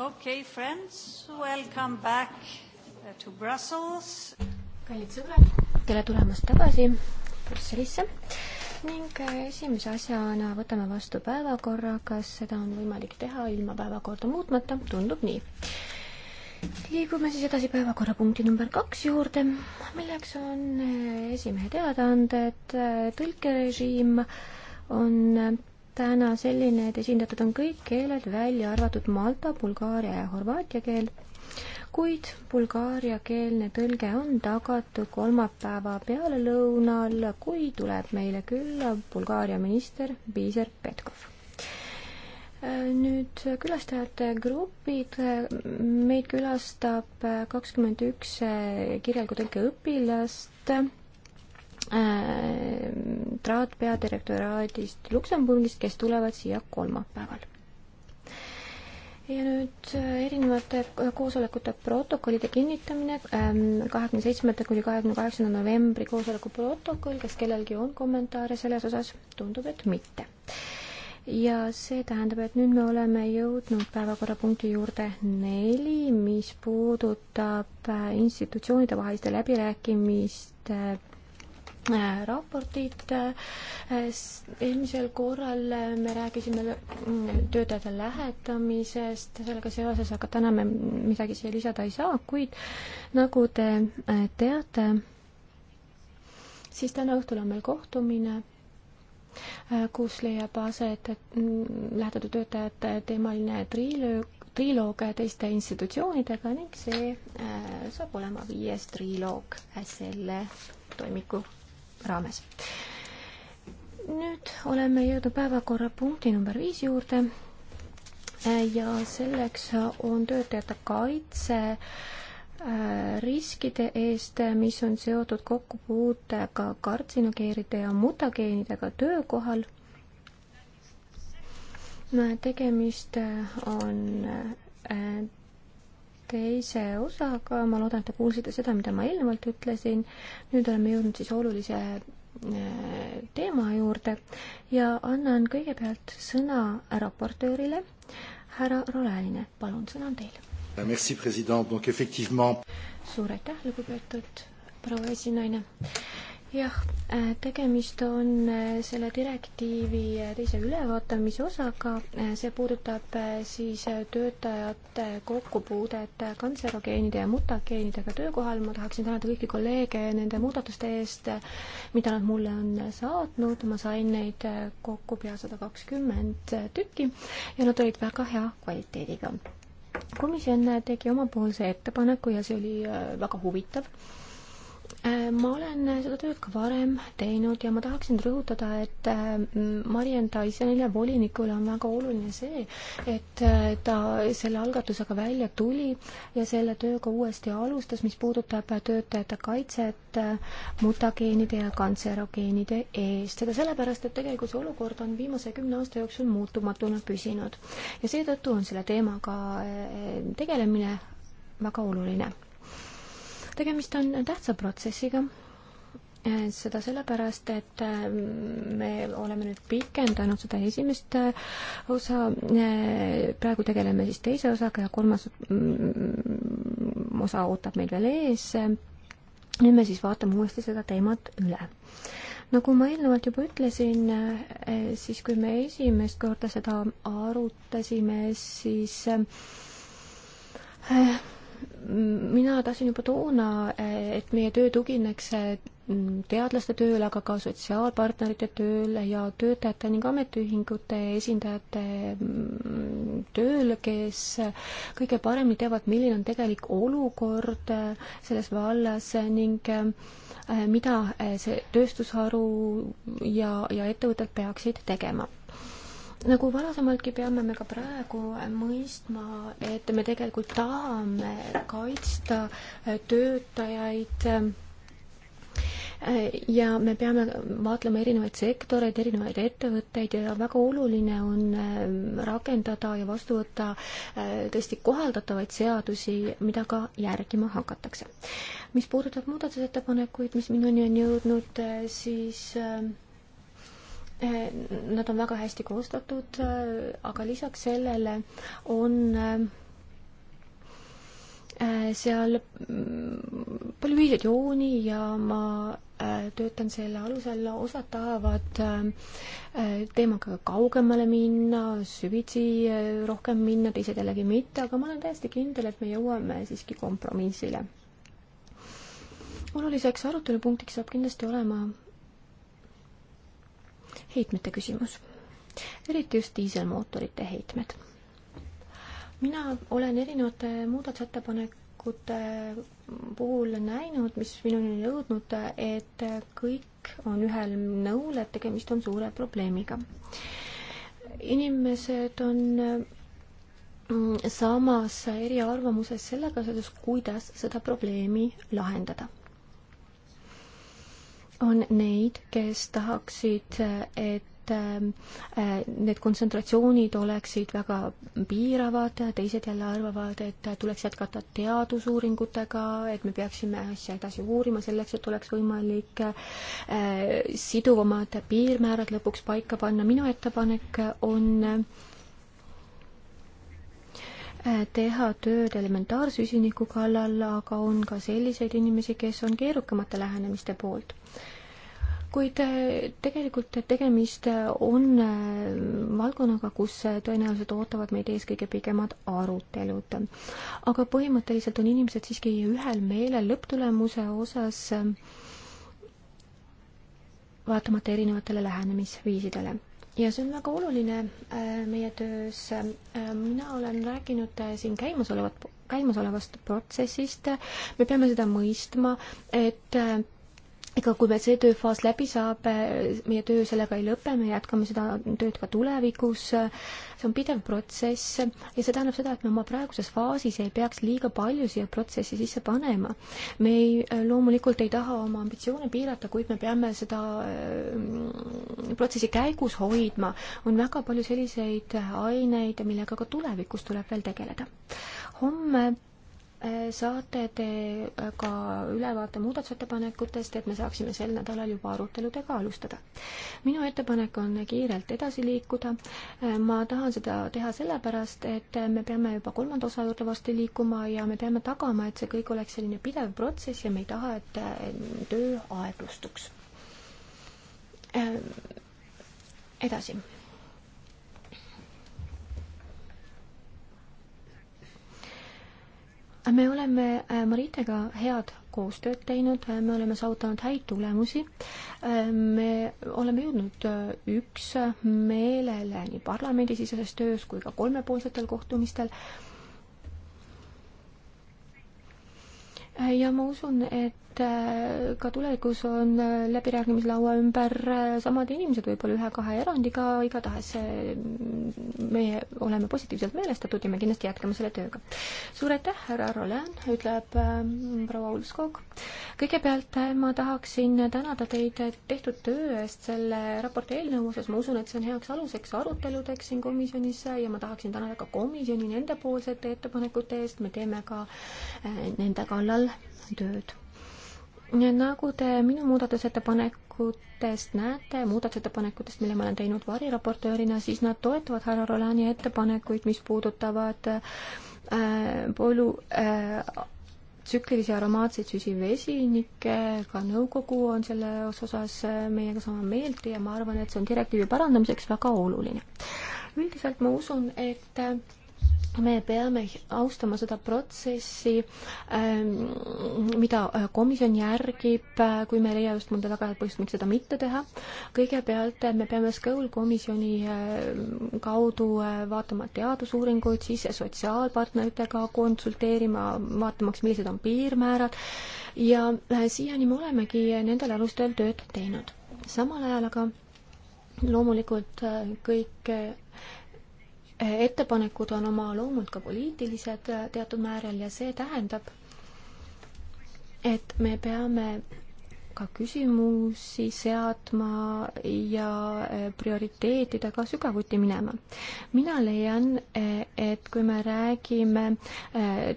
okei okay,, friends, welcome back uh, to Brussels. kallid sõbrad, tere tulemast tagasi Brüsselisse ning äh, esimese asjana võtame vastu päevakorra, kas seda on võimalik teha ilma päevakorda muutmata, tundub nii. liigume siis edasi päevakorrapunkti number kaks juurde, milleks on äh, esimehe teadaanded, äh, tõlkerežiim on täna selline, et esindatud on kõik keeled, välja arvatud malta, bulgaaria ja horvaatia keel, kuid bulgaariakeelne tõlge on tagatud kolmapäeva pealelõunal, kui tuleb meile külla Bulgaaria minister Piiser Petkov. nüüd külastajate grupid, meid külastab kakskümmend üks kirjaliku tõlke õpilast Äh, Traat peadirektoraadist Luksemburgist, kes tulevad siia kolmapäeval. ja nüüd äh, erinevate koosolekute protokollide kinnitamine, ähm, kahekümne seitsmenda kuni kahekümne kaheksanda novembri koosoleku protokoll, kas kellelgi on kommentaare selles osas, tundub, et mitte. ja see tähendab, et nüüd me oleme jõudnud päevakorrapunkti juurde neli, mis puudutab äh, institutsioonide vaheliste läbirääkimiste raportit. eelmisel korral me rääkisime töötajate lähetamisest sellega seoses, aga täna me midagi siia lisada ei saa, kuid nagu te teate, siis täna õhtul on meil kohtumine kus leiab aset lähetatud töötajate teemaline triilöök, triloog teiste institutsioonidega ning see äh, saab olema viies triloog selle toimiku raames. nüüd oleme jõudnud päevakorrapunkti number viis juurde ja selleks on töötajate kaitse äh, riskide eest, mis on seotud kokkupuutega kartsinogeenide ja mutageenidega töökohal. Äh, tegemist äh, on teise osaga, ma loodan, et te kuulsite seda, mida ma eelnevalt ütlesin. nüüd oleme jõudnud siis olulise äh, teema juurde ja annan kõigepealt sõna raportöörile, härra Roleline, palun, sõna on teil. Merci, president, donc effectivement. suur aitäh, lugupeetud proua esinaine jah, äh, tegemist on äh, selle direktiivi äh, teise ülevaatamise osaga, see puudutab siis töötajate kokkupuudet kantserogeenide ja mutageenidega töökohal, ma tahaksin tänada kõiki kolleege nende muudatuste eest, mida nad mulle on saatnud, ma sain neid kokku pea sada kakskümmend tükki ja nad olid väga hea kvaliteediga. komisjon tegi omapoolse ettepaneku ja see oli väga huvitav Äh, ma olen seda tööd ka varem teinud ja ma tahaksin rõhutada, et äh, Mariann Tysonile volinikule on väga oluline see, et äh, ta selle algatusega välja tuli ja selle tööga uuesti alustas, mis puudutab töötajate kaitset mutageenide ja kantserogeenide eest. seda sellepärast, et tegelikult see olukord on viimase kümne aasta jooksul muutumatuna püsinud ja seetõttu on selle teemaga tegelemine väga oluline tegemist on tähtsa protsessiga, äh, seda sellepärast, et äh, me oleme nüüd pikendanud seda esimest äh, osa, praegu tegeleme siis teise osaga ja kolmas mm, osa ootab meid veel ees. nüüd me siis vaatame uuesti seda teemat üle nagu ma eelnevalt juba ütlesin, siis kui me esimest korda seda arutasime, siis mina tahtsin juba toona, et meie töö tugineks mm, teadlaste tööle, aga ka sotsiaalpartnerite tööle ja töötajate ning ametiühingute esindajate mm, tööle, kes kõige paremini teavad, milline on tegelik olukord äh, selles vallas ning äh, mida äh, see tööstusharu ja, ja ettevõtted peaksid tegema nagu varasemaltki peame me ka praegu mõistma, et me tegelikult tahame kaitsta äh, töötajaid äh, ja me peame vaatlema erinevaid sektoreid, erinevaid ettevõtteid ja väga oluline on äh, rakendada ja vastu võtta tõesti kohaldatavaid seadusi, mida ka järgima hakatakse. mis puudutab muudatusettepanekuid, mis minuni on jõudnud, siis Eh, nad on väga hästi koostatud, eh, aga lisaks sellele on eh, seal mm, palju ühiseid jooni ja ma töötan selle alusel, osad tahavad teemaga kaugemale minna, süvitsi rohkem minna, teised jällegi mitte, aga ma olen täiesti kindel, et me jõuame siiski kompromissile. oluliseks arutelupunktiks saab kindlasti olema heitmete küsimus. eriti just diiselmootorite heitmed. mina olen erinevate muudatusettepanekute puhul näinud, mis minuni on jõudnud, et kõik on ühel nõul, et tegemist on suure probleemiga. inimesed on mm, samas eriarvamuses sellega seoses, kuidas seda probleemi lahendada on neid, kes tahaksid, et ähm, äh, need kontsentratsioonid oleksid väga piiravad, teised jälle arvavad, et tuleks jätkata teadusuuringutega, et me peaksime asja edasi uurima selleks, et oleks võimalik äh, siduvamad piirmäärad lõpuks paika panna. minu ettepanek on Äh, teha tööd elementaarsüsiniku kallal, aga on ka selliseid inimesi, kes on keerukamate lähenemiste poolt. kuid äh, tegelikult tegemist on äh, valdkonnaga, kus tõenäoliselt ootavad meid ees kõige pikemad arutelud. aga põhimõtteliselt on inimesed siiski ühel meelel lõpptulemuse osas, vaatamata erinevatele lähenemisviisidele ja see on väga oluline äh, meie töös. Äh, mina olen rääkinud äh, siin käimasolevat, käimasolevast protsessist. me peame seda mõistma, et ega kui veel see tööfaas läbi saab, eh, meie töö sellega ei lõpe, me jätkame seda tööd ka tulevikus, see on pidev protsess ja see tähendab seda, et me oma praeguses faasis ei peaks liiga palju siia protsessi sisse panema. me ei, eh, loomulikult ei taha oma ambitsioone piirata, kuid me peame seda eh, protsessi käigus hoidma. on väga palju selliseid aineid, millega ka tulevikus tuleb veel tegeleda. homme saate te ka ülevaate muudatusettepanekutest, et me saaksime sel nädalal juba aruteludega alustada. minu ettepanek on kiirelt edasi liikuda. ma tahan seda teha sellepärast, et me peame juba kolmanda osa juurde varsti liikuma ja me peame tagama, et see kõik oleks selline pidev protsess ja me ei taha, et töö aeglustuks. edasi me oleme äh, Maritega head koostööd teinud, äh, me oleme saavutanud häid tulemusi. Äh, me oleme jõudnud üksmeelele nii parlamendisiseses töös kui ka kolmepoolsetel kohtumistel ja ma usun, et äh, ka tulevikus on äh, läbirääkimislaua ümber äh, samad inimesed, võib-olla ühe-kahe erandiga, igatahes meie oleme positiivselt meelestatud ja me kindlasti jätkame selle tööga. suur aitäh, härra Rolen, ütleb proua Ulskog. kõigepealt ma tahaksin tänada teid tehtud töö eest selle raporti eelnõu osas, ma usun, et see on heaks aluseks aruteludeks siin komisjonis ja ma tahaksin tänada ka komisjoni nendepoolsete ettepanekute eest, me teeme ka nende kallal tööd. nagu te minu muudatusettepanekutest näete, muudatusettepanekutest, mille ma olen teinud variraportöörina, siis nad toetavad härra Rolani ettepanekuid, mis puudutavad äh, polu äh, tsüklilisi aromaatseid süsivesinikke, ka nõukogu on selles osas äh, meiega sama meelt ja ma arvan, et see on direktiivi parandamiseks väga oluline. üldiselt ma usun, et äh, me peame austama seda protsessi, ähm, mida äh, komisjon järgib, äh, kui me ei leia just mõnda väga head põhjust, miks seda mitte teha. kõigepealt äh, me peame Skõul komisjoni kaudu vaatama teadusuuringuid, siis sotsiaalpartneritega konsulteerima, vaatamaks, millised on piirmäärad ja siiani me olemegi nendel alustel tööd teinud. samal ajal aga loomulikult kõik ettepanekud on oma loomult ka poliitilised teatud määral ja see tähendab, et me peame ka küsimusi seadma ja eh, prioriteetidega sügavuti minema. mina leian, eh, et kui me räägime eh,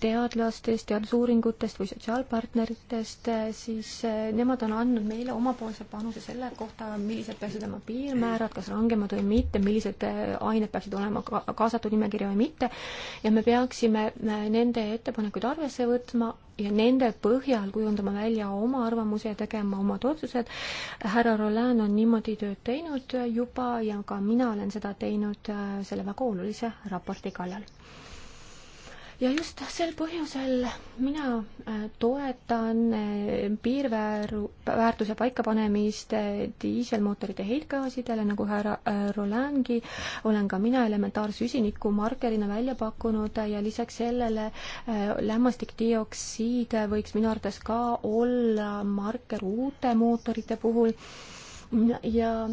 teadlastest, teadusuuringutest või sotsiaalpartneritest, eh, siis eh, nemad on andnud meile omapoolse panuse selle kohta, millised peaksid olema piirmäärad, kas rangemad või mitte, millised eh, ained peaksid olema ka kaasatud nimekirja või mitte, ja me peaksime nende ettepanekuid arvesse võtma ja nende põhjal kujundama välja oma arvamuse ja tegema omad otsused. härra Roland on niimoodi tööd teinud juba ja ka mina olen seda teinud selle väga olulise raporti kallal ja just sel põhjusel mina äh, toetan äh, piirvääru, väärtuse paikapanemist äh, diiselmootorite heitgaasidele, nagu härra Rolangi, olen ka mina elementaarsüsiniku markerina välja pakkunud ja lisaks sellele lämmastikdioksiid võiks minu arvates ka olla marker uute mootorite puhul ja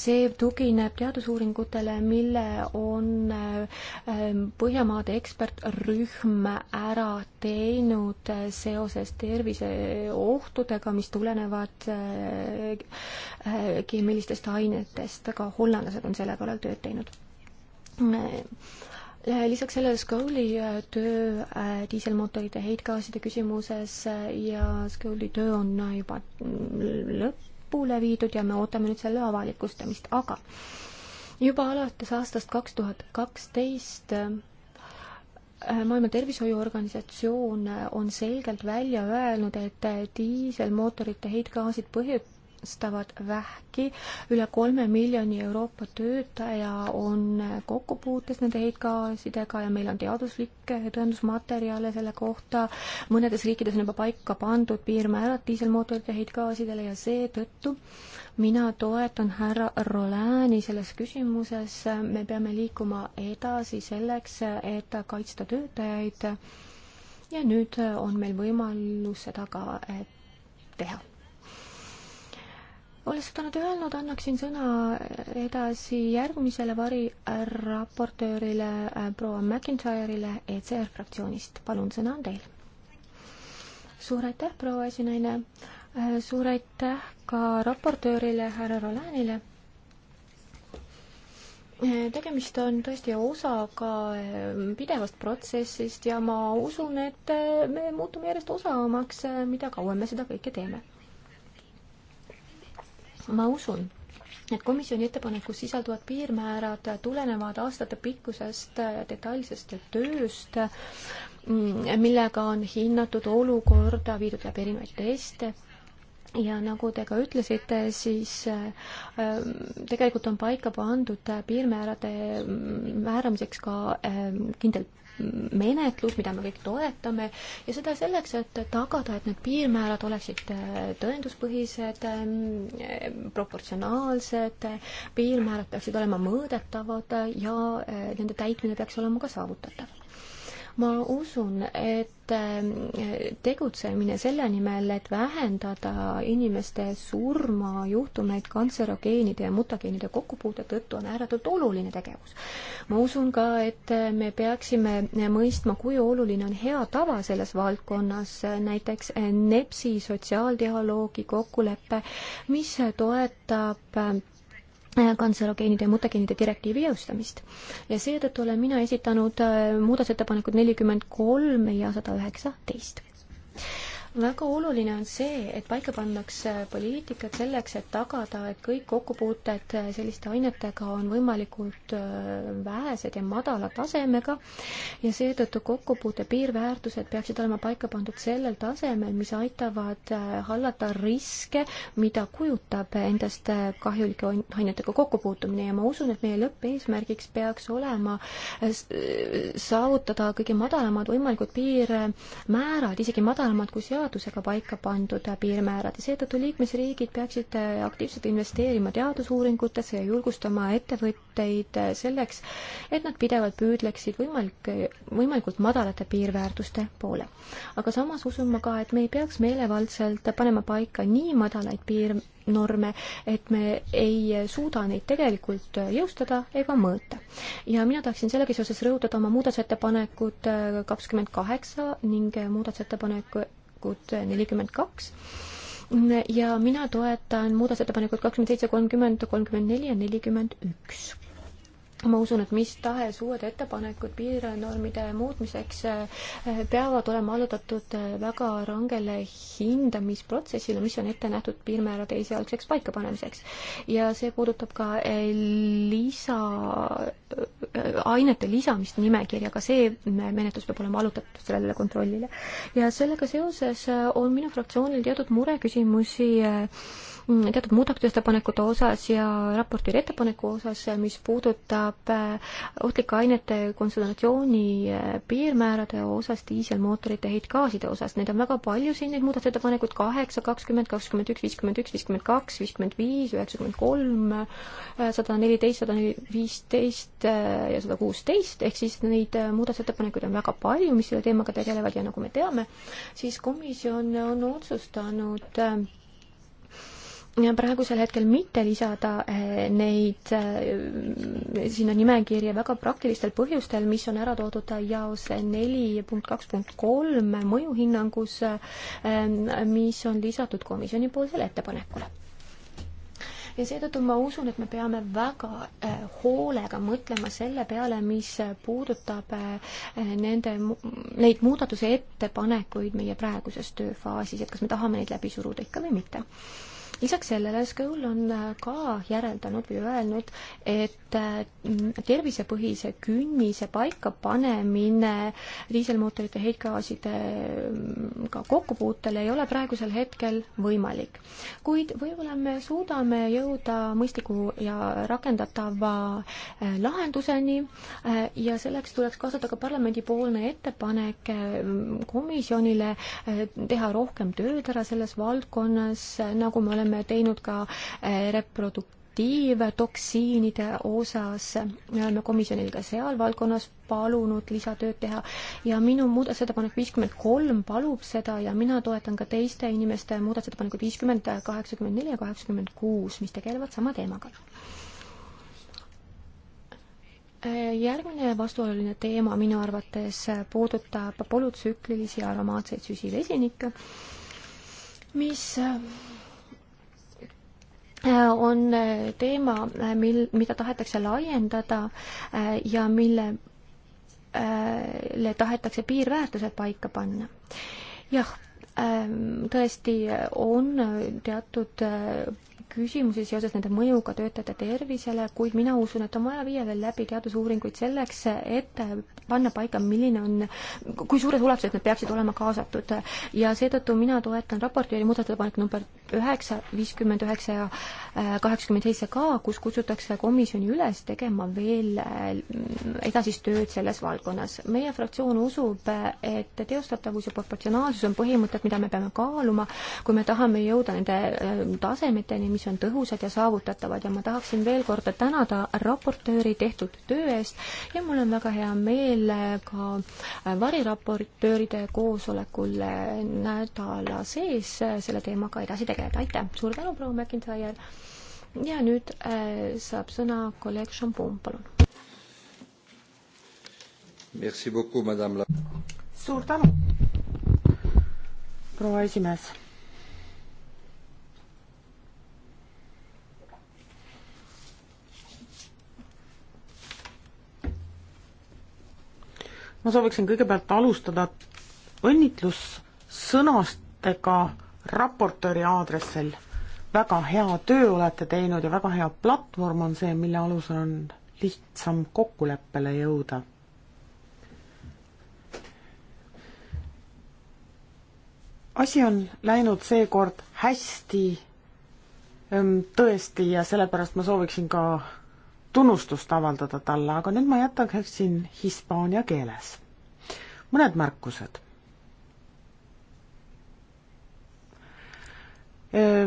see tugineb teadusuuringutele, mille on ähm, Põhjamaade ekspertrühm ära teinud seoses terviseohtudega, mis tulenevad äh, äh, keemilistest ainetest, aga hollandlased on selle kallal tööd teinud äh, lisaks sellele Scowli töö diiselmootorite heitgaaside küsimuses ja Scowli töö on juba mm, lõpp, lõpule viidud ja me ootame nüüd selle avalikustamist, aga juba alates aastast kaks tuhat kaksteist äh, maailma Tervishoiuorganisatsioon on selgelt välja öelnud, et diiselmootorite heitgaasid põhjust vastavad vähki. üle kolme miljoni Euroopa töötaja on kokkupuutes nende heitgaasidega ja meil on teaduslikke tõendusmaterjale selle kohta. mõnedes riikides on juba paika pandud piirmäärad diiselmootorite heitgaasidele ja seetõttu mina toetan härra Rolani selles küsimuses. me peame liikuma edasi selleks, et kaitsta töötajaid. ja nüüd on meil võimalus seda ka eh, teha olles seda nüüd öelnud, annaksin sõna edasi järgmisele variraportöörile äh, proua McIntyre'ile ECR fraktsioonist. palun, sõna on teil. suur aitäh, proua esinaine. Äh, suur aitäh ka raportöörile härra Rolanile äh, tegemist on tõesti osaga pidevast protsessist ja ma usun, et me muutume järjest osavamaks, mida kauem me seda kõike teeme ma usun, et komisjoni ettepanekus sisalduvad piirmäärad tulenevad aastate pikkusest detailsest tööst, mm, millega on hinnatud olukorda, viidud läbi erinevaid teste ja nagu te ka ütlesite, siis äh, tegelikult on paika pandud äh, piirmäärade mm, määramiseks ka äh, kindel menetlus, mida me kõik toetame ja seda selleks, et tagada, et need piirmäärad oleksid tõenduspõhised, ähm, proportsionaalsed, piirmäärad peaksid olema mõõdetavad ja nende täitmine peaks olema ka saavutatav ma usun, et äh, tegutsemine selle nimel, et vähendada inimeste surmajuhtumeid kantserogeenide ja mutageenide kokkupuude tõttu, on ääretult oluline tegevus. ma usun ka, et äh, me peaksime mõistma, kui oluline on hea tava selles valdkonnas, näiteks äh, NEPS-i sotsiaaldialoogi kokkulepe, mis toetab Äh, kantserogeenide ja mutageenide direktiivi jõustamist. ja seetõttu olen mina esitanud äh, muudatusettepanekud nelikümmend kolm ja sada üheksateist väga oluline on see, et paika pannakse poliitikad selleks, et tagada, et kõik kokkupuuted selliste ainetega on võimalikult äh, vähesed ja madala tasemega ja seetõttu kokkupuute piirväärtused peaksid olema paika pandud sellel tasemel, mis aitavad äh, hallata riske, mida kujutab endast äh, kahjulike ainetega kokkupuutumine ja ma usun, et meie lõppeesmärgiks peaks olema saavutada kõige madalamad võimalikud piirmäärad, isegi madalamad kui seal, seadusega paika pandud piirmäärad ja seetõttu liikmesriigid peaksid aktiivselt investeerima teadusuuringutesse ja julgustama ettevõtteid selleks, et nad pidevalt püüdleksid võimalik, võimalikult madalate piirväärtuste poole. aga samas usun ma ka, et me ei peaks meelevaldselt panema paika nii madalaid piirnorme, et me ei suuda neid tegelikult jõustada ega mõõta. ja mina tahaksin sellega seoses rõhutada oma muudatusettepanekut kakskümmend kaheksa ning muudatusettepaneku muudatusettepanekut nelikümmend kaks ja mina toetan muudatusettepanekut kakskümmend seitse, kolmkümmend, kolmkümmend neli ja nelikümmend üks ma usun, et mis tahes uued ettepanekud piirnormide muutmiseks eh, peavad olema allutatud eh, väga rangele hindamisprotsessile, mis on ette nähtud piirmäärade esialgseks paikapanemiseks. ja see puudutab ka eh, lisa, ainete lisamist nimekirja, ka see menetlus peab olema allutatud sellele kontrollile. ja sellega seoses on minu fraktsioonil teatud mureküsimusi äh, Mm, teatud muudatusettepanekute osas ja raportööri ettepaneku osas, mis puudutab äh, ohtlike ainete konsultatsiooni äh, piirmäärade osas diiselmootorite heitgaaside osas. Neid on väga palju siin, neid muudatusettepanekuid, kaheksa, kakskümmend, kakskümmend üks, viiskümmend üks, viiskümmend kaks, viiskümmend viis, üheksakümmend kolm, äh, sada neliteist, sada viisteist ja sada kuusteist, ehk siis neid muudatusettepanekuid on väga palju, mis selle teemaga tegelevad ja nagu me teame, siis komisjon on otsustanud praegusel hetkel mitte lisada eh, neid eh, sinna nimekirja väga praktilistel põhjustel, mis on ära toodud jaos neli punkt kaks punkt kolm mõjuhinnangus, eh, mis on lisatud komisjonipoolsele ettepanekule ja seetõttu ma usun, et me peame väga hoolega mõtlema selle peale, mis puudutab nende, neid muudatuse ettepanekuid meie praeguses tööfaasis, et kas me tahame neid läbi suruda ikka või mitte lisaks sellele, Skoll on äh, ka järeldanud või öelnud, et äh, tervisepõhise künnise paikapanemine diiselmootorite heitgaasidega mm, kokkupuutel ei ole praegusel hetkel võimalik. kuid võib-olla me suudame jõuda mõistliku ja rakendatava äh, lahenduseni ja selleks tuleks kaasata ka parlamendipoolne ettepanek komisjonile teha rohkem tööd ära selles valdkonnas, nagu me oleme oleme teinud ka eh, reproduktiivtoksiinide osas, me oleme komisjonil ka seal valdkonnas palunud lisatööd teha ja minu muudatusettepanek viiskümmend kolm palub seda ja mina toetan ka teiste inimeste muudatusettepanekuid viiskümmend, kaheksakümmend neli ja kaheksakümmend kuus, mis tegelevad sama teemaga. Eh, järgmine vastuoluline teema minu arvates puudutab polütsüklilisi aromaatseid süsivesinikke, mis Äh, on äh, teema, äh, mil, mida tahetakse laiendada ja millele tahetakse piirväärtused paika panna. jah, ähm, tõesti on teatud küsimusi seoses nende mõjuga töötajate tervisele, kuid mina usun, et on vaja viia veel läbi teadusuuringuid selleks, et panna paika, milline on, kui suures ulatuses nad peaksid olema kaasatud. ja seetõttu mina toetan raporti muudatusettepanek number üheksa, viiskümmend üheksa ja kaheksakümmend seitse ka, kus kutsutakse komisjoni üles tegema veel mm, edasist tööd selles valdkonnas. meie fraktsioon usub, et teostatavus ja proportsionaalsus on põhimõtted, mida me peame kaaluma, kui me tahame jõuda nende mm, tasemeteni, mis on tõhusad ja saavutatavad ja ma tahaksin veel kord tänada raportööri tehtud töö eest ja mul on väga hea meel ka variraportööride koosolekul nädala sees selle teemaga edasi tegeleda, aitäh! suur tänu, proua McIntyre! ja nüüd äh, saab sõna kolleeg Šampoon, palun. suur tänu, proua esimees. ma sooviksin kõigepealt alustada õnnitlussõnastega raportööri aadressil väga hea töö olete teinud ja väga hea platvorm on see, mille alusel on lihtsam kokkuleppele jõuda. asi on läinud seekord hästi ehm, tõesti ja sellepärast ma sooviksin ka tunnustust avaldada talle, aga nüüd ma jätaksin hispaania keeles. mõned märkused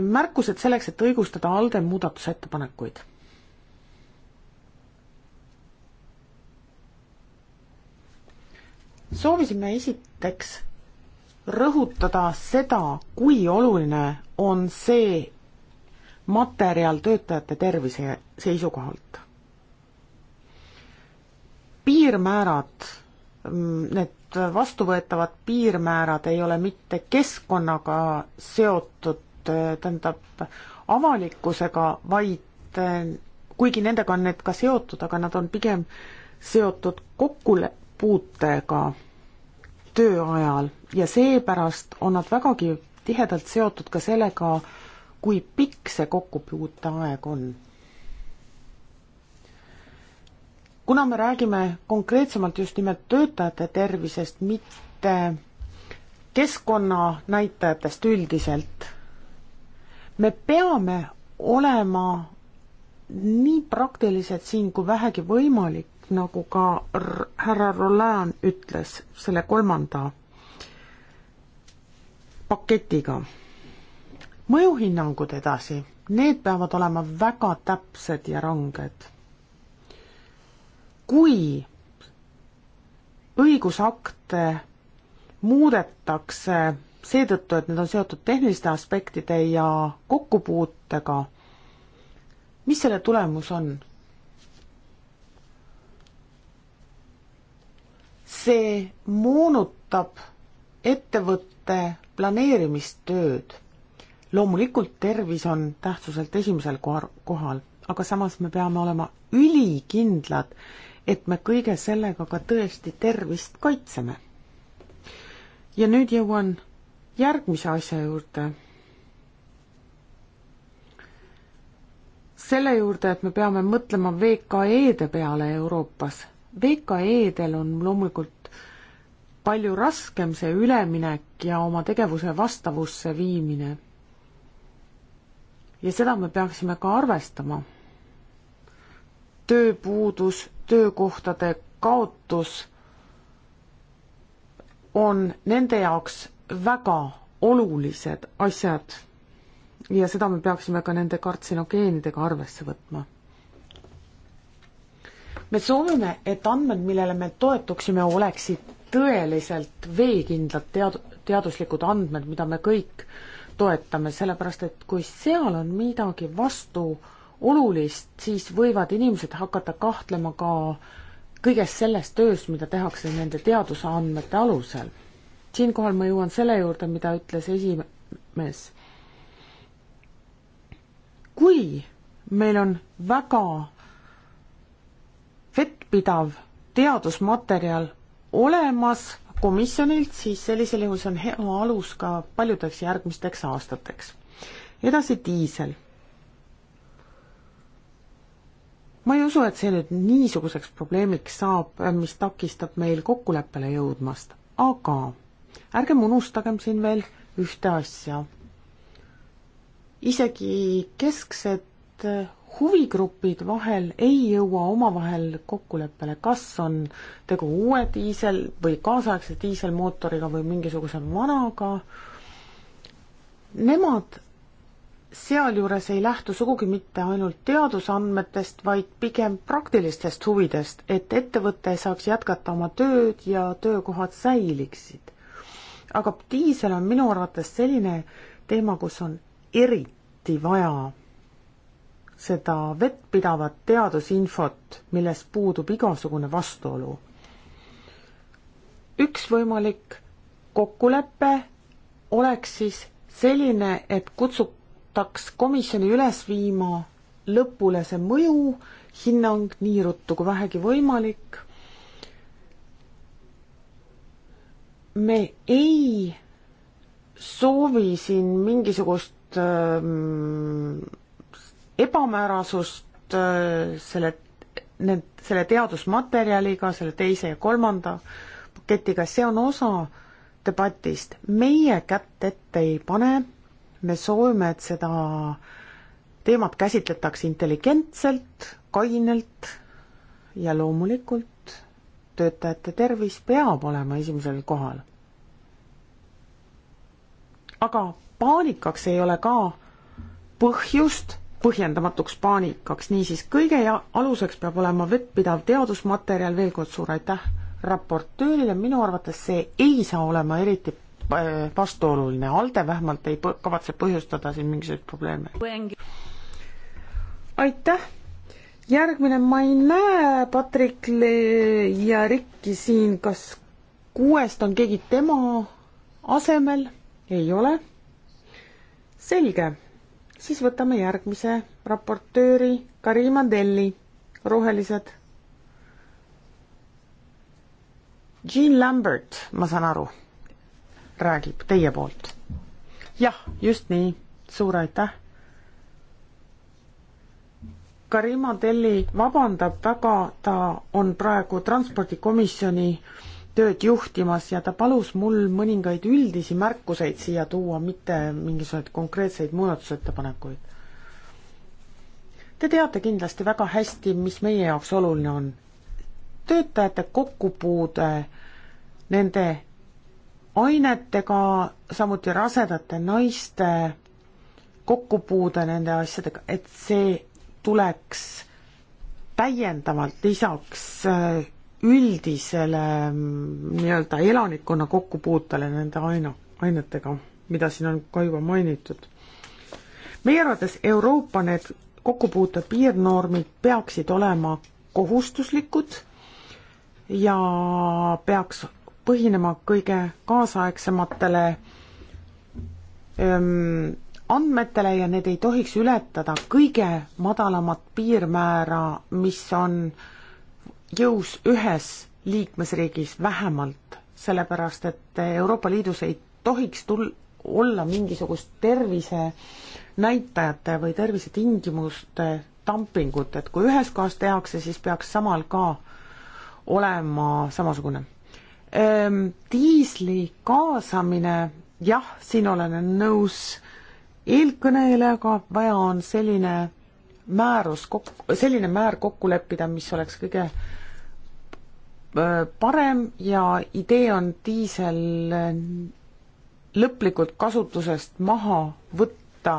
märkused selleks, et õigustada ALDE muudatusettepanekuid. soovisime esiteks rõhutada seda, kui oluline on see materjal töötajate tervise seisukohalt. piirmäärad, need vastuvõetavad piirmäärad ei ole mitte keskkonnaga seotud Äh, tähendab avalikkusega, vaid äh, kuigi nendega on need ka seotud, aga nad on pigem seotud kokkupuutega töö ajal ja seepärast on nad vägagi tihedalt seotud ka sellega, kui pikk see kokkupuuteaeg on kuna me räägime konkreetsemalt just nimelt töötajate tervisest, mitte keskkonnanäitajatest üldiselt, me peame olema nii praktilised siin kui vähegi võimalik, nagu ka härra Roland ütles selle kolmanda paketiga. mõjuhinnangud edasi, need peavad olema väga täpsed ja ranged. kui õigusakte muudetakse seetõttu, et need on seotud tehniliste aspektide ja kokkupuutega. mis selle tulemus on? see moonutab ettevõtte planeerimistööd. loomulikult tervis on tähtsuselt esimesel kohal, aga samas me peame olema ülikindlad, et me kõige sellega ka tõesti tervist kaitseme. ja nüüd jõuan järgmise asja juurde. selle juurde, et me peame mõtlema VKE-de peale Euroopas. VKE-del on loomulikult palju raskem see üleminek ja oma tegevuse vastavusse viimine. ja seda me peaksime ka arvestama. tööpuudus, töökohtade kaotus on nende jaoks väga olulised asjad ja seda me peaksime ka nende kartsinogeenidega arvesse võtma. me soovime, et andmed, millele me toetuksime, oleksid tõeliselt veekindlad tead-, teaduslikud andmed, mida me kõik toetame, sellepärast et kui seal on midagi vastuolulist, siis võivad inimesed hakata kahtlema ka kõiges selles töös, mida tehakse nende teaduse andmete alusel siinkohal ma jõuan selle juurde, mida ütles esimees. kui meil on väga vettpidav teadusmaterjal olemas komisjonilt, siis sellisel juhul see on hea alus ka paljudeks järgmisteks aastateks. edasi diisel. ma ei usu, et see nüüd niisuguseks probleemiks saab, mis takistab meil kokkuleppele jõudmast, aga ärgem unustagem siin veel ühte asja. isegi kesksed huvigrupid vahel ei jõua omavahel kokkuleppele, kas on tegu uue diisel või kaasaegse diiselmootoriga või mingisuguse vanaga. Nemad sealjuures ei lähtu sugugi mitte ainult teadusandmetest, vaid pigem praktilistest huvidest, et ettevõte saaks jätkata oma tööd ja töökohad säiliksid aga diisel on minu arvates selline teema, kus on eriti vaja seda vettpidavat teadusinfot, milles puudub igasugune vastuolu. üks võimalik kokkulepe oleks siis selline, et kutsutaks komisjoni üles viima lõpule see mõjuhinnang nii ruttu kui vähegi võimalik me ei soovi siin mingisugust äh, ebamäärasust äh, selle, need, selle teadusmaterjaliga, selle teise ja kolmanda paketiga, see on osa debatist. meie kätt ette ei pane, me soovime, et seda teemat käsitletakse intelligentselt, kainelt ja loomulikult töötajate tervis peab olema esimesel kohal. aga paanikaks ei ole ka põhjust, põhjendamatuks paanikaks, niisiis kõige aluseks peab olema vettpidav teadusmaterjal, veel kord suur aitäh raportöörile, minu arvates see ei saa olema eriti äh, vastuoluline, ALDE vähemalt ei kavatse põhjustada siin mingisuguseid probleeme. aitäh järgmine, ma ei näe Patrick Le- ja Rikki siin, kas kuuest on keegi tema asemel? ei ole. selge, siis võtame järgmise raportööri, Karima Delli, Rohelised. Jean Lambert, ma saan aru, räägib teie poolt. jah, just nii, suur aitäh Karima Telli vabandab väga, ta on praegu transpordikomisjoni tööd juhtimas ja ta palus mul mõningaid üldisi märkuseid siia tuua, mitte mingisuguseid konkreetseid muudatusettepanekuid. Te teate kindlasti väga hästi, mis meie jaoks oluline on. töötajate kokkupuude nende ainetega, samuti rasedate naiste kokkupuude nende asjadega, et see tuleks täiendavalt lisaks äh, üldisele mm, nii-öelda elanikkonna kokkupuutele nende aina, ainetega, mida siin on ka juba mainitud. meie arvates Euroopa need kokkupuute piirnormid peaksid olema kohustuslikud ja peaks põhinema kõige kaasaegsematele öö, ähm, andmetele ja need ei tohiks ületada kõige madalamat piirmäära, mis on jõus ühes liikmesriigis vähemalt, sellepärast et Euroopa Liidus ei tohiks tul-, olla mingisugust tervisenäitajate või tervisetingimuste dumpingut, et kui ühes kohas tehakse, siis peaks samal ka olema samasugune. Ehm, diisli kaasamine, jah, siin olen nõus eelkõnelejaga, vaja on selline määrus kokku, selline määr kokku leppida, mis oleks kõige parem ja idee on diisel lõplikult kasutusest maha võtta,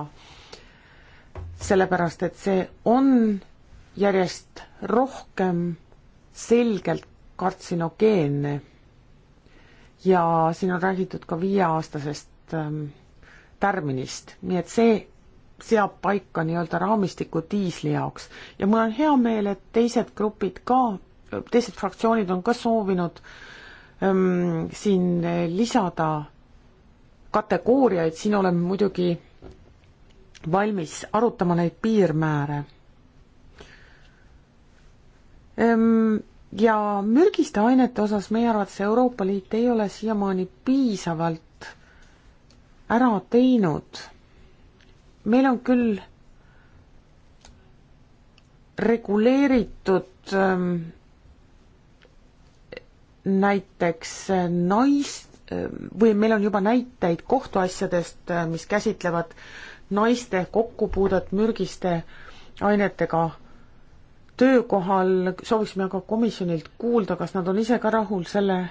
sellepärast et see on järjest rohkem selgelt kartsinogeenne. ja siin on räägitud ka viieaastasest ähm, tärminist, nii et see seab paika nii-öelda raamistiku diisli jaoks ja mul on hea meel, et teised grupid ka, teised fraktsioonid on ka soovinud ähm, siin lisada kategooriaid, siin oleme muidugi valmis arutama neid piirmääre ähm,. ja mürgiste ainete osas meie arvates Euroopa Liit ei ole siiamaani piisavalt ära teinud. meil on küll reguleeritud ähm, näiteks äh, naist äh, või meil on juba näiteid kohtuasjadest, äh, mis käsitlevad naiste kokkupuudet mürgiste ainetega töökohal, sooviksime aga komisjonilt kuulda, kas nad on ise ka rahul selle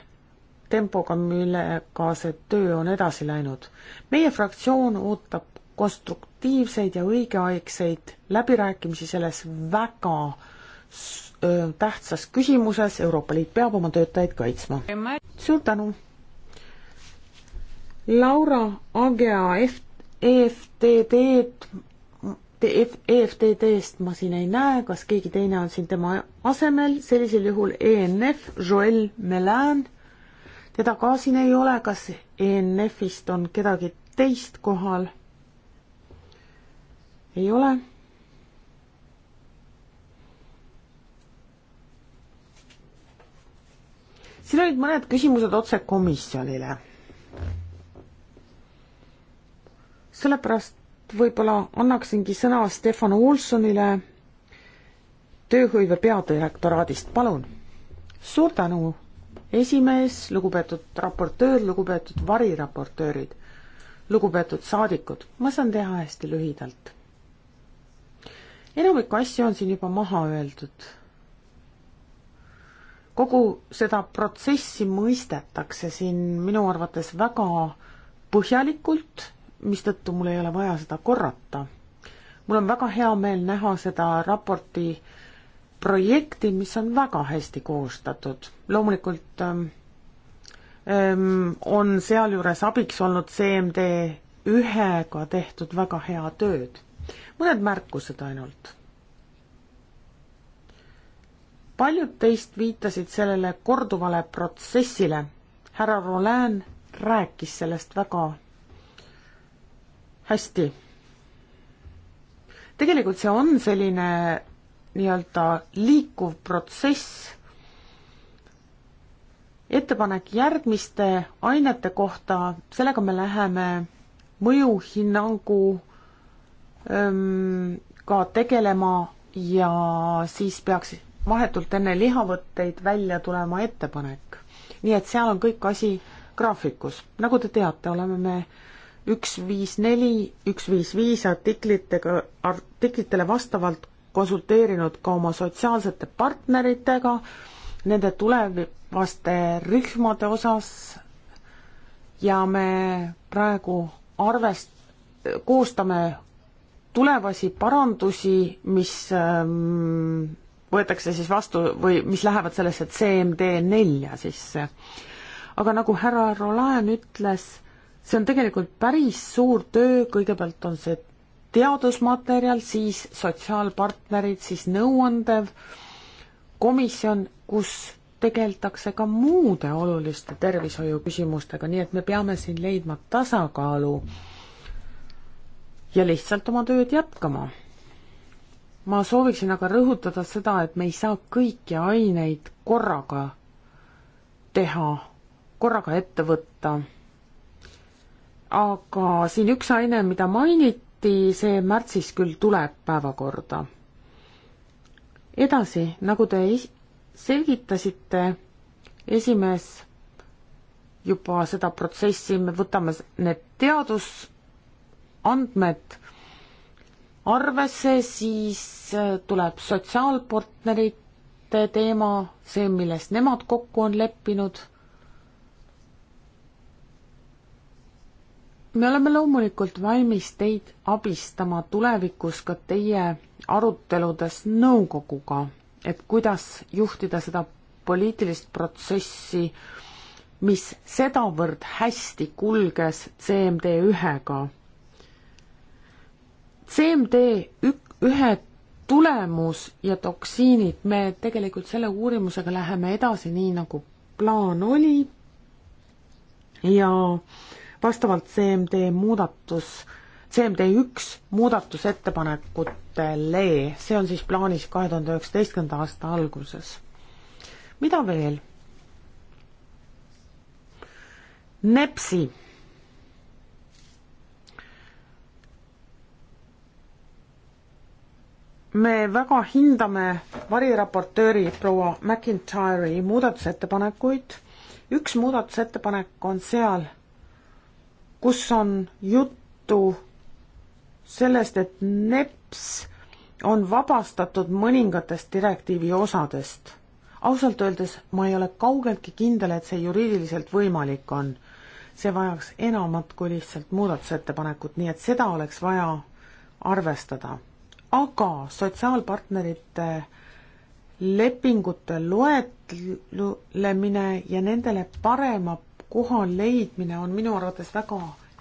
tempoga, millega see töö on edasi läinud. meie fraktsioon ootab konstruktiivseid ja õigeaegseid läbirääkimisi selles väga öö, tähtsas küsimuses, Euroopa Liit peab oma töötajaid kaitsma. suur tänu! Laura Agea F-, EFTD-d EFTD-st ma siin ei näe, kas keegi teine on siin tema asemel, sellisel juhul ENF, Joel Melan teda ka siin ei ole, kas ENF-ist on kedagi teist kohal? ei ole. siin olid mõned küsimused otse komisjonile. sellepärast võib-olla annaksingi sõna Stefan Olsonile tööhõive peadirektoraadist, palun. suur tänu esimees, lugupeetud raportöör, lugupeetud variraportöörid, lugupeetud saadikud, ma saan teha hästi lühidalt. enamikku asju on siin juba maha öeldud. kogu seda protsessi mõistetakse siin minu arvates väga põhjalikult, mistõttu mul ei ole vaja seda korrata. mul on väga hea meel näha seda raporti äh, projekti, mis on väga hästi koostatud. loomulikult ähm, ähm on sealjuures abiks olnud CMD ühega tehtud väga hea tööd. mõned märkused ainult. paljud teist viitasid sellele korduvale protsessile. härra Roland rääkis sellest väga hästi tegelikult see on selline nii-öelda liikuv protsess. ettepanek järgmiste ainete kohta, sellega me läheme mõjuhinnangu öö, ka tegelema ja siis peaks vahetult enne lihavõtteid välja tulema ettepanek. nii et seal on kõik asi graafikus. nagu te teate, oleme me üks viis neli, üks viis viis artiklitega, artiklitele vastavalt konsulteerinud ka oma sotsiaalsete partneritega, nende tulevaste rühmade osas ja me praegu arvest-, koostame tulevasi parandusi, mis ähm, võetakse siis vastu või mis lähevad sellesse CMD nelja sisse. aga nagu härra Rolan ütles, see on tegelikult päris suur töö, kõigepealt on see teadusmaterjal, siis sotsiaalpartnerid, siis nõuandev komisjon, kus tegeldakse ka muude oluliste tervishoiuküsimustega, nii et me peame siin leidma tasakaalu ja lihtsalt oma tööd jätkama. ma sooviksin aga rõhutada seda, et me ei saa kõiki aineid korraga teha, korraga ette võtta. aga siin üks aine, mida mainiti, ometi see märtsis küll tuleb päevakorda. edasi, nagu te selgitasite, esimees juba seda protsessi, me võtame need teadusandmed arvesse, siis äh, tuleb sotsiaalpartnerite teema, see, milles nemad kokku on leppinud me oleme loomulikult valmis teid abistama tulevikus ka teie aruteludes nõukoguga, et kuidas juhtida seda poliitilist protsessi, mis sedavõrd hästi kulges CMD ühega. CMD ük-, ühe tulemus ja toksiinid, me tegelikult selle uurimusega läheme edasi nii, nagu plaan oli ja äh, vastavalt CMD muudatus, CMD üks muudatusettepanekutele, see on siis plaanis kahe tuhande üheksateistkümnenda aasta alguses. mida veel? Nepsi. me väga hindame variraportööri proua McIntyre'i muudatusettepanekuid. üks muudatusettepanek on seal kus on juttu sellest, et NEPS on vabastatud mõningatest direktiivi osadest. ausalt öeldes ma ei ole kaugeltki kindel, et see juriidiliselt võimalik on. see vajaks enamat kui lihtsalt muudatusettepanekut, nii et seda oleks vaja arvestada. aga sotsiaalpartnerite lepingute loetlemine ja nendele parema koha leidmine on minu arvates väga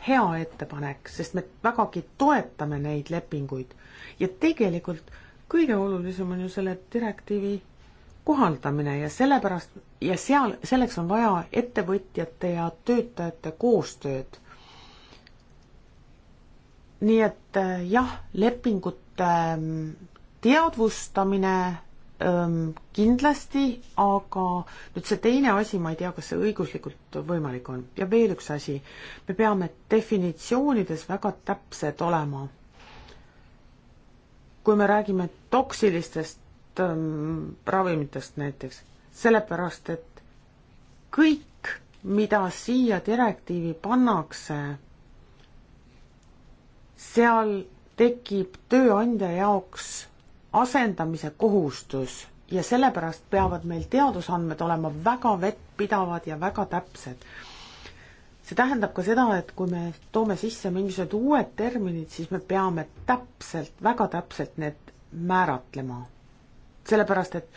hea ettepanek, sest me vägagi toetame neid lepinguid ja tegelikult kõige olulisem on ju selle direktiivi kohaldamine ja sellepärast ja seal, selleks on vaja ettevõtjate ja töötajate koostööd. nii et eh, jah, lepingute mm, teadvustamine ähm, kindlasti, aga nüüd see teine asi, ma ei tea, kas see õiguslikult võimalik on. ja veel üks asi, me peame definitsioonides väga täpsed olema. kui me räägime toksilistest ähm, ravimitest näiteks, sellepärast et kõik, mida siia direktiivi pannakse, seal tekib tööandja jaoks asendamise kohustus ja sellepärast peavad meil teadusandmed olema väga vettpidavad ja väga täpsed. see tähendab ka seda, et kui me toome sisse mingisugused uued terminid, siis me peame täpselt, väga täpselt need määratlema. sellepärast, et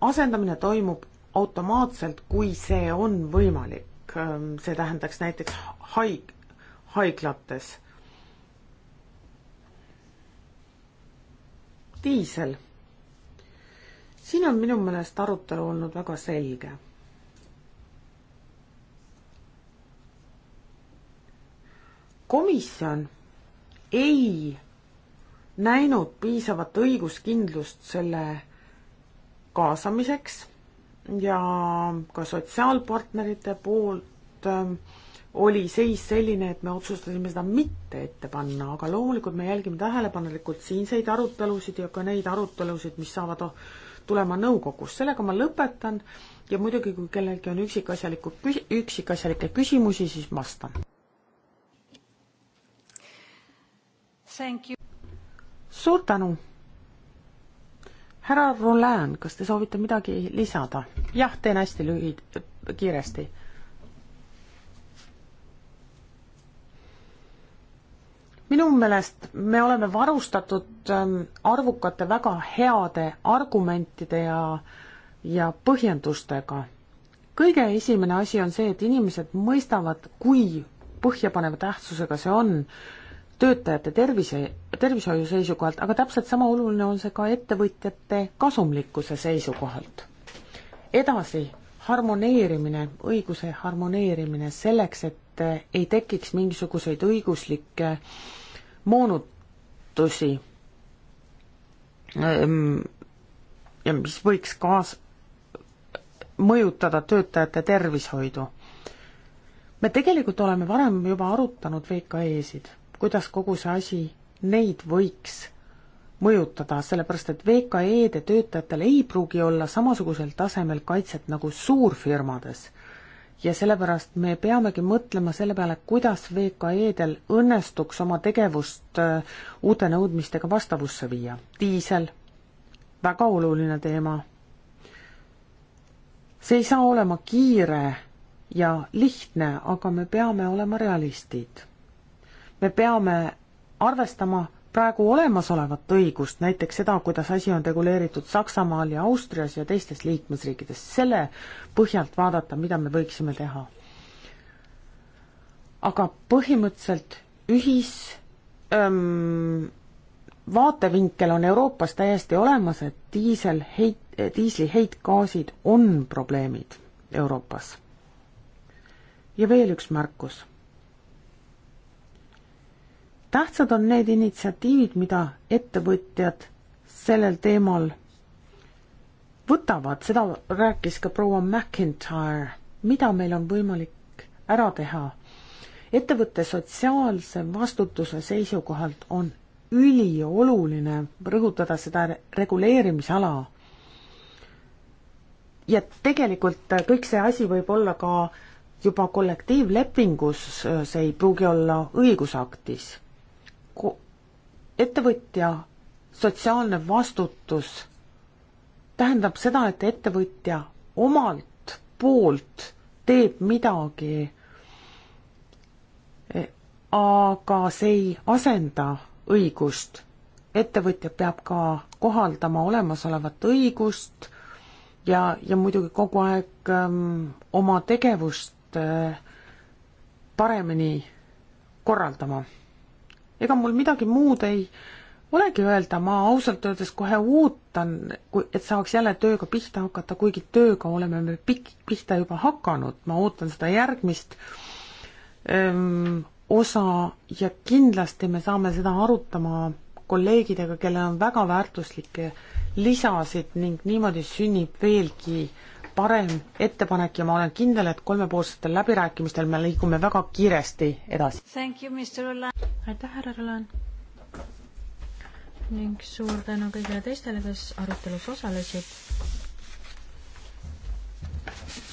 asendamine toimub automaatselt, kui see on võimalik. see tähendaks näiteks haig-, haiglates diisel. siin on minu meelest arutelu olnud väga selge. komisjon ei näinud piisavat õiguskindlust selle kaasamiseks ja ka sotsiaalpartnerite poolt äh, oli seis selline, et me otsustasime seda mitte ette panna, aga loomulikult me jälgime tähelepanelikult siinseid arutelusid ja ka neid arutelusid, mis saavad tulema nõukogus. sellega ma lõpetan ja muidugi, kui kellelgi on üksikasjalikud, üksikasjalikke küsimusi, siis vastan. suur tänu! härra Roland, kas te soovite midagi lisada? jah, teen hästi lühid-, kiiresti minu meelest me oleme varustatud ähm, arvukate väga heade argumentide ja, ja põhjendustega. kõige esimene asi on see, et inimesed mõistavad, kui põhjapaneva tähtsusega see on töötajate tervise, tervishoiu seisukohalt, aga täpselt sama oluline on see ka ettevõtjate kasumlikkuse seisukohalt. edasi, harmoneerimine, õiguse harmoneerimine selleks, et et ei tekiks mingisuguseid õiguslikke moonutusi, ehm, ja mis võiks kaas-, mõjutada töötajate tervishoidu. me tegelikult oleme varem juba arutanud VKE-sid, kuidas kogu see asi neid võiks mõjutada, sellepärast et VKE-de töötajatel ei pruugi olla samasugusel tasemel kaitset nagu suurfirmades ja sellepärast me peamegi mõtlema selle peale, kuidas VKE-del õnnestuks oma tegevust äh, uute nõudmistega vastavusse viia. diisel, väga oluline teema. see ei saa olema kiire ja lihtne, aga me peame olema realistid. me peame arvestama praegu olemasolevat õigust, näiteks seda, kuidas asi on reguleeritud Saksamaal ja Austrias ja teistes liikmesriikides, selle põhjalt vaadata, mida me võiksime teha. aga põhimõtteliselt ühis öm, ähm, vaatevinkel on Euroopas täiesti olemas, et diisel heit, diisli heitgaasid on probleemid Euroopas. ja veel üks märkus tähtsad on need initsiatiivid, mida ettevõtjad sellel teemal võtavad, seda rääkis ka proua McIntyre, mida meil on võimalik ära teha. ettevõtte sotsiaalse vastutuse seisukohalt on ülioluline rõhutada seda reguleerimisala. ja tegelikult kõik see asi võib olla ka juba kollektiivlepingus, see ei pruugi olla õigusaktis ettevõtja sotsiaalne vastutus tähendab seda, et ettevõtja omalt poolt teeb midagi, aga see ei asenda õigust. ettevõtja peab ka kohaldama olemasolevat õigust ja, ja muidugi kogu aeg ähm, oma tegevust äh, paremini korraldama ega mul midagi muud ei olegi öelda, ma ausalt öeldes kohe ootan, et saaks jälle tööga pihta hakata, kuigi tööga oleme me pik-, pihta juba hakanud, ma ootan seda järgmist öö, ehm, osa ja kindlasti me saame seda arutama kolleegidega, kellel on väga väärtuslikke lisasid ning niimoodi sünnib veelgi öö, parem ettepanek ja ma olen kindel, et kolmepoolsetel läbirääkimistel me liigume väga kiiresti edasi. aitäh, härra Roland! ning suur tänu kõigile teistele, kes arutelus osalesid.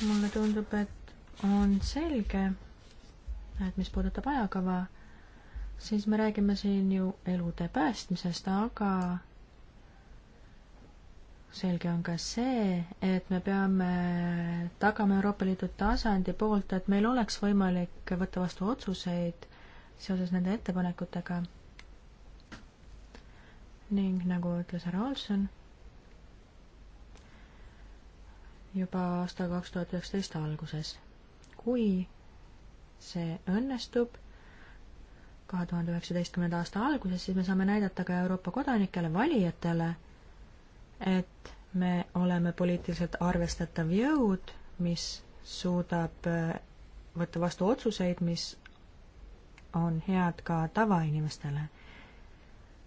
mulle tundub, et on selge, et mis puudutab ajakava, siis me räägime siin ju elude päästmisest, aga selge on ka see, et me peame tagama Euroopa Liidu tasandi poolt, et meil oleks võimalik võtta vastu otsuseid seoses nende ettepanekutega. ning nagu ütles härra Olson, juba aasta kaks tuhat üheksateist alguses. kui see õnnestub kahe tuhande üheksateistkümnenda aasta alguses, siis me saame näidata ka Euroopa kodanikele, valijatele, et me oleme poliitiliselt arvestatav jõud, mis suudab äh, võtta vastu otsuseid, mis on head ka tavainimestele.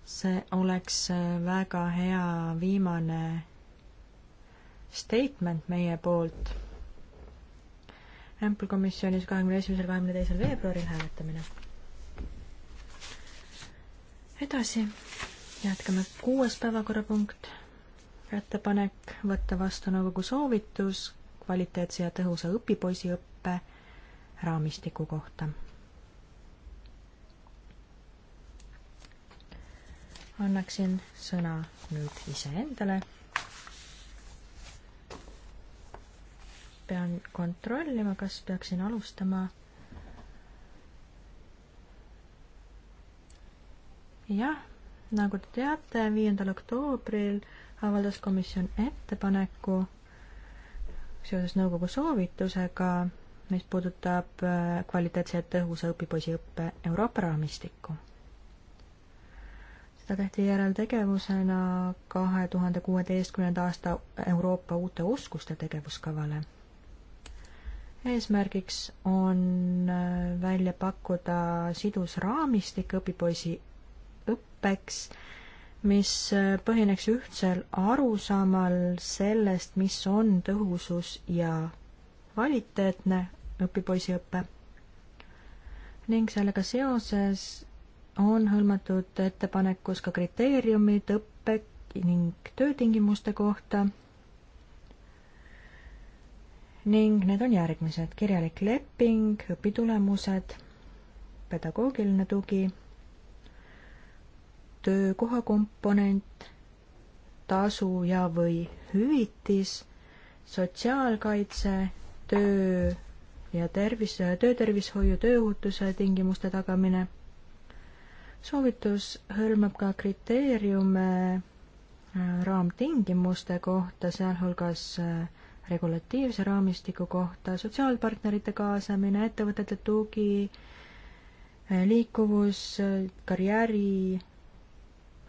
see oleks äh, väga hea viimane statement meie poolt. Ample komisjonis kahekümne esimesel, kahekümne teisel veebruaril hääletamine. edasi jätkame kuues päevakorrapunkt ettepanek võtta vastu nõukogu soovitus kvaliteetse ja tõhusa õpipoisiõppe raamistiku kohta. annaksin sõna nüüd iseendale. pean kontrollima, kas peaksin alustama jah, nagu te teate, viiendal oktoobril avaldas komisjon ettepaneku seoses nõukogu soovitusega, mis puudutab äh, kvaliteetse ja tõhusa õpipõsiõppe Euroopa raamistikku. seda tehti järeltegevusena kahe tuhande kuueteistkümnenda aasta Euroopa uute oskuste tegevuskavale eesmärgiks on äh, välja pakkuda sidus raamistik õpipoisi õppeks mis äh, põhineks ühtsel arusaamal sellest, mis on tõhusus ja kvaliteetne õpipoisiõpe. ning sellega seoses on hõlmatud ettepanekus ka kriteeriumid õppe ning töötingimuste kohta. ning need on järgmised, kirjalik leping, õpitulemused, pedagoogiline tugi töökoha komponent, tasu ja või hüvitis, sotsiaalkaitse, töö ja tervise, töötervishoiu, tööohutuse tingimuste tagamine. soovitus hõlmab ka kriteeriume äh, raamtingimuste kohta, sealhulgas äh, regulatiivse raamistiku kohta, sotsiaalpartnerite kaasamine, ettevõtete tugi, äh, liikuvus, karjääri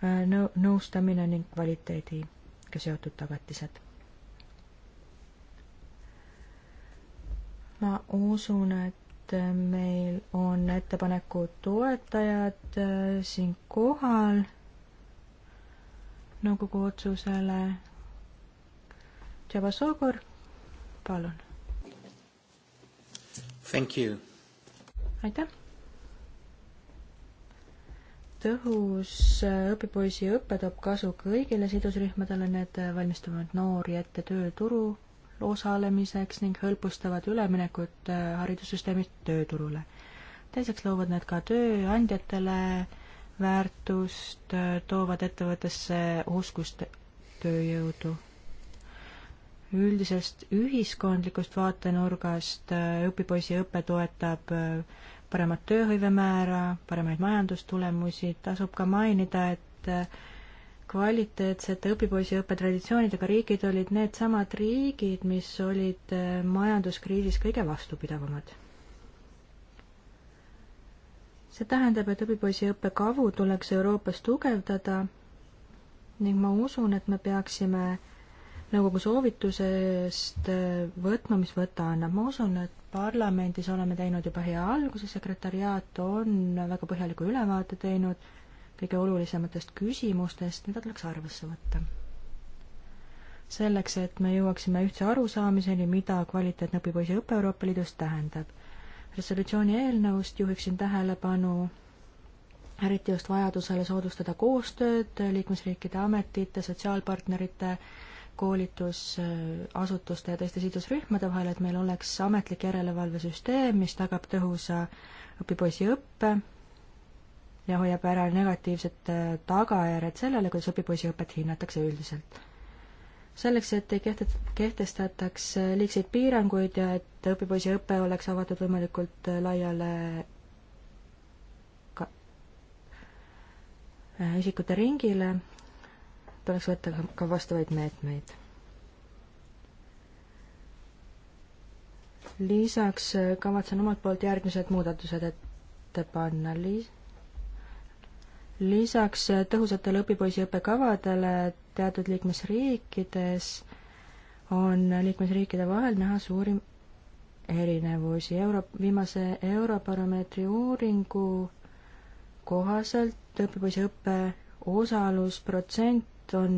Äh, nõu-, nõustamine ning kvaliteediga seotud tagatised. ma usun, et meil on ettepaneku toetajad äh, siin kohal nõukogu otsusele. Tšaba Sogor, palun. aitäh tõhus õpipoisi õpe toob kasu kõigile sidusrühmadele, need valmistavad noori ette tööturu osalemiseks ning hõlbustavad üleminekut äh, haridussüsteemist tööturule. teiseks loovad need ka tööandjatele väärtust, äh, toovad ettevõttesse oskust tööjõudu. üldisest ühiskondlikust vaatenurgast äh, õpipoisi õpe toetab paremat tööhõivemäära, paremaid majandustulemusi, tasub ka mainida, et äh, kvaliteetsete õpipoisiõppe traditsioonidega riigid olid needsamad riigid, mis olid äh, majanduskriisis kõige vastupidavamad. see tähendab, et õpipoisiõppe kavu tuleks Euroopas tugevdada ning ma usun, et me peaksime nõukogu soovitusest äh, võtma, mis võtta annab. ma usun, et parlamendis oleme teinud juba hea alguse, sekretariaat on väga põhjaliku ülevaate teinud kõige olulisematest küsimustest, mida tuleks arvesse võtta. selleks, et me jõuaksime ühtse arusaamiseni, mida kvaliteetne õpipoisi õpe Euroopa Liidus tähendab. resolutsiooni eelnõust juhiksin tähelepanu eriti just vajadusele soodustada koostööd liikmesriikide ametite, sotsiaalpartnerite, koolitusasutuste ja teiste sidusrühmade vahel, et meil oleks ametlik järelevalvesüsteem, mis tagab tõhusa õpipoisi õppe ja hoiab ära negatiivsed äh, tagajärjed sellele, kuidas õpipoisi õpet hinnatakse üldiselt. selleks, et ei kehtet-, kehtestataks äh, liigseid piiranguid ja et õpipoisi õpe oleks avatud võimalikult äh, laiale ka isikute ringile, tuleks võtta ka vastavaid meetmeid. lisaks äh, kavatsen omalt poolt järgmised muudatused ette panna Liis lisaks äh, tõhusatele õpipoisiõppekavadele teatud liikmesriikides on liikmesriikide vahel näha suurim erinevusi. Euro, viimase Eurobaromeetri uuringu kohaselt õpipoisiõppe osalusprotsent et on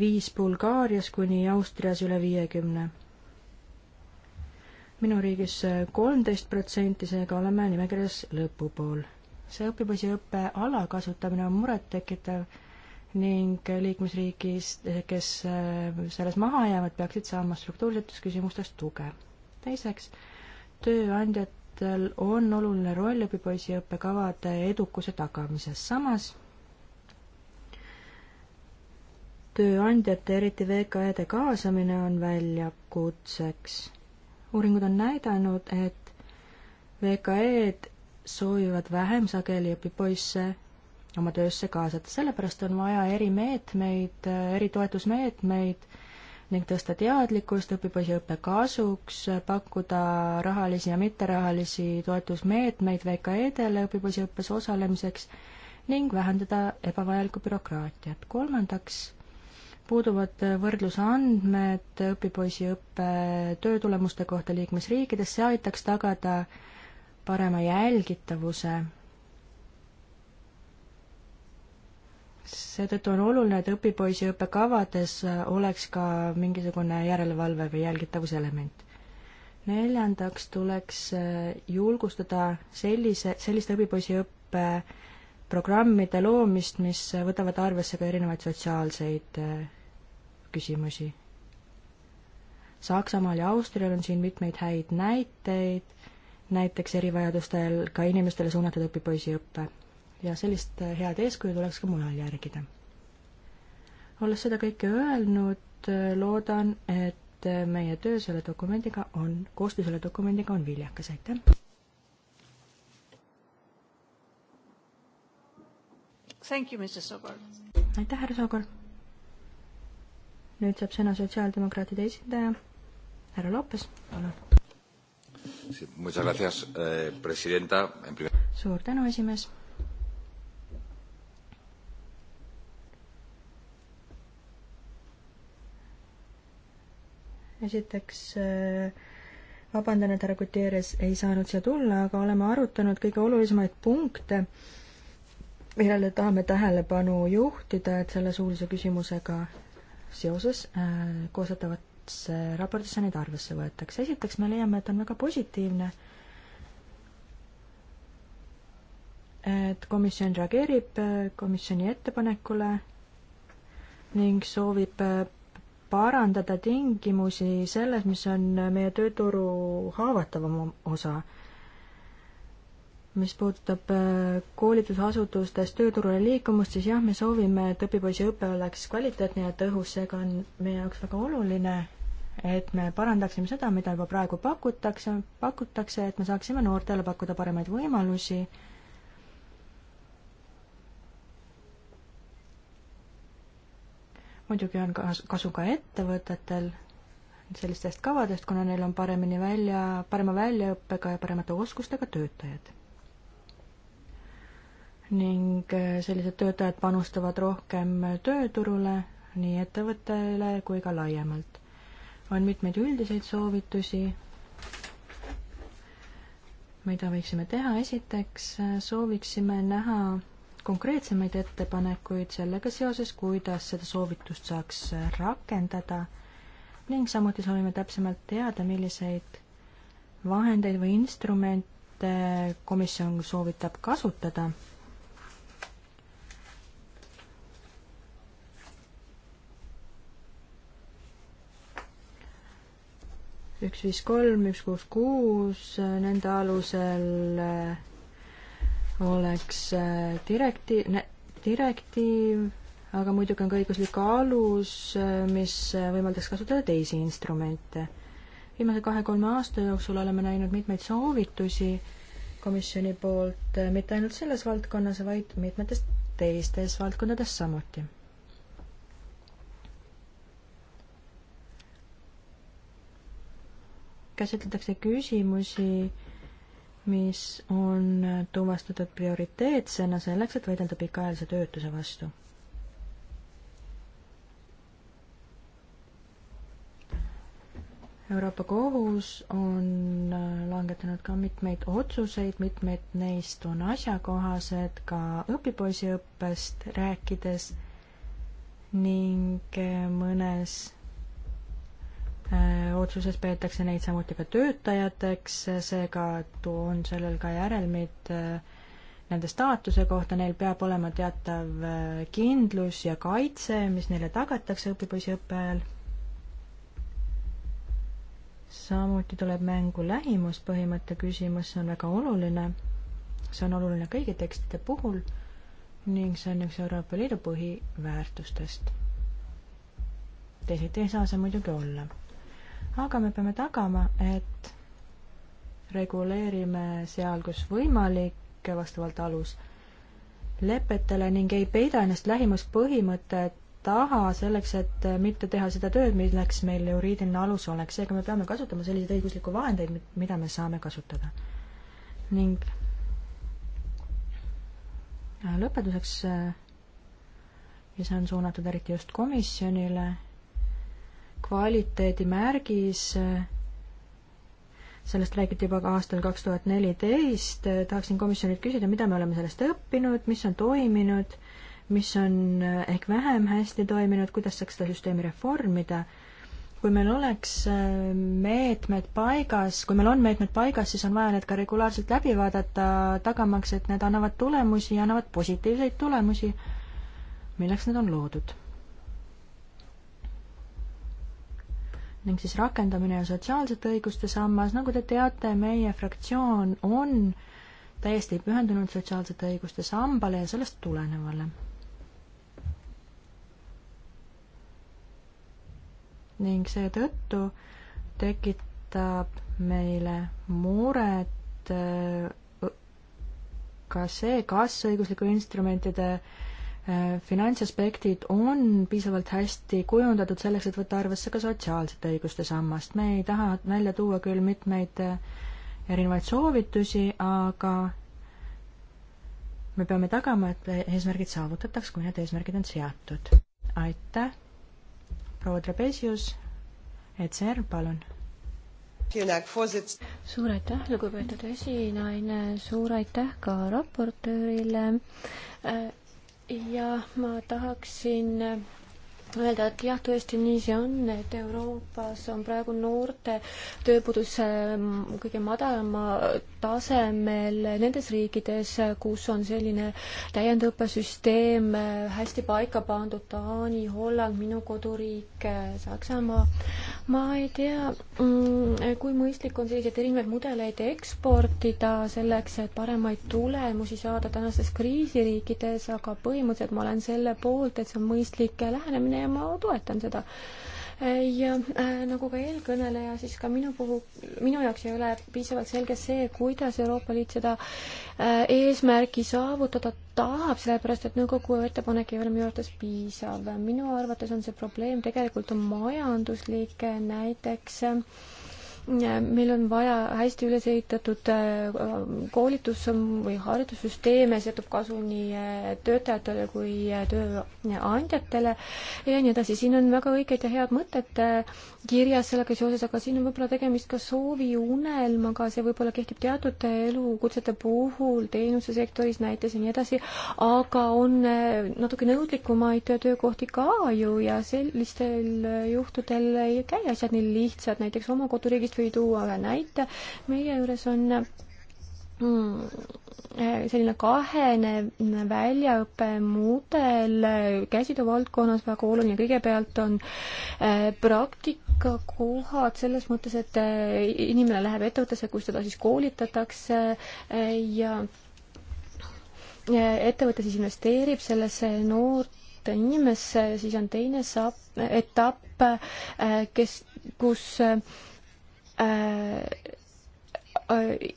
viis Bulgaarias kuni Austrias üle viiekümne. minu riigis kolmteist protsenti, seega oleme nimekirjas lõpupool. see õpipõhiõppe ala kasutamine on murettekitav ning liikmesriigis, kes selles maha jäävad, peaksid saama struktuursetes küsimustes tuge. teiseks, tööandjatel on oluline roll õpipoisi õppekavade edukuse tagamises, samas tööandjate, eriti VKE-de kaasamine on väljakutseks. uuringud on näidanud, et VKE-d soovivad vähem sageli õpipoisse oma töösse kaasata, sellepärast on vaja erimeetmeid, eritoetusmeetmeid ning tõsta teadlikkust õpipoisiõppe kasuks, pakkuda rahalisi ja mitterahalisi toetusmeetmeid VKE-dele õpipoisiõppes osalemiseks ning vähendada ebavajalikku bürokraatiat. kolmandaks, puuduvad võrdlusandmed õpipoisiõppe töötulemuste kohta liikmesriikides, see aitaks tagada parema jälgitavuse. seetõttu on oluline, et õpipoisiõppe kavades oleks ka mingisugune järelevalve või jälgitavuse element. neljandaks tuleks julgustada sellise, selliste õpipoisiõppe programmide loomist, mis võtavad arvesse ka erinevaid sotsiaalseid küsimusi. Saksamaal ja Austrial on siin mitmeid häid näiteid, näiteks erivajadustel ka inimestele suunatud õpipoisiõpe ja sellist head eeskuju tuleks ka mujal järgida. olles seda kõike öelnud, loodan, et meie töö selle dokumendiga on, koostöö selle dokumendiga on viljakas, aitäh! aitäh, härra Sookor! nüüd saab sõna sotsiaaldemokraatide esindaja härra Lopes, palun. Eh, suur tänu, esimees. esiteks eh, vabandan, et härra Guterres ei saanud siia tulla, aga oleme arutanud kõige olulisemaid punkte, millele tahame tähelepanu juhtida, et selle suulise küsimusega seoses äh, koostatavasse raportisse neid arvesse võetakse. esiteks me leiame, et on väga positiivne, et komisjon reageerib äh, komisjoni ettepanekule ning soovib äh, parandada tingimusi selles, mis on meie tööturu haavatavam osa mis puudutab äh, koolitusasutustes tööturule liikumust, siis jah, me soovime, et õpipoisiõpe oleks kvaliteetne ja tõhus, seega on meie jaoks väga oluline, et me parandaksime seda, mida juba praegu pakutakse, pakutakse, et me saaksime noortele pakkuda paremaid võimalusi. muidugi on kasu ka ettevõtetel sellistest kavadest, kuna neil on paremini välja, parema väljaõppega ja paremate oskustega töötajad ning äh, sellised töötajad panustavad rohkem tööturule, nii ettevõttele kui ka laiemalt. on mitmeid üldiseid soovitusi, mida võiksime teha, esiteks äh, sooviksime näha konkreetsemaid ettepanekuid sellega seoses, kuidas seda soovitust saaks äh, rakendada ning samuti soovime täpsemalt teada, milliseid vahendeid või instrumente komisjon soovitab kasutada üks, viis, kolm, üks, kuus, kuus, nende alusel äh, oleks äh, direktiiv, direktiiv, aga muidugi on ka õiguslik alus, äh, mis võimaldaks kasutada teisi instrumente. viimase kahe-kolme aasta jooksul oleme näinud mitmeid soovitusi komisjoni poolt, mitte ainult selles valdkonnas, vaid mitmetes teistes valdkondades samuti käsitletakse küsimusi, mis on tuvastatud prioriteetsena selleks, et võidelda pikaajalise töötuse vastu. Euroopa Kohus on langetanud ka mitmeid otsuseid, mitmed neist on asjakohased ka õpipoisiõppest rääkides ning mõnes Äh, otsuses peetakse neid samuti ka töötajateks, seega on sellel ka järelmid äh, nende staatuse kohta, neil peab olema teatav äh, kindlus ja kaitse, mis neile tagatakse õpipoisiõppe ajal. samuti tuleb mängu lähimuspõhimõtte küsimus, see on väga oluline. see on oluline kõigi tekstide puhul ning see on üks Euroopa Liidu põhiväärtustest. teisiti ei saa see muidugi olla aga me peame tagama, et reguleerime seal, kus võimalik, vastavalt alus lepetele ning ei peida ennast lähimuspõhimõtte taha selleks, et mitte teha seda tööd, milleks meil juriidiline alus oleks, seega me peame kasutama selliseid õiguslikku vahendeid, mida me saame kasutada. ning lõpetuseks ja see on suunatud eriti just komisjonile kvaliteedimärgis, sellest räägiti juba ka aastal kaks tuhat neliteist, tahaksin komisjonilt küsida, mida me oleme sellest õppinud, mis on toiminud, mis on ehk vähem hästi toiminud, kuidas saaks seda süsteemi reformida kui meil oleks äh, meetmed paigas, kui meil on meetmed paigas, siis on vaja need ka regulaarselt läbi vaadata, tagamaks, et need annavad tulemusi ja annavad positiivseid tulemusi, milleks need on loodud. ning siis rakendamine ja sotsiaalsete õiguste sammas, nagu te teate, meie fraktsioon on täiesti pühendunud sotsiaalsete õiguste sambale ja sellest tulenevale. ning seetõttu tekitab meile muret äh, ka see, kas õiguslike instrumentide äh, Äh, finantsaspektid on piisavalt hästi kujundatud selleks, et võtta arvesse ka sotsiaalsete õiguste sammast. me ei taha välja tuua küll mitmeid äh, erinevaid soovitusi, aga me peame tagama, et eesmärgid saavutataks, kui need eesmärgid on seatud. aitäh, proua Trebesius, ECR, palun suur aitäh, lugupeetud esinaine, suur aitäh ka raportöörile äh, ja ma tahaksin öelda, et jah, tõesti nii see on, et Euroopas on praegu noorte tööpuudus äh, kõige madalama tasemel nendes riikides, kus on selline täiendõppesüsteem hästi paika pandud, Taani, Holland, minu koduriik, Saksamaa. ma ei tea, mm, kui mõistlik on selliseid erinevaid mudeleid eksportida selleks, et paremaid tulemusi saada tänastes kriisiriikides, aga põhimõtteliselt ma olen selle poolt, et see on mõistlik lähenemine ja ma toetan seda ja äh, nagu ka eelkõneleja, siis ka minu puhul, minu jaoks ei ole piisavalt selge see, kuidas Euroopa Liit seda äh, eesmärki saavutada tahab, sellepärast et nõukogu ettepanek ei ole minu arvates piisav. minu arvates on see probleem tegelikult majanduslik, näiteks äh, meil on vaja hästi üles ehitatud äh, koolitus või haridussüsteeme, see toob kasu nii äh, töötajatele kui äh, tööandjatele ja nii edasi. siin on väga õiged ja head mõtted kirjas sellega seoses, aga siin on võib-olla tegemist ka soovi unelmaga, see võib-olla kehtib teatud elukutsete puhul, teenusesektoris näiteks ja nii edasi, aga on natuke nõudlikumaid töökohti ka ju ja sellistel juhtudel ei käi asjad nii lihtsad, näiteks oma koduriigist Delfi tuua ühe näite. meie juures on mm, selline kahene väljaõppemudel käsitöövaldkonnas väga oluline, kõigepealt on äh, praktikakohad selles mõttes, et äh, inimene läheb ettevõttesse, kus teda siis koolitatakse äh, ja ettevõte siis investeerib sellesse noort inimesse, siis on teine saab, etapp, kes, kus Äh, äh,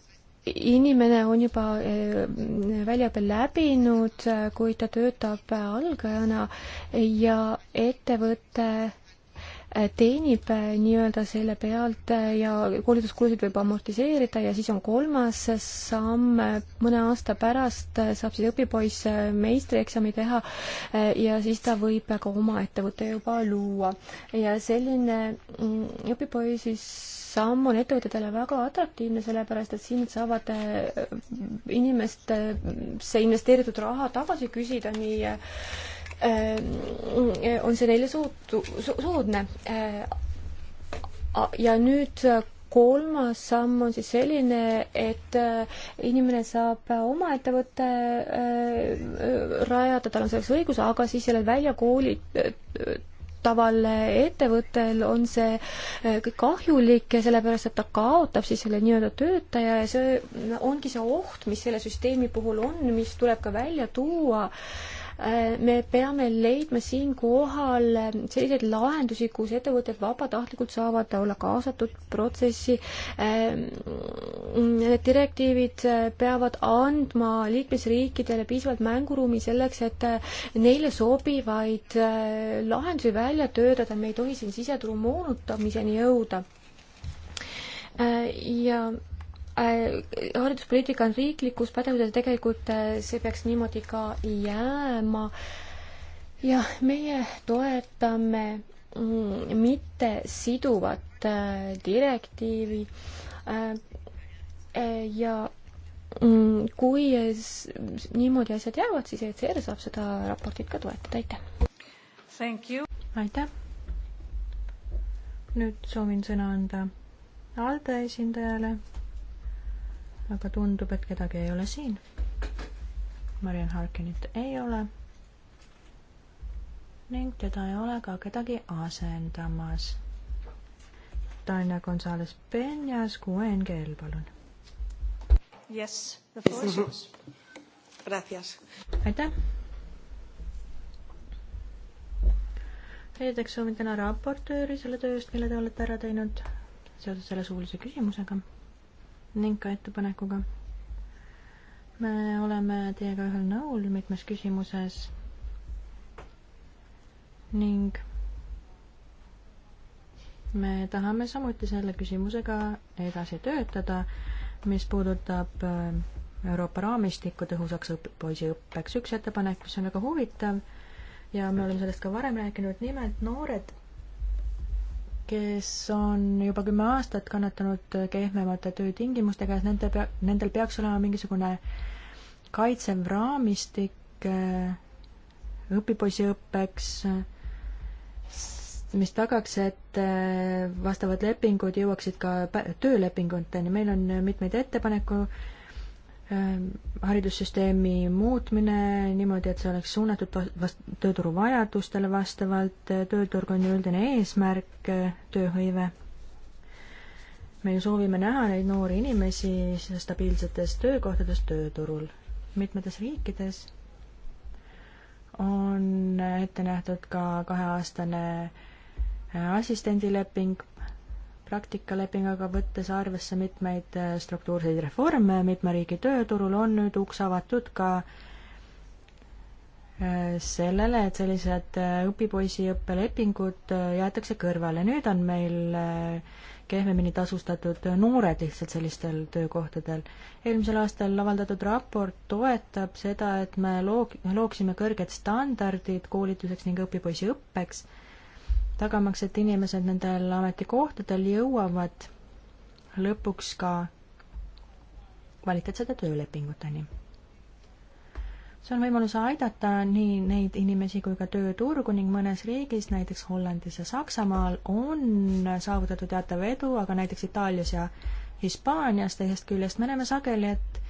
inimene on juba äh, väljaõppe läbinud, kui ta töötab algajana ja ettevõte Äh, teenib äh, nii-öelda selle pealt äh, ja koolituskulusid võib amortiseerida ja siis on kolmas samm, mõne aasta pärast saab siis õpipoiss meistrieksami teha ja siis ta võib ka oma ettevõtte juba luua. ja selline mm, õpipoiss siis samm on ettevõtetele väga atraktiivne, sellepärast et siin nad saavad inimestesse investeeritud raha tagasi küsida nii Ehm, on see neile sootu-, soodne. Ehm, ja nüüd kolmas samm on siis selline, et eh, inimene saab oma ettevõtte eh, rajada, tal on selleks õigus, aga siis sellel välja kooli taval ettevõttel on see eh, kõik kahjulik ja sellepärast, et ta kaotab siis selle nii-öelda töötaja ja see ongi see oht, mis selle süsteemi puhul on, mis tuleb ka välja tuua me peame leidma siinkohal selliseid lahendusi, kus ettevõtted vabatahtlikult saavad olla kaasatud protsessi. Need ehm, direktiivid peavad andma liikmesriikidele piisavalt mänguruumi selleks, et neile sobivaid äh, lahendusi välja töötada, me ei tohi siin siseturu moonutamiseni jõuda. Äh, ja Äh, hariduspoliitika on riiklikus pädevuses, tegelikult äh, see peaks niimoodi ka jääma. ja meie toetame mm, mitte siduvat äh, direktiivi ja mm, kui niimoodi asjad jäävad, siis ECR saab seda raportit ka toetada, aitäh! aitäh! nüüd soovin sõna anda ALDE esindajale aga tundub, et kedagi ei ole siin. Marian Harkinit ei ole. ning teda ei ole ka kedagi asendamas. Tanja Gonzalez Penjas, QNGL, palun. Yes, the floor is yours. Gracias. aitäh. reedeks soovin täna raportööri selle töö eest, mille te olete ära teinud seoses selle suulise küsimusega ning ka ettepanekuga. me oleme teiega ühel nõul mitmes küsimuses ning me tahame samuti selle küsimusega edasi töötada, mis puudutab äh, Euroopa raamistikku tõhusaks õpp-, poisiõppeks. üks ettepanek, mis on väga huvitav ja me oleme sellest ka varem rääkinud, nimelt noored kes on juba kümme aastat kannatanud kehvemate töötingimustega, et nende pea, nendel peaks olema mingisugune kaitsev raamistik äh, õpipoisiõppeks, mis tagaks, et äh, vastavad lepingud jõuaksid ka töölepinguteni. meil on mitmeid ettepaneku, Ehm, haridussüsteemi muutmine niimoodi, et see oleks suunatud vast-, tööturu vajadustele vastavalt, eh, tööturg on ju üldine eesmärk, eh, tööhõive. me ju soovime näha neid noori inimesi stabiilsetes töökohtades tööturul. mitmetes riikides on ette nähtud ka kaheaastane eh, assistendileping praktikalepinguga, võttes arvesse mitmeid äh, struktuurseid reforme, mitme riigi tööturul on nüüd uks avatud ka äh, sellele, et sellised äh, õpipoisiõppe lepingud jäetakse kõrvale, nüüd on meil kehvemini tasustatud noored lihtsalt sellistel töökohtadel. eelmisel aastal avaldatud raport toetab seda, et me loog-, looksime kõrged standardid koolituseks ning õpipoisiõppeks tagamaks, et inimesed nendel ametikohtadel jõuavad lõpuks ka kvaliteetsete töölepinguteni. see on võimalus aidata nii neid inimesi kui ka tööturgu ning mõnes riigis, näiteks Hollandis ja Saksamaal, on saavutatud teatav edu, aga näiteks Itaalias ja Hispaanias teisest küljest me näeme sageli, et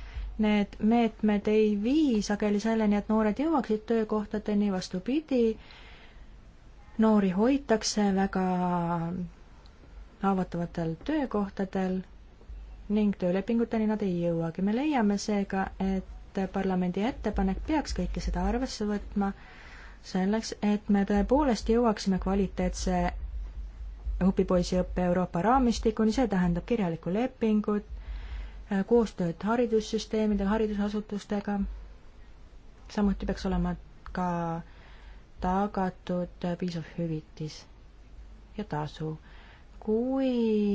need meetmed ei vii sageli selleni, et noored jõuaksid töökohtadeni, vastupidi, noori hoitakse väga haavatavatel töökohtadel ning töölepinguteni nad ei jõuagi. me leiame seega, et parlamendi ettepanek peaks kõike seda arvesse võtma selleks, et me tõepoolest jõuaksime kvaliteetse õpipoisiõppe Euroopa raamistikuni, see tähendab kirjalikku lepingut, koostööd haridussüsteemide, haridusasutustega, samuti peaks olema ka äh, tagatud piisav hüvitis ja tasu. kui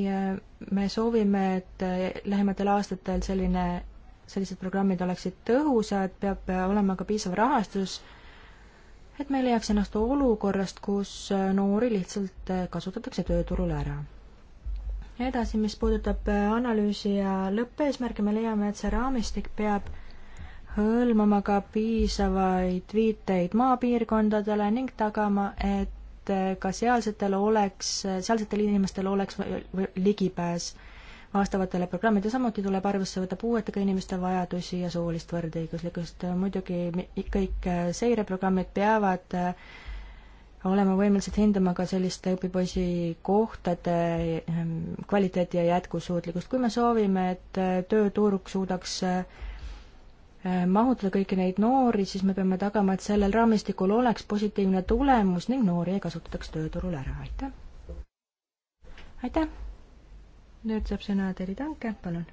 äh, me soovime, et äh, lähematel aastatel selline, sellised programmid oleksid tõhusad, peab äh, olema ka piisav rahastus, et meil ei jääks ennast olukorrast, kus noori lihtsalt kasutatakse tööturul ära. edasi, mis puudutab analüüsi ja lõppeesmärke, me leiame, et see raamistik peab hõlmama ka piisavaid viiteid maapiirkondadele ning tagama, et ka sealsetel oleks, sealsetel inimestel oleks ligipääs vastavatele programmidele, samuti tuleb arvesse võtta puuetega inimeste vajadusi ja soolist võrdõiguslikkust. muidugi kõik seireprogrammid peavad äh, olema võimelised hindama ka selliste õpipoisi kohtade ähm, kvaliteeti ja jätkusuutlikkust. kui me soovime, et äh, tööturg suudaks äh, Äh, mahutada kõiki neid noori, siis me peame tagama, et sellel raamistikul oleks positiivne tulemus ning noori ei kasutataks tööturul ära, aitäh! aitäh! nüüd saab sõna Terri Tanke, palun!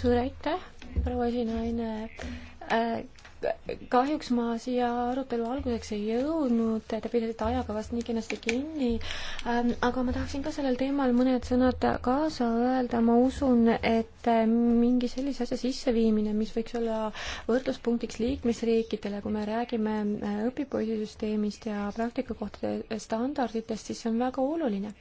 suur aitäh, proua esinaine äh,! kahjuks ma siia arutelu alguseks ei jõudnud, te pidasite ajakavast nii kenasti kinni, ähm, aga ma tahaksin ka sellel teemal mõned sõnad kaasa öelda, ma usun, et äh, mingi sellise asja sisseviimine, mis võiks olla võrdluspunktiks liikmesriikidele, kui me räägime äh, õpipoisisüsteemist ja praktikakohtade standarditest, siis see on väga oluline.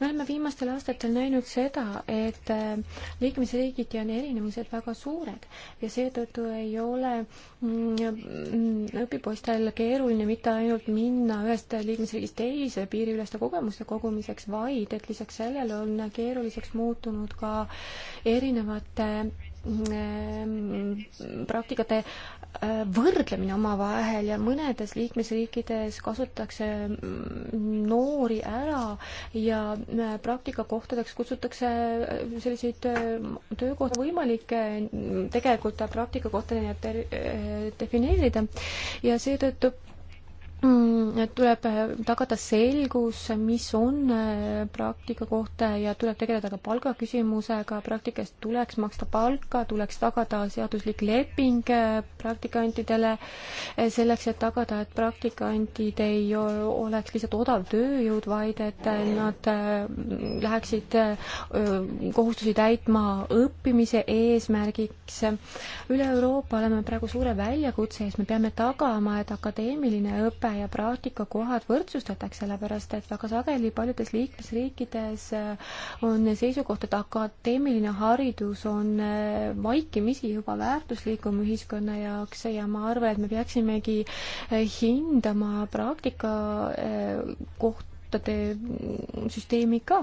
me oleme viimastel aastatel näinud seda, et äh, liikmesriigiti on erinevused väga suured ja seetõttu ei ole mm, Mm, õpipoistel keeruline mitte ainult minna ühest liikmesriigist teise piiriüleste kogemuste kogumiseks, vaid et lisaks sellele on keeruliseks muutunud ka erinevate mm, praktikate võrdlemine omavahel ja mõnedes liikmesriikides kasutatakse mm, noori ära ja mm, praktikakohtadeks kutsutakse mm, selliseid töökohti võimalikke tegelikult praktikakohtadena äh, defineerida ja seetõttu Mm, tuleb äh, tagada selgus, mis on äh, praktika kohta ja tuleb tegeleda ka palgaküsimusega, praktikas tuleks maksta palka, tuleks tagada seaduslik leping äh, praktikantidele, selleks et tagada, et praktikandid ei oleks lihtsalt odav tööjõud, vaid et nad läheksid kohustusi täitma õppimise eesmärgiks. üle Euroopa oleme praegu suure väljakutse ees, me peame tagama, et akadeemiline õpe kobe ja praktikakohad võrdsustataks, sellepärast et väga sageli paljudes liikmesriikides äh, on seisukoht, et akadeemiline haridus on äh, vaikimisi juba väärtuslikum ühiskonna jaoks ja ma arvan, et me peaksimegi äh, hindama praktikakohtade mm, süsteemi ka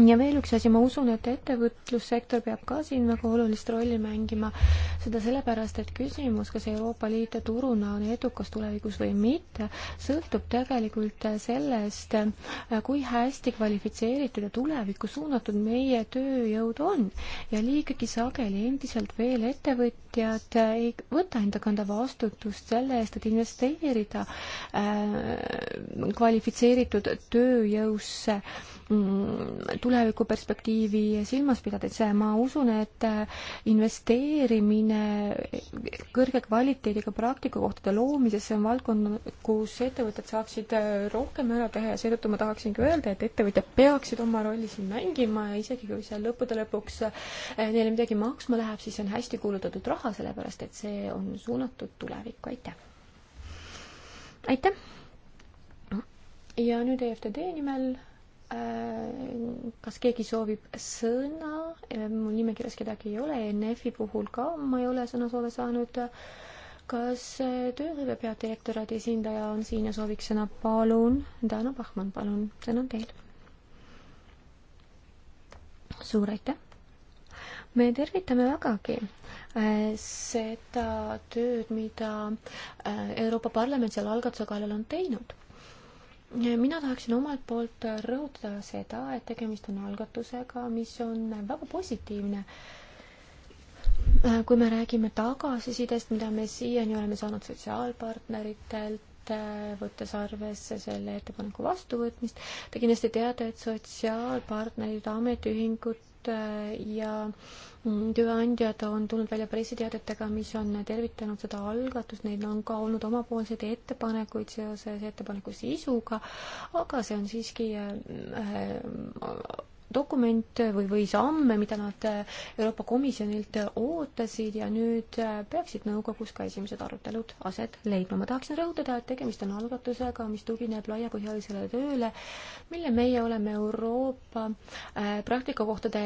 ja veel üks asi, ma usun, et ettevõtlussektor peab ka siin väga olulist rolli mängima, seda sellepärast, et küsimus, kas Euroopa Liit turuna on edukas tulevikus või mitte, sõltub tegelikult sellest, kui hästi kvalifitseeritud ja tulevikku suunatud meie tööjõud on. ja liigegi sageli endiselt veel ettevõtjad ei võta enda kanda vastutust selle eest, et investeerida äh, kvalifitseeritud tööjõusse äh, Mm, tulevikuperspektiivi silmas pidades, ma usun, et äh, investeerimine kõrge kvaliteediga praktikakohtade loomisesse on valdkond, kus ettevõtted saaksid äh, rohkem ära teha ja seetõttu ma tahaksingi öelda, et ettevõtjad peaksid oma rolli siin mängima ja isegi kui see lõppude lõpuks äh, neile midagi maksma läheb, siis see on hästi kulutatud raha, sellepärast et see on suunatud tulevikku, aitäh! aitäh! ja nüüd EFTD nimel Äh, kas keegi soovib sõna? Äh, mul nimekirjas kedagi ei ole, NF-i puhul ka ma ei ole sõnasoove saanud. kas äh, tööhõive peadirektoraadi esindaja on siin ja sooviks sõna? palun, Dana Bachmann, palun, sõna on teil. suur aitäh! me tervitame vägagi seda tööd, mida Euroopa Parlament selle algatuse kallal on teinud mina tahaksin omalt poolt rõhutada seda, et tegemist on algatusega, mis on väga positiivne. kui me räägime tagasisidest, mida me siiani oleme saanud sotsiaalpartneritelt, võttes arvesse selle ettepaneku vastuvõtmist, te kindlasti teate, et sotsiaalpartnerid, ametiühingud ja äh, tööandjad on tulnud välja pressiteadetega, mis on tervitanud seda algatust, neil on ka olnud omapoolseid ettepanekuid seoses ettepaneku sisuga, aga see on siiski äh, dokument või, või samme, mida nad äh, Euroopa Komisjonilt ootasid ja nüüd äh, peaksid nõukogus ka esimesed arutelud aset leidma. ma tahaksin rõhutada, et tegemist on algatusega, mis tugineb laiapõhjalisele tööle, mille meie oleme Euroopa äh, praktikakohtade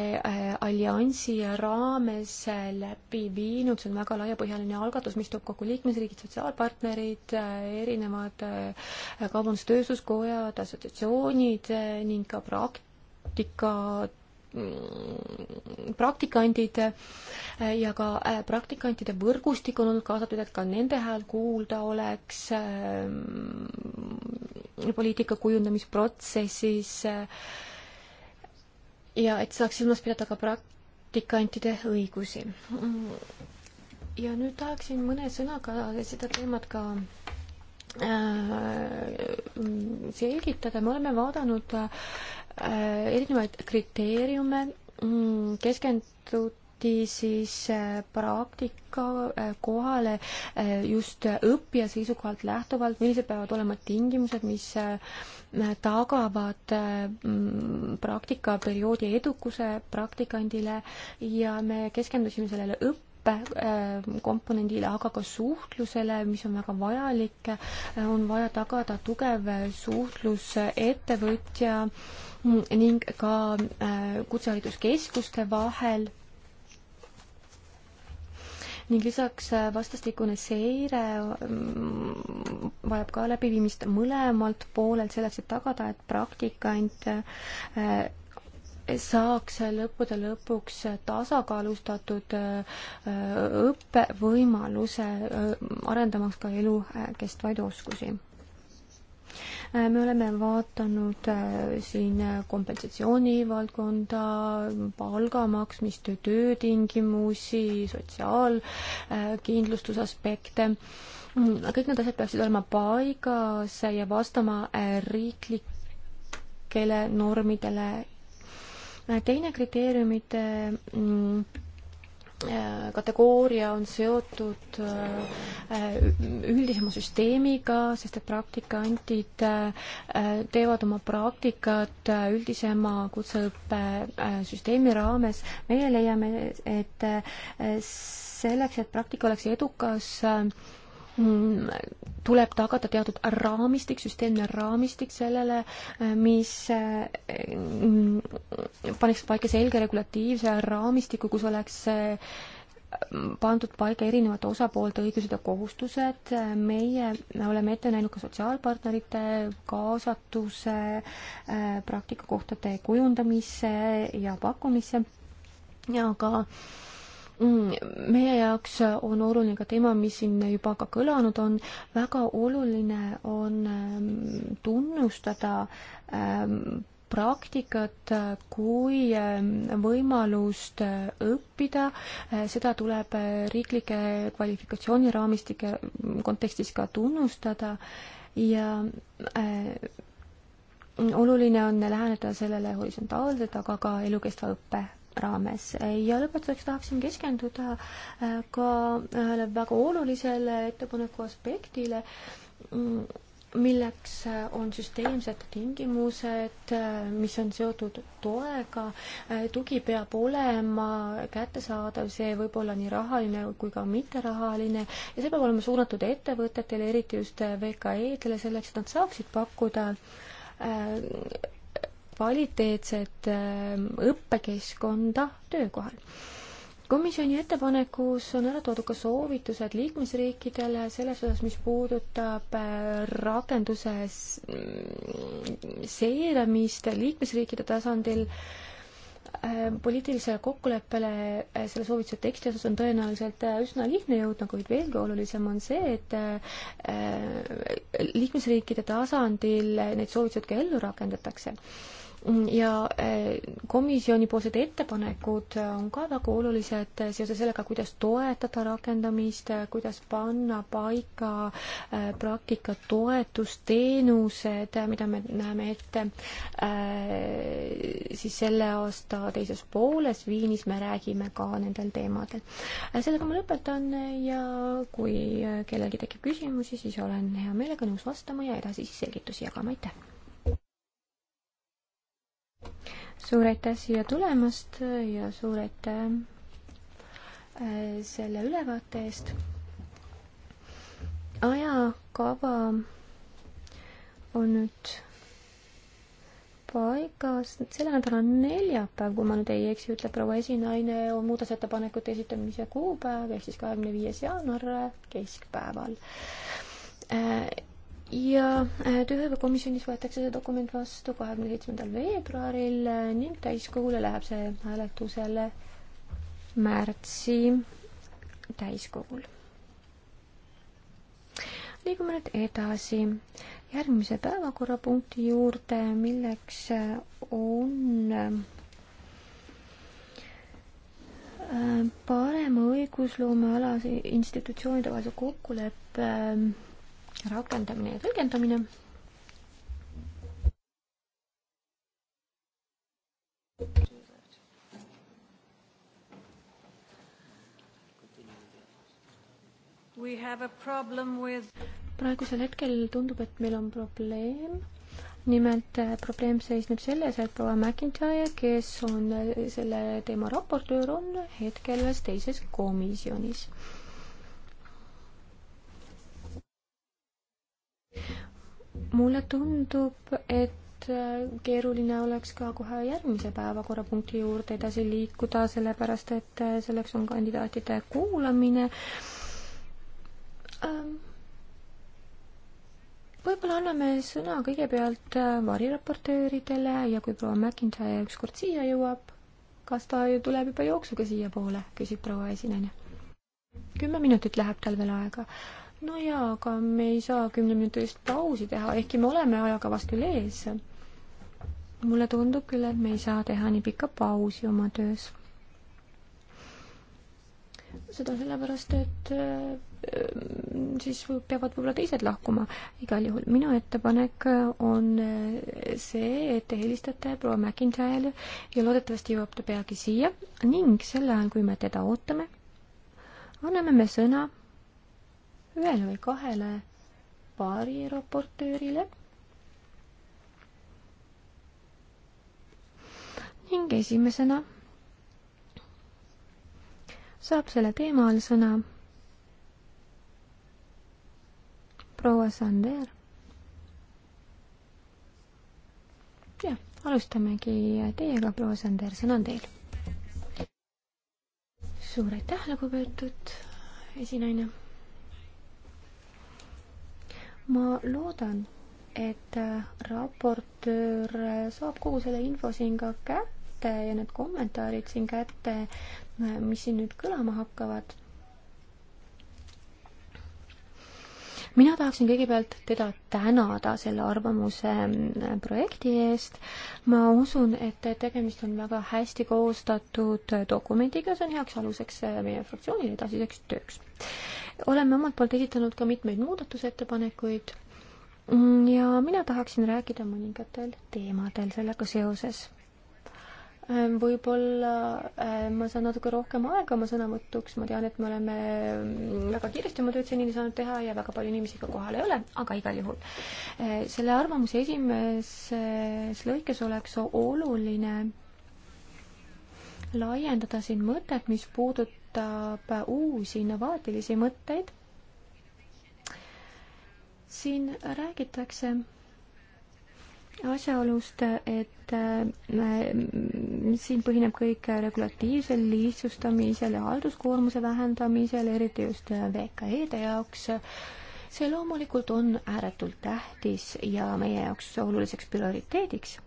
alliansi raames läbi viinud, see on väga laiapõhjaline algatus, mis toob kokku liikmesriigid, sotsiaalpartnerid, erinevad kaubandus-tööstuskojad, assotsiatsioonid ning ka prakt-, praktika mm, praktikandid äh, ja ka äh, praktikantide võrgustik on olnud kaasatud, et ka nende hääl kuulda oleks ähm, poliitika kujundamisprotsessis äh, ja et saaks silmas pidada ka praktikantide õigusi. Mm, ja nüüd tahaksin mõne sõnaga seda teemat ka selgitada, me oleme vaadanud Äh, erinevaid kriteeriume, mm, keskenduti siis äh, praktika äh, kohale just õppija seisukohalt lähtuvalt, millised peavad olema tingimused, mis tagavad mm, praktikaperioodi edukuse praktikandile ja me keskendusime sellele õppijale, õppekomponendile, äh, aga ka suhtlusele, mis on väga vajalik, äh, on vaja tagada tugev suhtlus ettevõtja ning ka äh, kutsehariduskeskuste vahel ning lisaks vastastikune seire mm, vajab ka läbiviimist mõlemalt poolelt selleks, et tagada, et praktikant saaks lõppude lõpuks tasakaalustatud äh, äh, õppevõimaluse, äh, arendamaks ka elukestvaid oskusi me oleme vaatanud siin kompensatsiooni valdkonda, palga maksmist, töötingimusi, sotsiaalkindlustuse aspekte. kõik need asjad peaksid olema paigas ja vastama riiklikele normidele teine kriteeriumite mm, äh, kategooria on seotud äh, üldisema süsteemiga, sest et praktikandid äh, teevad oma praktikat üldisema kutseõppesüsteemi raames. meie leiame, et selleks, et praktika oleks edukas, Mm, tuleb tagada teatud raamistik, süsteemne raamistik sellele, eh, mis eh, mm, paneks paika selge regulatiivse raamistiku, kus oleks eh, pandud paika erinevate osapoolte õigused ja kohustused, meie me oleme ette näinud ka sotsiaalpartnerite kaasatuse praktikakohtade kujundamisse ja pakkumisse ja ka äh, Mm, meie jaoks on oluline ka teema, mis siin juba ka kõlanud on, väga oluline on ähm, tunnustada ähm, praktikat kui ähm, võimalust äh, õppida, äh, seda tuleb äh, riiklike kvalifikatsiooniraamistike mm, kontekstis ka tunnustada ja oluline on läheneda sellele horisontaalselt, aga ka elukestva õppe raames ja lõpetuseks tahaksin keskenduda äh, ka ühele äh, väga olulisele ettepaneku aspektile, mm, milleks äh, on süsteemsed tingimused, mis on seotud toega. tugi peab olema kättesaadav, see võib olla nii rahaline kui ka mitterahaline ja see peab olema suunatud ettevõtetele, eriti just VKE-dele, selleks et nad saaksid pakkuda kvaliteetset ähm, õppekeskkonda töökohal. komisjoni ettepanekus on ära toodud ka soovitused liikmesriikidele selles osas, mis puudutab äh, rakenduse mm, seiramist liikmesriikide tasandil ähm, poliitilisele kokkuleppele äh, selle soovituse teksti osas on tõenäoliselt äh, üsna lihtne jõudma, kuid veelgi olulisem on see, et liikmesriikide tasandil neid soovituseid ka ellu rakendatakse ja eh, komisjonipoolsed ettepanekud eh, on ka väga olulised eh, seoses sellega, kuidas toetada rakendamist, kuidas panna paika praktika toetusteenused, mida me näeme ette siis selle aasta teises pooles Viinis me räägime ka nendel teemadel. sellega ma lõpetan ja kui kellelgi tekib küsimusi, siis olen hea meelega nõus vastama ja edasisi selgitusi jagama, aitäh! suur aitäh siia tulemast ja suur aitäh äh, selle ülevaate eest. ajakava on nüüd paigas, selle nädala neljapäev, kui ma nüüd ei eksi, ütleb proua esinaine, on muudatusettepanekute esitamise kuupäev ehk siis kahekümne viies jaanuar keskpäeval äh, ja äh, tööhõive komisjonis võetakse see dokument vastu kahekümne seitsmendal veebruaril äh, ning täiskogule läheb see hääletusele märtsi täiskogul. liigume nüüd edasi järgmise päevakorrapunkti juurde, milleks äh, on parema õigusloome alase institutsioonide vahelise kokkuleppe rakendamine ja tõlgendamine. With... praegusel hetkel tundub, et meil on probleem nimelt äh, probleem seisneb selles, et proua McIntyre, kes on äh, selle teema raportöör, on hetkel ühes teises komisjonis. mulle tundub, et äh, keeruline oleks ka kohe järgmise päevakorrapunkti juurde edasi liikuda, sellepärast et äh, selleks on kandidaatide kuulamine ähm võib-olla anname sõna kõigepealt äh, variraportööridele ja kui proua McIntyre ükskord siia jõuab, kas ta ju tuleb juba jooksuga siiapoole, küsib proua esinaine. kümme minutit läheb tal veel aega no jaa, aga me ei saa kümneminutilist pausi teha, ehkki me oleme ajakavast küll ees. mulle tundub küll, et me ei saa teha nii pikka pausi oma töös. seda sellepärast, et äh, siis peavad võib-olla teised lahkuma. igal juhul minu ettepanek on äh, see, et te helistate proua McIntyre'ile ja loodetavasti jõuab ta peagi siia ning sel ajal, kui me teda ootame, anname me sõna ühele või kahele variraportöörile ning esimesena saab selle teema all sõna proua Sander. ja alustamegi teiega, proua Sander, sõna on teil. suur aitäh, lugupeetud esinaine ma loodan, et äh, raportöör äh, saab kogu selle info siin ka kätte ja need kommentaarid siin kätte, äh, mis siin nüüd kõlama hakkavad mina tahaksin kõigepealt teda tänada selle arvamuse mm, projekti eest. ma usun, et tegemist on väga hästi koostatud dokumendiga, see on heaks aluseks äh, meie fraktsiooni edasiseks tööks. oleme omalt poolt esitanud ka mitmeid muudatusettepanekuid mm, ja mina tahaksin rääkida mõningatel teemadel sellega seoses Ehm, võib-olla ehm, ma saan natuke rohkem aega oma sõnavõtuks, ma tean, et me oleme mm, väga kiiresti oma tööd senini saanud teha ja väga palju inimesi ka kohal ei ole, aga igal juhul. Ehm, selle arvamuse esimeses lõikes oleks oluline laiendada siin mõtet, mis puudutab uusi innovaatilisi mõtteid. siin räägitakse asjaolust, et äh, siin põhineb kõik regulatiivsel lihtsustamisel ja halduskoormuse vähendamisel, eriti just VKE-de jaoks. see loomulikult on ääretult tähtis ja meie jaoks oluliseks prioriteediks.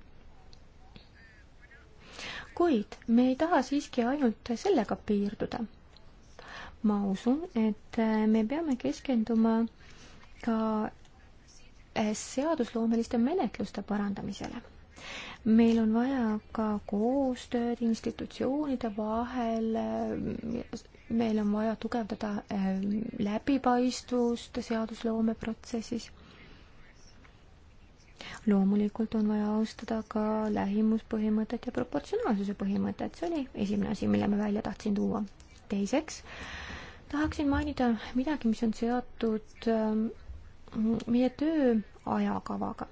kuid me ei taha siiski ainult sellega piirduda. ma usun, et me peame keskenduma ka seadusloomeliste menetluste parandamisele. meil on vaja ka koostööd institutsioonide vahel, meil on vaja tugevdada ähm, läbipaistvust seadusloome protsessis loomulikult on vaja austada ka lähimuspõhimõtet ja proportsionaalsuse põhimõtet, see oli esimene asi, mille ma välja tahtsin tuua. teiseks tahaksin mainida midagi, mis on seotud ähm, meie töö ajakavaga.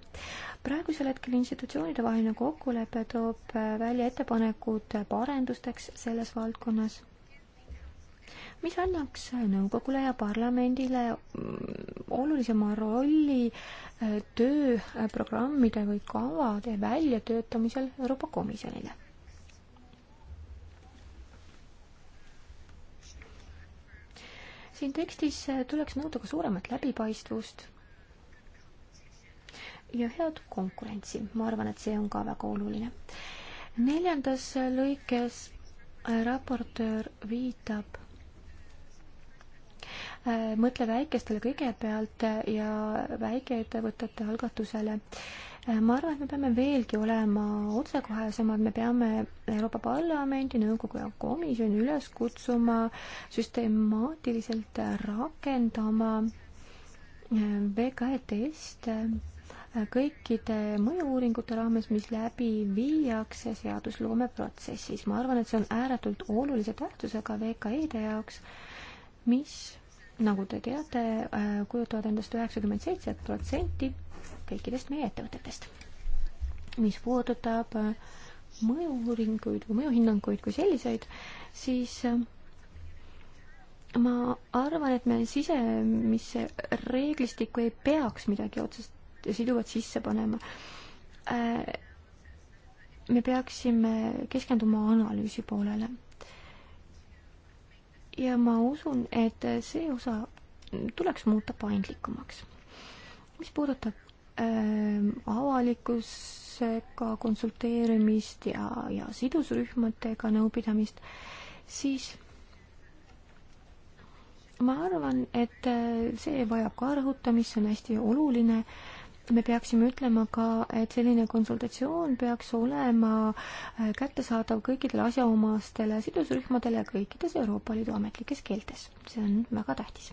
praegusel hetkel institutsioonide vaheline kokkulepe toob välja ettepanekud parendusteks selles valdkonnas, mis annaks nõukogule ja parlamendile mm, olulisema rolli eh, tööprogrammide või kavade väljatöötamisel Euroopa Komisjonile siin tekstis äh, tuleks nõuda ka suuremat läbipaistvust ja head konkurentsi. ma arvan, et see on ka väga oluline. neljandas lõikes äh, raportöör viitab äh, mõtle väikestele kõigepealt ja väikeettevõtete algatusele Äh, ma arvan, et me peame veelgi olema otsekohesemad, me peame Euroopa Parlamendi, nõukogu ja komisjoni üles kutsuma süstemaatiliselt rakendama äh, VKE teste äh, kõikide mõju-uuringute raames, mis läbi viiakse seadusloome protsessis. ma arvan, et see on ääretult olulise tähtsusega VKI-de jaoks, mis nagu te teate, äh, kujutavad endast üheksakümmend seitse protsenti kõikidest meie ettevõtetest. mis puudutab äh, mõju-uuringuid või mõjuhinnanguid kui selliseid, siis äh, ma arvan, et me sisemisse reeglistikku ei peaks midagi otsest siduvat sisse panema. me peaksime keskenduma analüüsi poolele ja ma usun, et see osa tuleks muuta paindlikumaks. mis puudutab äh, avalikkusega konsulteerimist ja, ja sidusrühmadega nõupidamist, siis ma arvan, et äh, see vajab ka rõhutamist, see on hästi oluline äh, me peaksime ütlema ka, et selline konsultatsioon peaks olema äh, kättesaadav kõikidele asjaomastele sidusrühmadele kõikides Euroopa Liidu ametlikes keeltes. see on väga tähtis.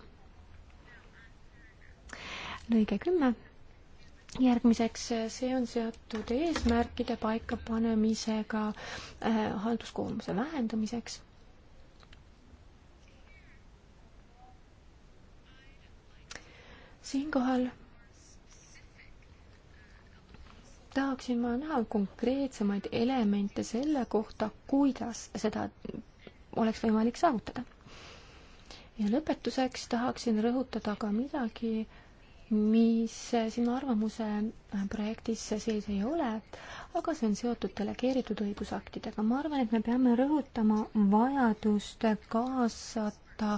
lõige kümme. järgmiseks, äh, see on seotud eesmärkide paikapanemisega äh, halduskoormuse vähendamiseks siinkohal tahaksin ma näha konkreetsemaid elemente selle kohta, kuidas seda oleks võimalik saavutada. ja lõpetuseks tahaksin rõhutada ka midagi, mis sinu arvamuse projektis sees ei ole, aga see on seotud delegeeritud õigusaktidega. ma arvan, et me peame rõhutama vajadust kaasata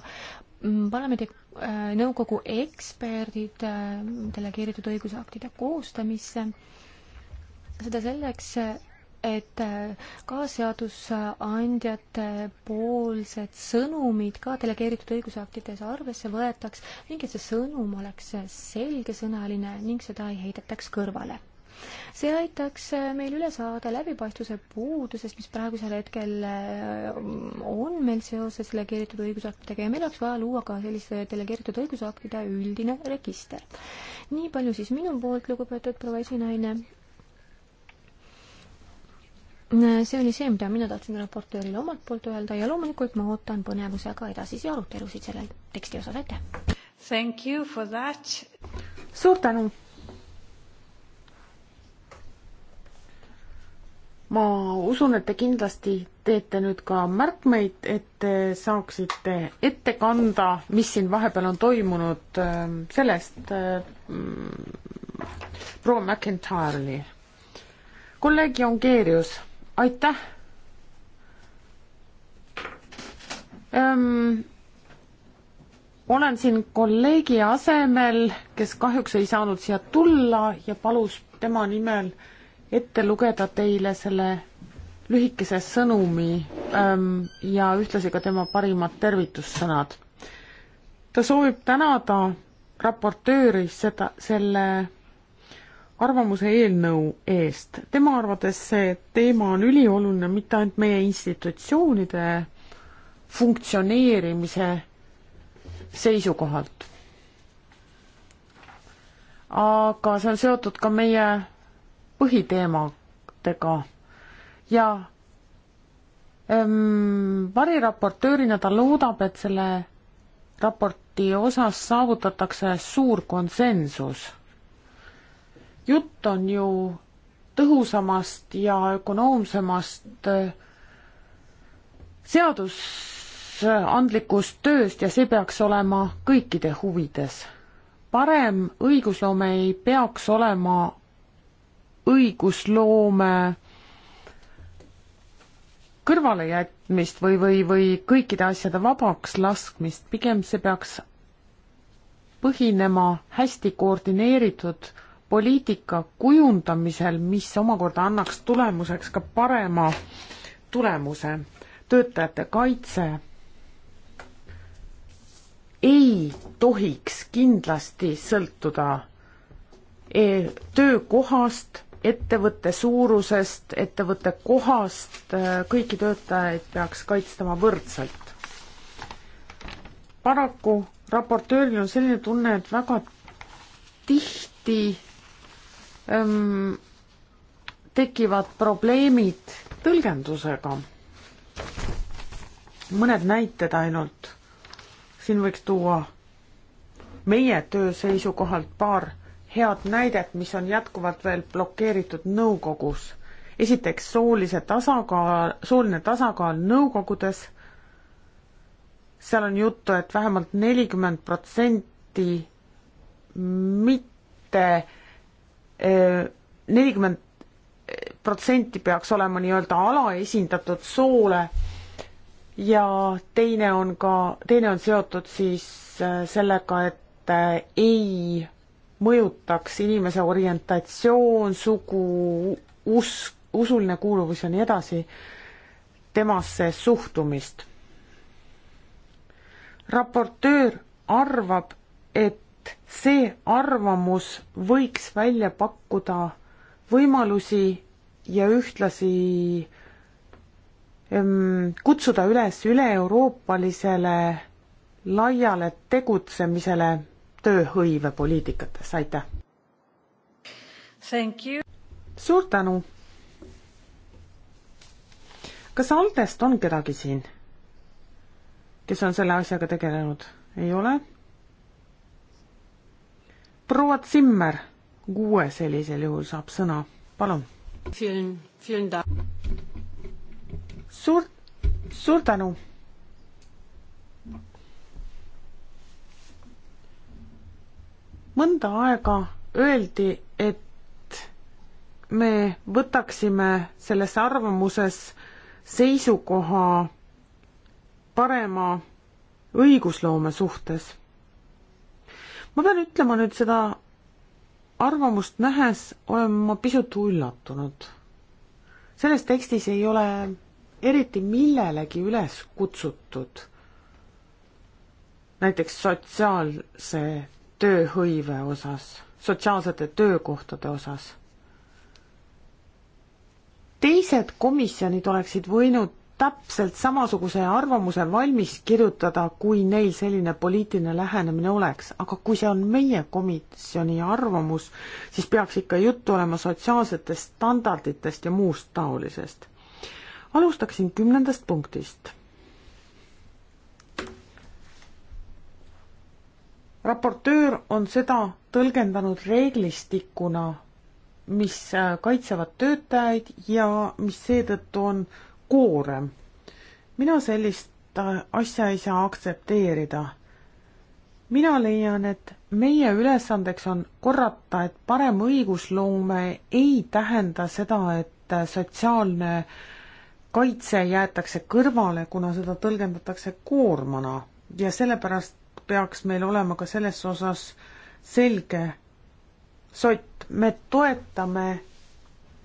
parlamendi äh, nõukogu eksperdid äh, delegeeritud õigusaktide koostamisse seda selleks, et kaasseadusandjate poolsed sõnumid ka delegeeritud õigusaktides arvesse võetaks ning et see sõnum oleks selgesõnaline ning seda ei heidetaks kõrvale. see aitaks meil üle saada läbipaistvuse puudusest, mis praegusel hetkel äh, on meil seoses delegeeritud õigusaktidega ja meil oleks vaja luua ka sellise delegeeritud õigusaktide üldine register. nii palju siis minu poolt, lugupeetud proua esinaine see oli see, mida mina tahtsin raportöörile omalt poolt öelda ja loomulikult ma ootan põnevusega edasisi arutelusid sellel teksti osas, aitäh! Thank you for that! suur tänu! ma usun, et te kindlasti teete nüüd ka märkmeid, et te saaksite ette kanda, mis siin vahepeal on toimunud, ähm, sellest ähm, proua McIntyre'i. kolleeg Jongeerius aitäh ähm,. olen siin kolleegi asemel, kes kahjuks ei saanud siia tulla ja palus tema nimel ette lugeda teile selle lühikese sõnumi ähm, ja ühtlasi ka tema parimad tervitussõnad. ta soovib tänada raportööri seda, selle arvamuse eelnõu eest. tema arvates see teema on ülioluline mitte ainult meie institutsioonide funktsioneerimise seisukohalt, aga see on seotud ka meie põhiteemadega ja ähm, variraportöörina ta loodab, et selle raporti osas saavutatakse suur konsensus jutt on ju tõhusamast ja ökonoomsemast eh, seadusandlikust tööst ja see peaks olema kõikide huvides. parem õigusloome ei peaks olema õigusloome kõrvalejätmist või, või, või kõikide asjade vabaks laskmist, pigem see peaks põhinema hästi koordineeritud poliitika kujundamisel, mis omakorda annaks tulemuseks ka parema tulemuse. töötajate kaitse ei tohiks kindlasti sõltuda e-, töökohast, ettevõtte suurusest, ettevõtte kohast, äh, kõiki töötajaid peaks kaitstama võrdselt. paraku raportööril on selline tunne, et väga tihti ähm, tekivad probleemid tõlgendusega. mõned näited ainult. siin võiks tuua meie töö seisukohalt paar head näidet, mis on jätkuvalt veel blokeeritud nõukogus. esiteks soolise tasakaal, sooline tasakaal nõukogudes. seal on juttu, et vähemalt nelikümmend protsenti mitte nelikümmend protsenti peaks olema nii-öelda alaesindatud soole ja teine on ka, teine on seotud siis äh, sellega, et äh, ei mõjutaks inimese orientatsioon, sugu, usk, usuline kuuluvus ja nii edasi temasse suhtumist. raportöör arvab, et et see arvamus võiks välja pakkuda võimalusi ja ühtlasi kutsuda üles üle-euroopalisele laiale tegutsemisele tööhõivepoliitikates, aitäh! suur tänu! kas Aldest on kedagi siin, kes on selle asjaga tegelenud? ei ole? proua Zimmer, kuue sellisel juhul saab sõna, palun. suur, suur tänu. mõnda aega öeldi, et me võtaksime selles arvamuses seisukoha parema õigusloome suhtes ma pean ütlema nüüd seda arvamust nähes olen ma pisut üllatunud. selles tekstis ei ole eriti millelegi üles kutsutud. näiteks sotsiaalse tööhõive osas, sotsiaalsete töökohtade osas. teised komisjonid oleksid võinud täpselt samasuguse arvamuse valmis kirjutada, kui neil selline poliitiline lähenemine oleks, aga kui see on meie komisjoni arvamus, siis peaks ikka juttu olema sotsiaalsetest standarditest ja muust taolisest. alustaksin kümnendast punktist. raportöör on seda tõlgendanud reeglistikuna, mis äh, kaitsevad töötajaid ja mis seetõttu on koorem. mina sellist asja ei saa aktsepteerida. mina leian, et meie ülesandeks on korrata, et parem õigusloome ei tähenda seda, et sotsiaalne kaitse jäetakse kõrvale, kuna seda tõlgendatakse koormana ja sellepärast peaks meil olema ka selles osas selge sott, me toetame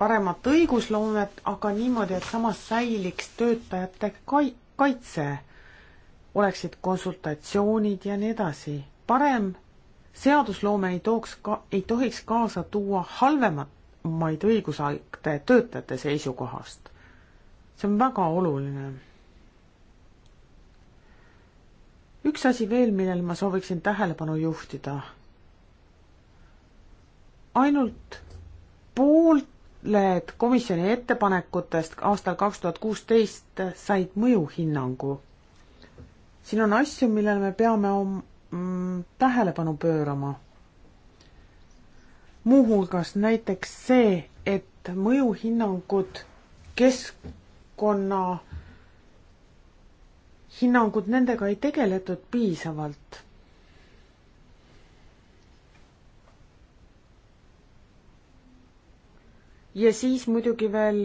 paremat õigusloomet, aga niimoodi, et samas säiliks töötajate kai-, kaitse, oleksid konsultatsioonid ja nii edasi. parem seadusloome ei tooks ka, ei tohiks kaasa tuua halvemaid õigusakte töötajate seisukohast. see on väga oluline. üks asi veel, millele ma sooviksin tähelepanu juhtida. ainult poolt mõned komisjoni ettepanekutest aastal kaks tuhat kuusteist said mõjuhinnangu. siin on asju, millele me peame om-, mm, tähelepanu pöörama. muuhulgas näiteks see, et mõjuhinnangud keskkonna hinnangud, nendega ei tegeletud piisavalt ja siis muidugi veel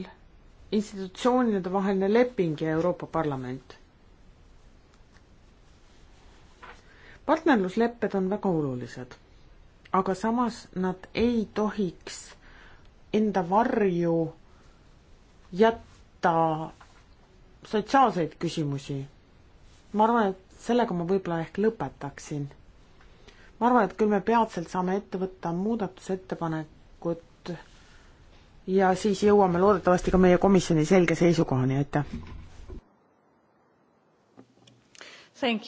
institutsioonide vaheline leping ja Euroopa Parlament. partnerluslepped on väga olulised, aga samas nad ei tohiks enda varju jätta sotsiaalseid küsimusi. ma arvan, et sellega ma võib-olla ehk lõpetaksin. ma arvan, et küll me peatselt saame ette võtta muudatusettepanek, ja siis jõuame loodetavasti ka meie komisjoni selge seisukohani, aitäh. Then...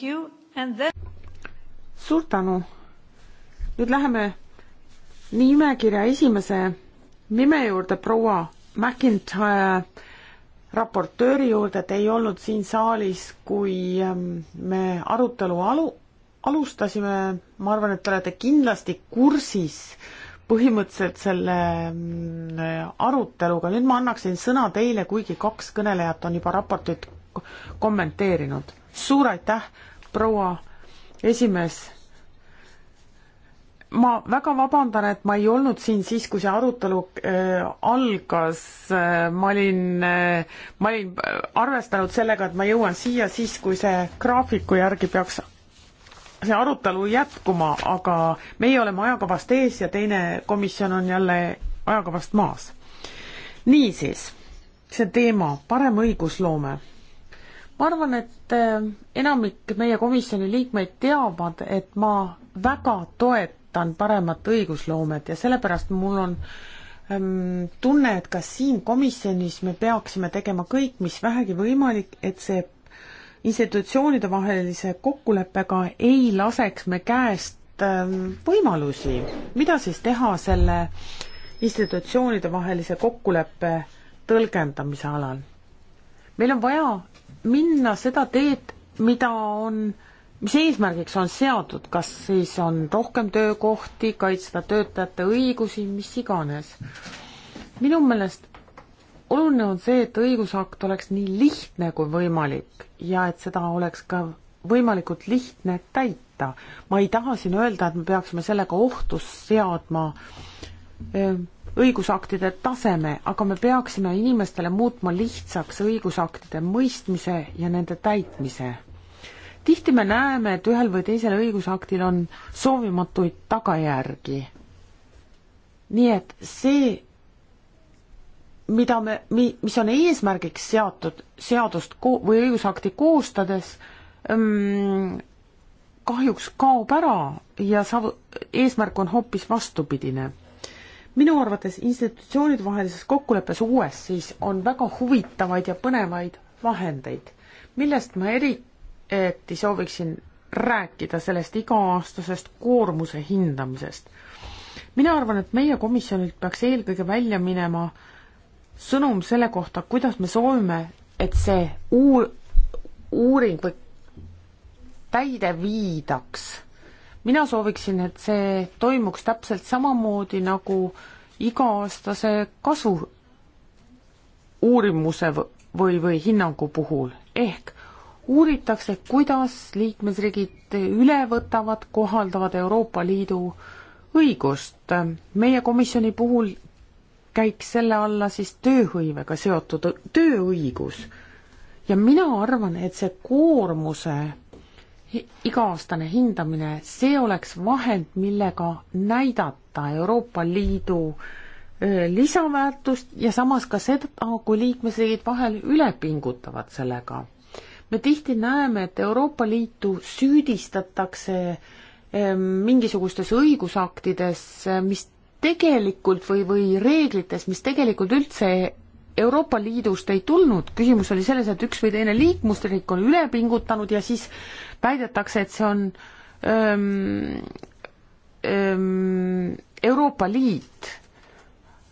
suur tänu. nüüd läheme nimekirja esimese nime juurde, proua McIntyre raportööri juurde, te ei olnud siin saalis, kui ähm, me arutelu alu-, alustasime, ma arvan, et te olete kindlasti kursis äh, põhimõtteliselt selle mm, aruteluga, nüüd ma annaksin sõna teile, kuigi kaks kõnelejat on juba raportit kommenteerinud. suur aitäh, proua esimees. ma väga vabandan, et ma ei olnud siin siis, kui see arutelu äh, algas äh,, ma olin äh,, ma olin äh, arvestanud sellega, et ma jõuan siia siis, kui see graafiku järgi peaks see arutelu jätkuma, aga meie oleme ajakavast ees ja teine komisjon on jälle ajakavast maas. niisiis, see teema, parem õigusloome. ma arvan, et äh, enamik meie komisjoni liikmeid teavad, et ma väga toetan paremat õigusloomet ja sellepärast mul on ähm, tunne, et kas siin komisjonis me peaksime tegema kõik, mis vähegi võimalik, et see institutsioonide vahelise kokkuleppega ei laseks me käest ähm, võimalusi, mida siis teha selle institutsioonide vahelise kokkuleppe tõlgendamise alal? meil on vaja minna seda teed, mida on, mis eesmärgiks on seatud, kas siis on rohkem töökohti, kaitsta töötajate õigusi, mis iganes. minu meelest oluline on see, et õigusakt oleks nii lihtne kui võimalik ja et seda oleks ka võimalikult lihtne täita. ma ei taha siin öelda, et me peaksime sellega ohtu seadma õigusaktide taseme, aga me peaksime inimestele muutma lihtsaks õigusaktide mõistmise ja nende täitmise. tihti me näeme, et ühel või teisel õigusaktil on soovimatuid tagajärgi. nii et see mida me, mi-, mis on eesmärgiks seatud seadust ko-, või õigusakti koostades, mm, kahjuks kaob ära ja saab, eesmärk on hoopis vastupidine. minu arvates institutsioonide vahelises kokkuleppes uues siis on väga huvitavaid ja põnevaid vahendeid, millest ma eriti sooviksin rääkida, sellest iga-aastasest koormuse hindamisest. mina arvan, et meie komisjonilt peaks eelkõige välja minema äh, sõnum selle kohta, kuidas me soovime, et see uur-, uuring või täide viidaks. mina sooviksin, et see toimuks täpselt samamoodi nagu iga-aastase kasu uurimuse või, või hinnangu puhul, ehk uuritakse, kuidas liikmesriigid üle võtavad, kohaldavad Euroopa Liidu õigust. meie komisjoni puhul käiks selle alla siis tööhõivega seotud tööõigus. ja mina arvan, et see koormuse iga-aastane hindamine, see oleks vahend, millega näidata Euroopa Liidu lisaväärtust ja samas ka seda, kui liikmesriigid vahel üle pingutavad sellega. me tihti näeme, et Euroopa Liitu süüdistatakse mingisugustes õigusaktides, mis tegelikult või, või reeglitest, mis tegelikult üldse Euroopa Liidust ei tulnud, küsimus oli selles, et üks või teine liikmusriik on üle pingutanud ja siis väidetakse, et see on öö, ähm, öö, ähm, Euroopa Liit.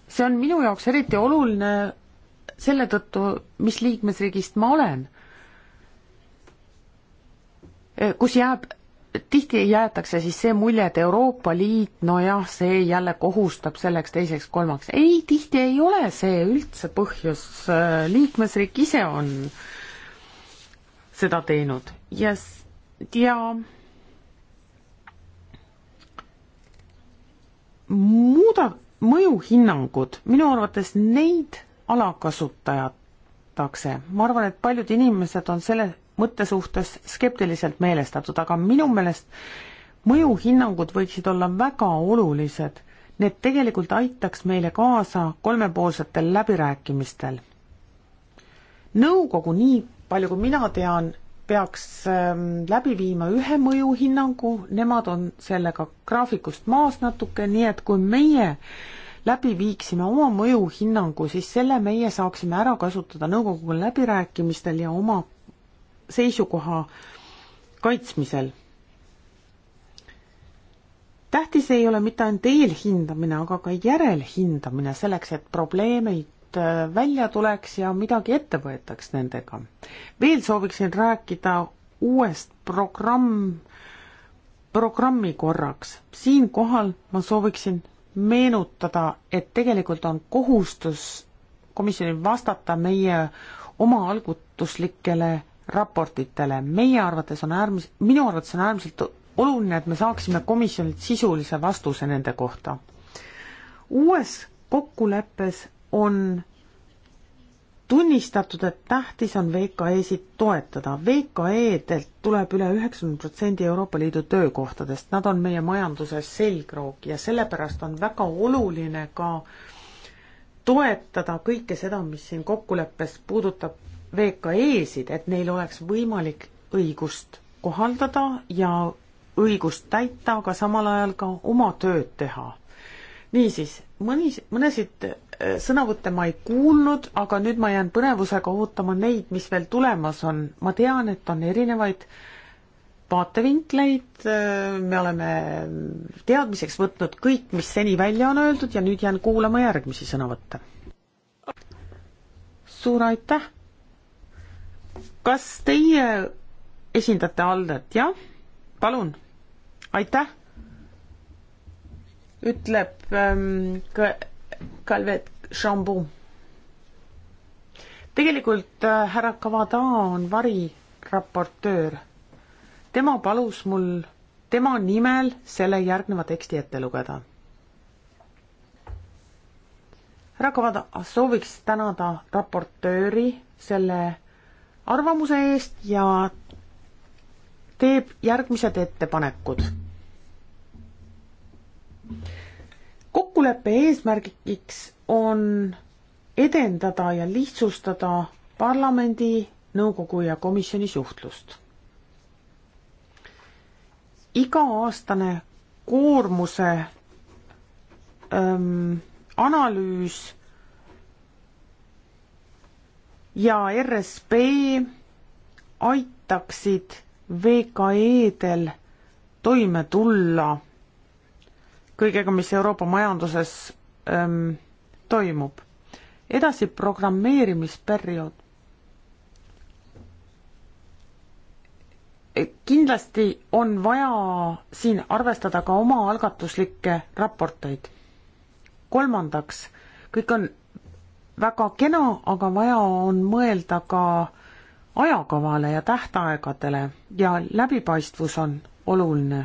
see on minu jaoks eriti oluline selle tõttu, mis liikmesriigist ma olen, äh, kus jääb tihti jäetakse siis see mulje, et Euroopa Liit, nojah, see jälle kohustab selleks, teiseks, kolmaks. ei, tihti ei ole see üldse põhjus, liikmesriik ise on seda teinud ja, ja muuda, mõjuhinnangud, minu arvates neid alakasutatakse, ma arvan, et paljud inimesed on selle mõtte suhtes skeptiliselt meelestatud, aga minu meelest mõjuhinnangud võiksid olla väga olulised. Need tegelikult aitaks meile kaasa kolmepoolsetel läbirääkimistel. nõukogu, nii palju kui mina tean, peaks ähm, läbi viima ühe mõjuhinnangu, nemad on sellega graafikust maas natuke, nii et kui meie läbi viiksime oma mõjuhinnangu, siis selle meie saaksime ära kasutada nõukoguga läbirääkimistel ja oma seisukoha kaitsmisel. tähtis ei ole mitte ainult eelhindamine, aga ka järelhindamine selleks, et probleemid äh, välja tuleks ja midagi ette võetaks nendega. veel sooviksin rääkida uuest programm, programmi korraks. siinkohal ma sooviksin meenutada, et tegelikult on kohustus komisjonil vastata meie omaalgutuslikele raportitele. meie arvates on äärmis-, minu arvates on äärmiselt oluline, et me saaksime komisjonilt sisulise vastuse nende kohta. uues kokkuleppes on tunnistatud, et tähtis on VKE-sid toetada. VKE-delt tuleb üle üheksakümmend protsendi Euroopa Liidu töökohtadest, nad on meie majanduse selgroog ja sellepärast on väga oluline ka toetada kõike seda, mis siin kokkuleppes puudutab VKE-sid, et neil oleks võimalik õigust kohaldada ja õigust täita, aga samal ajal ka oma tööd teha. niisiis, mõni, mõnesid äh, sõnavõtte ma ei kuulnud, aga nüüd ma jään põnevusega ootama neid, mis veel tulemas on. ma tean, et on erinevaid vaatevinkleid, äh, me oleme teadmiseks võtnud kõik, mis seni välja on öeldud ja nüüd jään kuulama järgmisi sõnavõtte. suur aitäh! kas teie esindate Aldet, jah? palun, aitäh, ütleb ähm, Calvet Chambon. tegelikult äh, härra Kavada on variraportöör. tema palus mul tema nimel selle järgneva teksti ette lugeda. härra Kavada sooviks tänada raportööri selle arvamuse eest ja teeb järgmised ettepanekud. kokkuleppe eesmärgiks on edendada ja lihtsustada parlamendi, nõukogu ja komisjoni suhtlust. iga-aastane koormuse öö, ähm, analüüs ja RSP aitaksid VKE-del toime tulla kõigega, mis Euroopa majanduses ähm, toimub. edasi programmeerimisperiood. kindlasti on vaja siin arvestada ka omaalgatuslikke raporteid. kolmandaks, kõik on väga kena, aga vaja on mõelda ka ajakavale ja tähtaegadele ja läbipaistvus on oluline.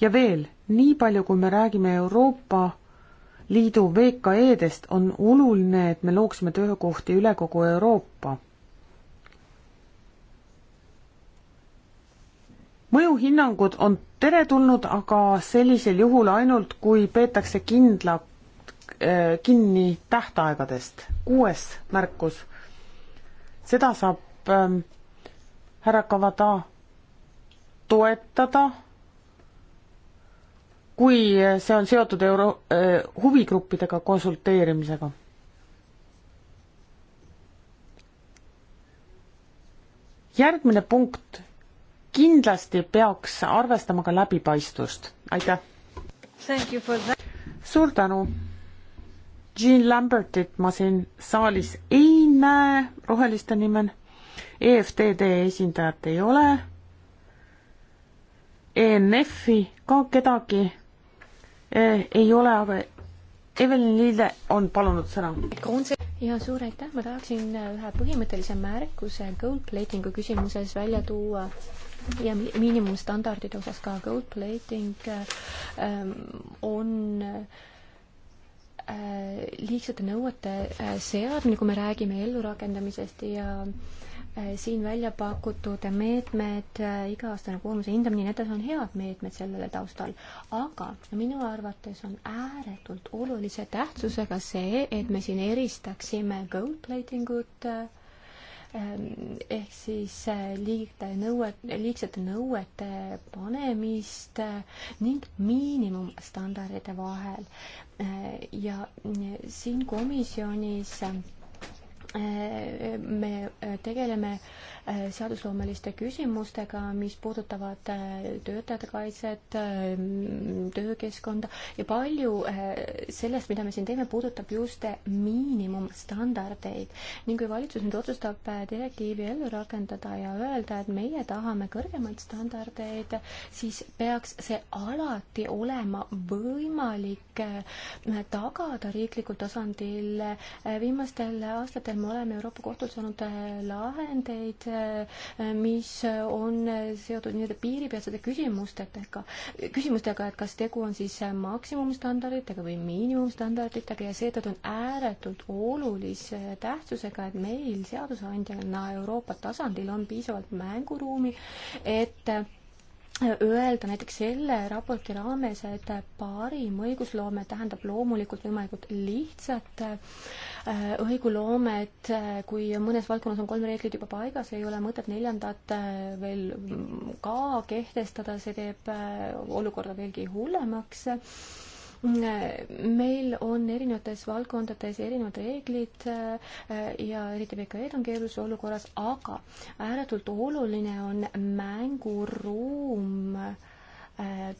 ja veel, nii palju, kui me räägime Euroopa Liidu VKE-dest, on oluline, et me looksime töökohti üle kogu Euroopa. mõjuhinnangud on teretulnud, aga sellisel juhul ainult, kui peetakse kindla Äh, kinni tähtaegadest. kuues märkus. seda saab ähm, härra Kavada toetada, kui see on seotud euro- äh,, huvigruppidega konsulteerimisega. järgmine punkt kindlasti peaks arvestama ka läbipaistvust. aitäh! suur tänu! Jean Lambertit ma siin saalis ei näe roheliste nimel, EFTD esindajat ei ole, ENF-i ka kedagi eh, ei ole, aga Evelyn Lille on palunud sõna. ja suur aitäh, ma tahaksin äh, ühe põhimõttelise märkuse gold plating'u küsimuses välja tuua ja miinimumstandardide osas ka gold plating äh, ähm, on äh, Äh, liigsete nõuete äh, seadmine, kui me räägime ellurakendamisest ja äh, siin välja pakutud meetmed, iga-aastane koormuse hindamine ja nii edasi, on head meetmed sellele taustal. aga minu arvates on ääretult olulise tähtsusega see, et me siin eristaksime gold plating ut ähm, ehk siis liigte nõuet, liigsete nõuete panemist ning miinimumstandardite vahel. Äh, ja äh, siin komisjonis äh, me äh, tegeleme äh, seadusloomeliste küsimustega, mis puudutavad äh, töötajate kaitset, töökeskkonda ja palju sellest, mida me siin teeme, puudutab just miinimumstandardeid. ning kui valitsus nüüd otsustab direktiivi ellu rakendada ja öelda, et meie tahame kõrgemaid standardeid, siis peaks see alati olema võimalik tagada riiklikul tasandil. viimastel aastatel me oleme Euroopa kohtult saanud äh, lahendeid, äh, mis on seotud nii-öelda piiripealsete küsimustega, küsimustega, et kas tegu on siis äh, maksimumstandarditega või miinimumstandarditega ja seetõttu on ääretult olulise tähtsusega, et meil seadusandjana Euroopa tasandil on piisavalt mänguruumi, et öelda näiteks selle raporti raames, et parim õigusloome tähendab loomulikult võimalikult lihtsat äh, õiguloomet, äh, kui mõnes valdkonnas on kolm reeglit juba paigas, ei ole mõtet neljandat äh, veel ka kehtestada, see teeb olukorda veelgi hullemaks meil on erinevates valdkondades erinevad reeglid äh, ja eriti VKE-d on keerulises olukorras, aga ääretult oluline on mänguruum äh,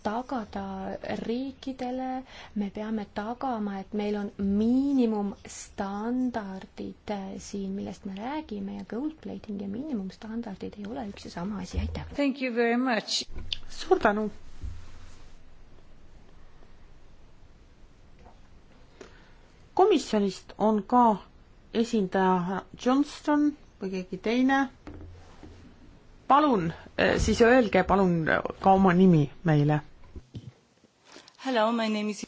tagada riikidele, me peame tagama, et meil on miinimumstandardid äh, siin, millest me räägime ja gold plating ja miinimumstandardid ei ole üks ja sama asi, aitäh! suur tänu! komisjonist on ka esindaja Johnston või keegi teine. palun eh, siis öelge palun ka oma nimi meile. Hello, my name is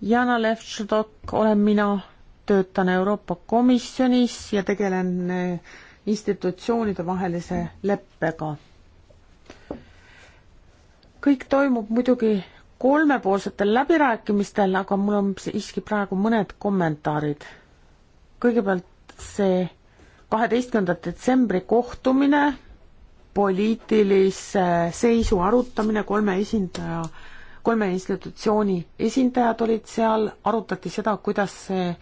Jana Levtšotok, olen mina, töötan Euroopa Komisjonis ja tegelen eh, institutsioonide vahelise leppega. kõik toimub muidugi kolmepoolsetel läbirääkimistel, aga mul on siiski praegu mõned kommentaarid. kõigepealt see kaheteistkümnenda detsembri kohtumine, poliitilise seisu arutamine, kolme esindaja, kolme institutsiooni esindajad olid seal, arutati seda, kuidas see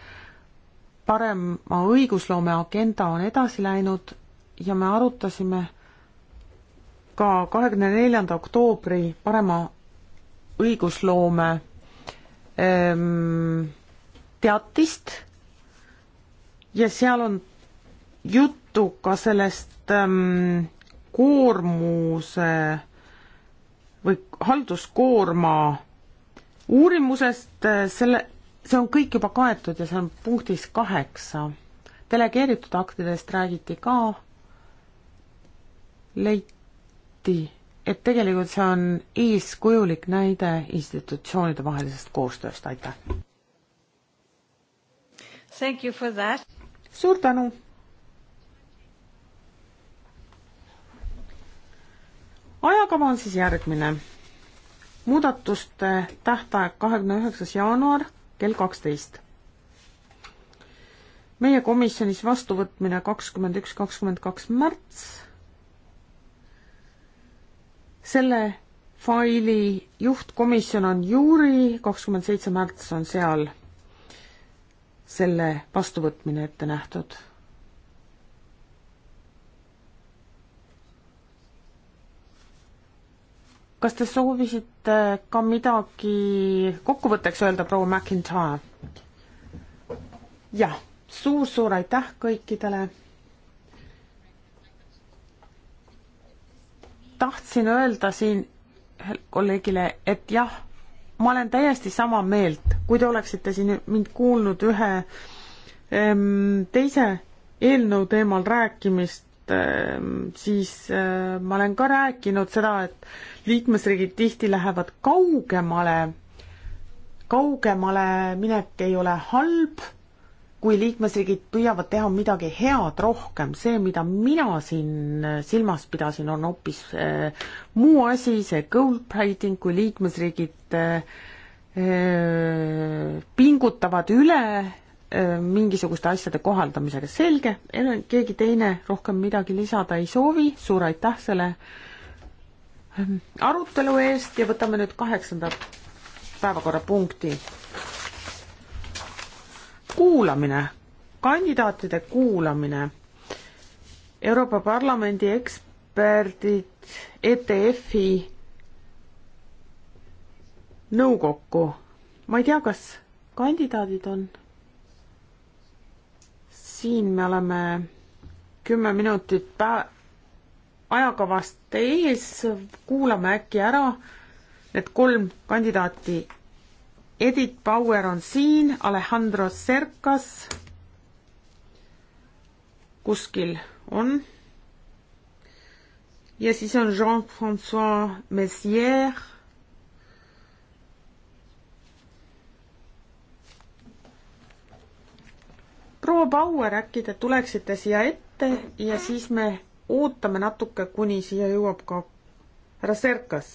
parema õigusloome agenda on edasi läinud ja me arutasime ka kahekümne neljanda oktoobri parema õigusloome ehm, teatist ja seal on juttu ka sellest ähm, koormuse või halduskoorma uurimusest, selle, see on kõik juba kaetud ja see on punktis kaheksa. delegeeritud aktidest räägiti ka, leiti, et tegelikult see on eeskujulik näide institutsioonide vahelisest koostööst, aitäh! Thank you for that! suur tänu! ajakava on siis järgmine. muudatuste tähtaeg kahekümne üheksas jaanuar kell kaksteist. meie komisjonis vastuvõtmine kakskümmend üks, kakskümmend kaks märts selle faili juhtkomisjon on juuri, kakskümmend seitse märts on seal selle vastuvõtmine ette nähtud. kas te soovisite ka midagi kokkuvõtteks öelda, proua McIntyre? jah, suur-suur aitäh kõikidele tahtsin öelda siin kolleegile, et jah, ma olen täiesti sama meelt, kui te oleksite siin mind kuulnud ühe ehm, teise eelnõu teemal rääkimist, ehm, siis ehm, ma olen ka rääkinud seda, et liikmesriigid tihti lähevad kaugemale, kaugemale minek ei ole halb kui liikmesriigid püüavad teha midagi head rohkem, see, mida mina siin äh, silmas pidasin, on hoopis äh, muu asi, see gold plating, kui liikmesriigid äh, äh, pingutavad üle äh, mingisuguste asjade kohaldamisega, selge, keegi teine rohkem midagi lisada ei soovi, suur aitäh selle ähm, arutelu eest ja võtame nüüd kaheksanda päevakorrapunkti kuulamine, kandidaatide kuulamine. Euroopa Parlamendi eksperdid ETF-i nõukokku. ma ei tea, kas kandidaadid on? siin me oleme kümme minutit pä-, ajakavast ees, kuulame äkki ära need kolm kandidaati Edith Bauer on siin, Alejandro Serkas kuskil on. ja siis on Jean-Francois Messier. proua Bauer, äkki te tuleksite siia ette ja siis me ootame natuke, kuni siia jõuab ka härra Serkas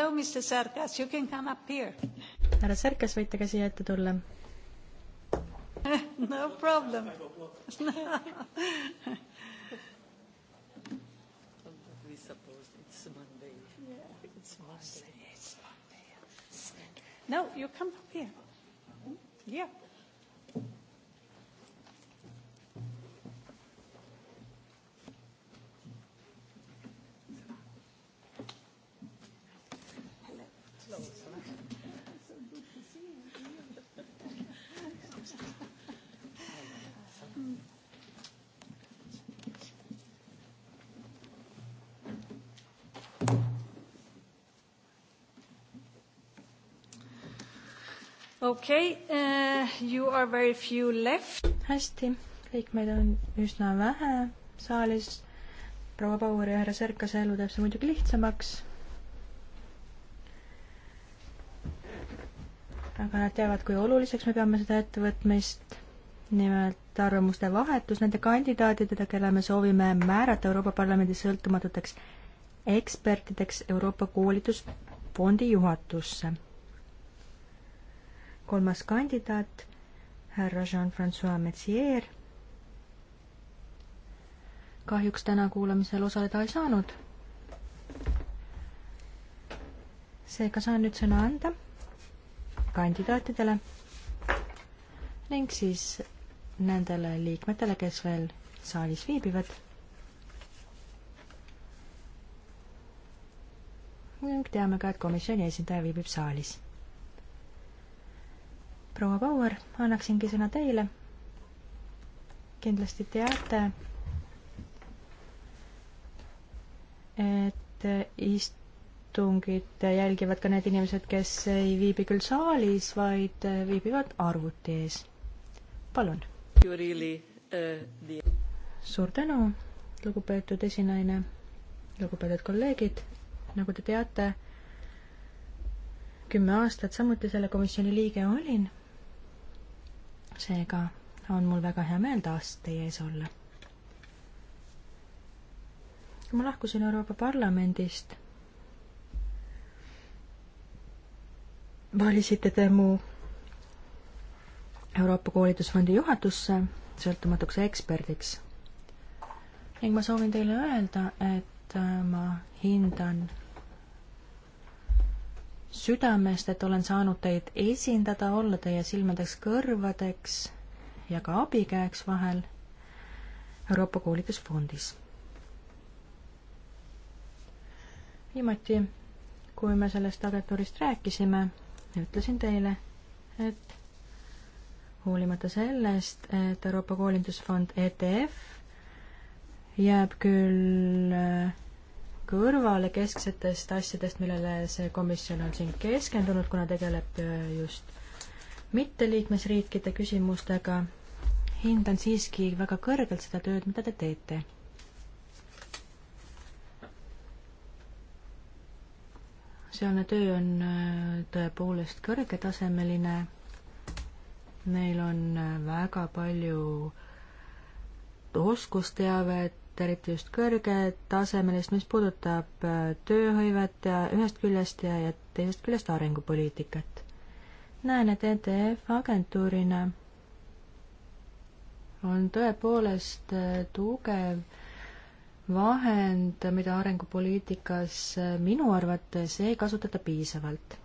Hello, Mr Sarkas, you can come up here. härra Sarkas, võite ka siia ette tulla. No problem no. No, you come up here. Yeah. okei okay, uh,, you are very few left. hästi, liikmeid on üsna vähe saalis. proua Paur ja härra Serkase elu teeb see muidugi lihtsamaks. aga nad teavad, kui oluliseks me peame seda ettevõtmist nimelt arvamuste vahetus nende kandidaatidega, kelle me soovime määrata Euroopa Parlamendi sõltumatuteks ekspertideks Euroopa koolitusfondi juhatusse kolmas kandidaat, härra Jean-Francois Metsier, kahjuks täna kuulamisel osaleda ei saanud. seega saan nüüd sõna anda kandidaatidele ning siis nendele liikmetele, kes veel saalis viibivad. ning teame ka, et komisjoni esindaja viibib saalis proua Bauer, annaksingi sõna teile. kindlasti teate, et istungit jälgivad ka need inimesed, kes ei viibi küll saalis, vaid viibivad arvuti ees. palun. suur tänu, lugupeetud esinaine, lugupeetud kolleegid, nagu te teate kümme aastat samuti selle komisjoni liige olin seega on mul väga hea meel taas teie ees olla. kui ma lahkusin Euroopa Parlamendist, valisite te mu Euroopa Koolitusfondi juhatusse sõltumatuks eksperdiks ning ma soovin teile öelda, et ma hindan südamest, et olen saanud teid esindada, olla teie silmadeks, kõrvadeks ja ka abikäeks vahel Euroopa koolitusfondis. viimati, kui me sellest agentuurist rääkisime, ütlesin teile, et hoolimata sellest, et Euroopa koolitusfond ETF jääb küll äh, kõrvale kesksetest asjadest, millele see komisjon on siin keskendunud, kuna tegeleb just mitteliikmesriikide küsimustega. hindan siiski väga kõrgelt seda tööd, mida te teete. sealne töö on äh, tõepoolest kõrgetasemeline. Neil on äh, väga palju oskusteavet, eriti just kõrgetasemelist, mis puudutab äh, tööhõivet ja ühest küljest ja, ja teisest küljest arengupoliitikat. näen, et ETF agentuurina on tõepoolest äh, tugev vahend, mida arengupoliitikas äh, minu arvates ei kasutata piisavalt.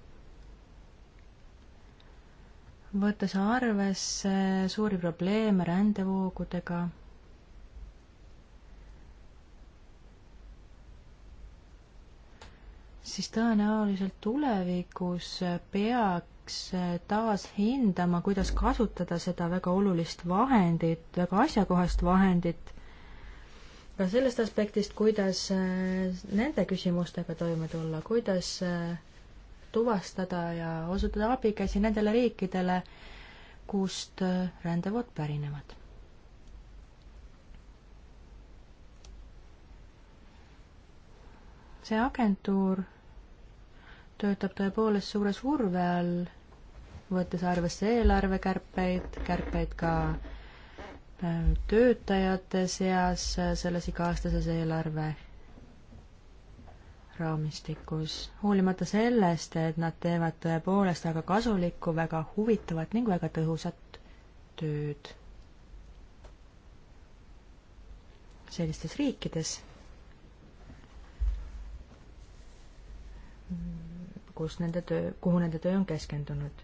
võttes arvesse suuri probleeme rändevoogudega siis tõenäoliselt tulevikus peaks taas hindama, kuidas kasutada seda väga olulist vahendit, väga asjakohast vahendit, ka sellest aspektist, kuidas äh, nende küsimustega toime tulla, kuidas äh, tuvastada ja osutada abikäsi nendele riikidele, kust äh, rändevood pärinevad. see agentuur töötab tõepoolest suure surve all, võttes arvesse eelarvekärpeid, kärpeid ka äh, töötajate seas äh, selles iga-aastases eelarve raamistikus. hoolimata sellest, et nad teevad tõepoolest väga kasulikku, väga huvitavat ning väga tõhusat tööd sellistes riikides mm kus nende töö, kuhu nende töö on keskendunud.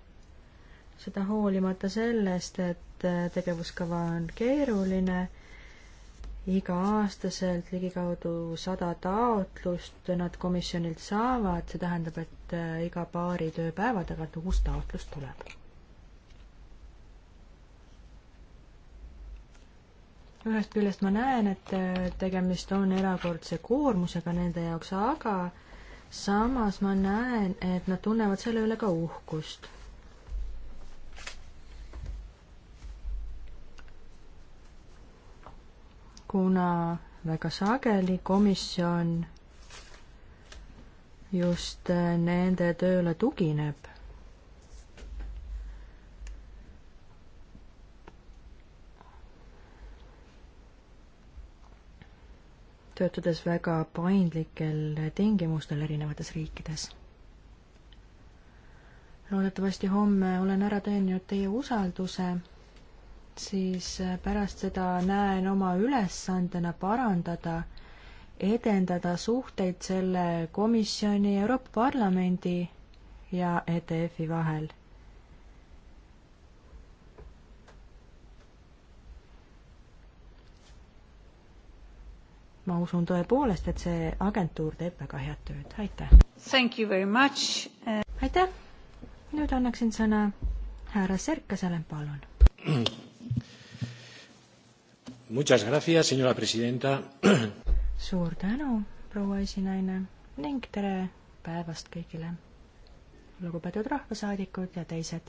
seda hoolimata sellest, et äh, tegevuskava on keeruline, iga-aastaselt ligikaudu sada taotlust nad komisjonilt saavad, see tähendab, et äh, iga paari tööpäeva tagant uus taotlus tuleb. ühest küljest ma näen, et äh, tegemist on erakordse koormusega nende jaoks, aga samas ma näen, et nad tunnevad selle üle ka uhkust. kuna väga sageli komisjon just nende tööle tugineb töötades väga paindlikel tingimustel erinevates riikides. loodetavasti homme olen ära teeninud teie usalduse, siis pärast seda näen oma ülesandena parandada, edendada suhteid selle komisjoni, Euroopa Parlamendi ja ETF-i vahel ma usun tõepoolest, et see agentuur teeb väga head tööd, aitäh! Thank you very much uh...! aitäh! nüüd annaksin sõna härra Serkasele, palun! Muchas gracias, señora presidenta! suur tänu, proua esinaine ning tere päevast kõigile! lugupeetud rahvasaadikud ja teised,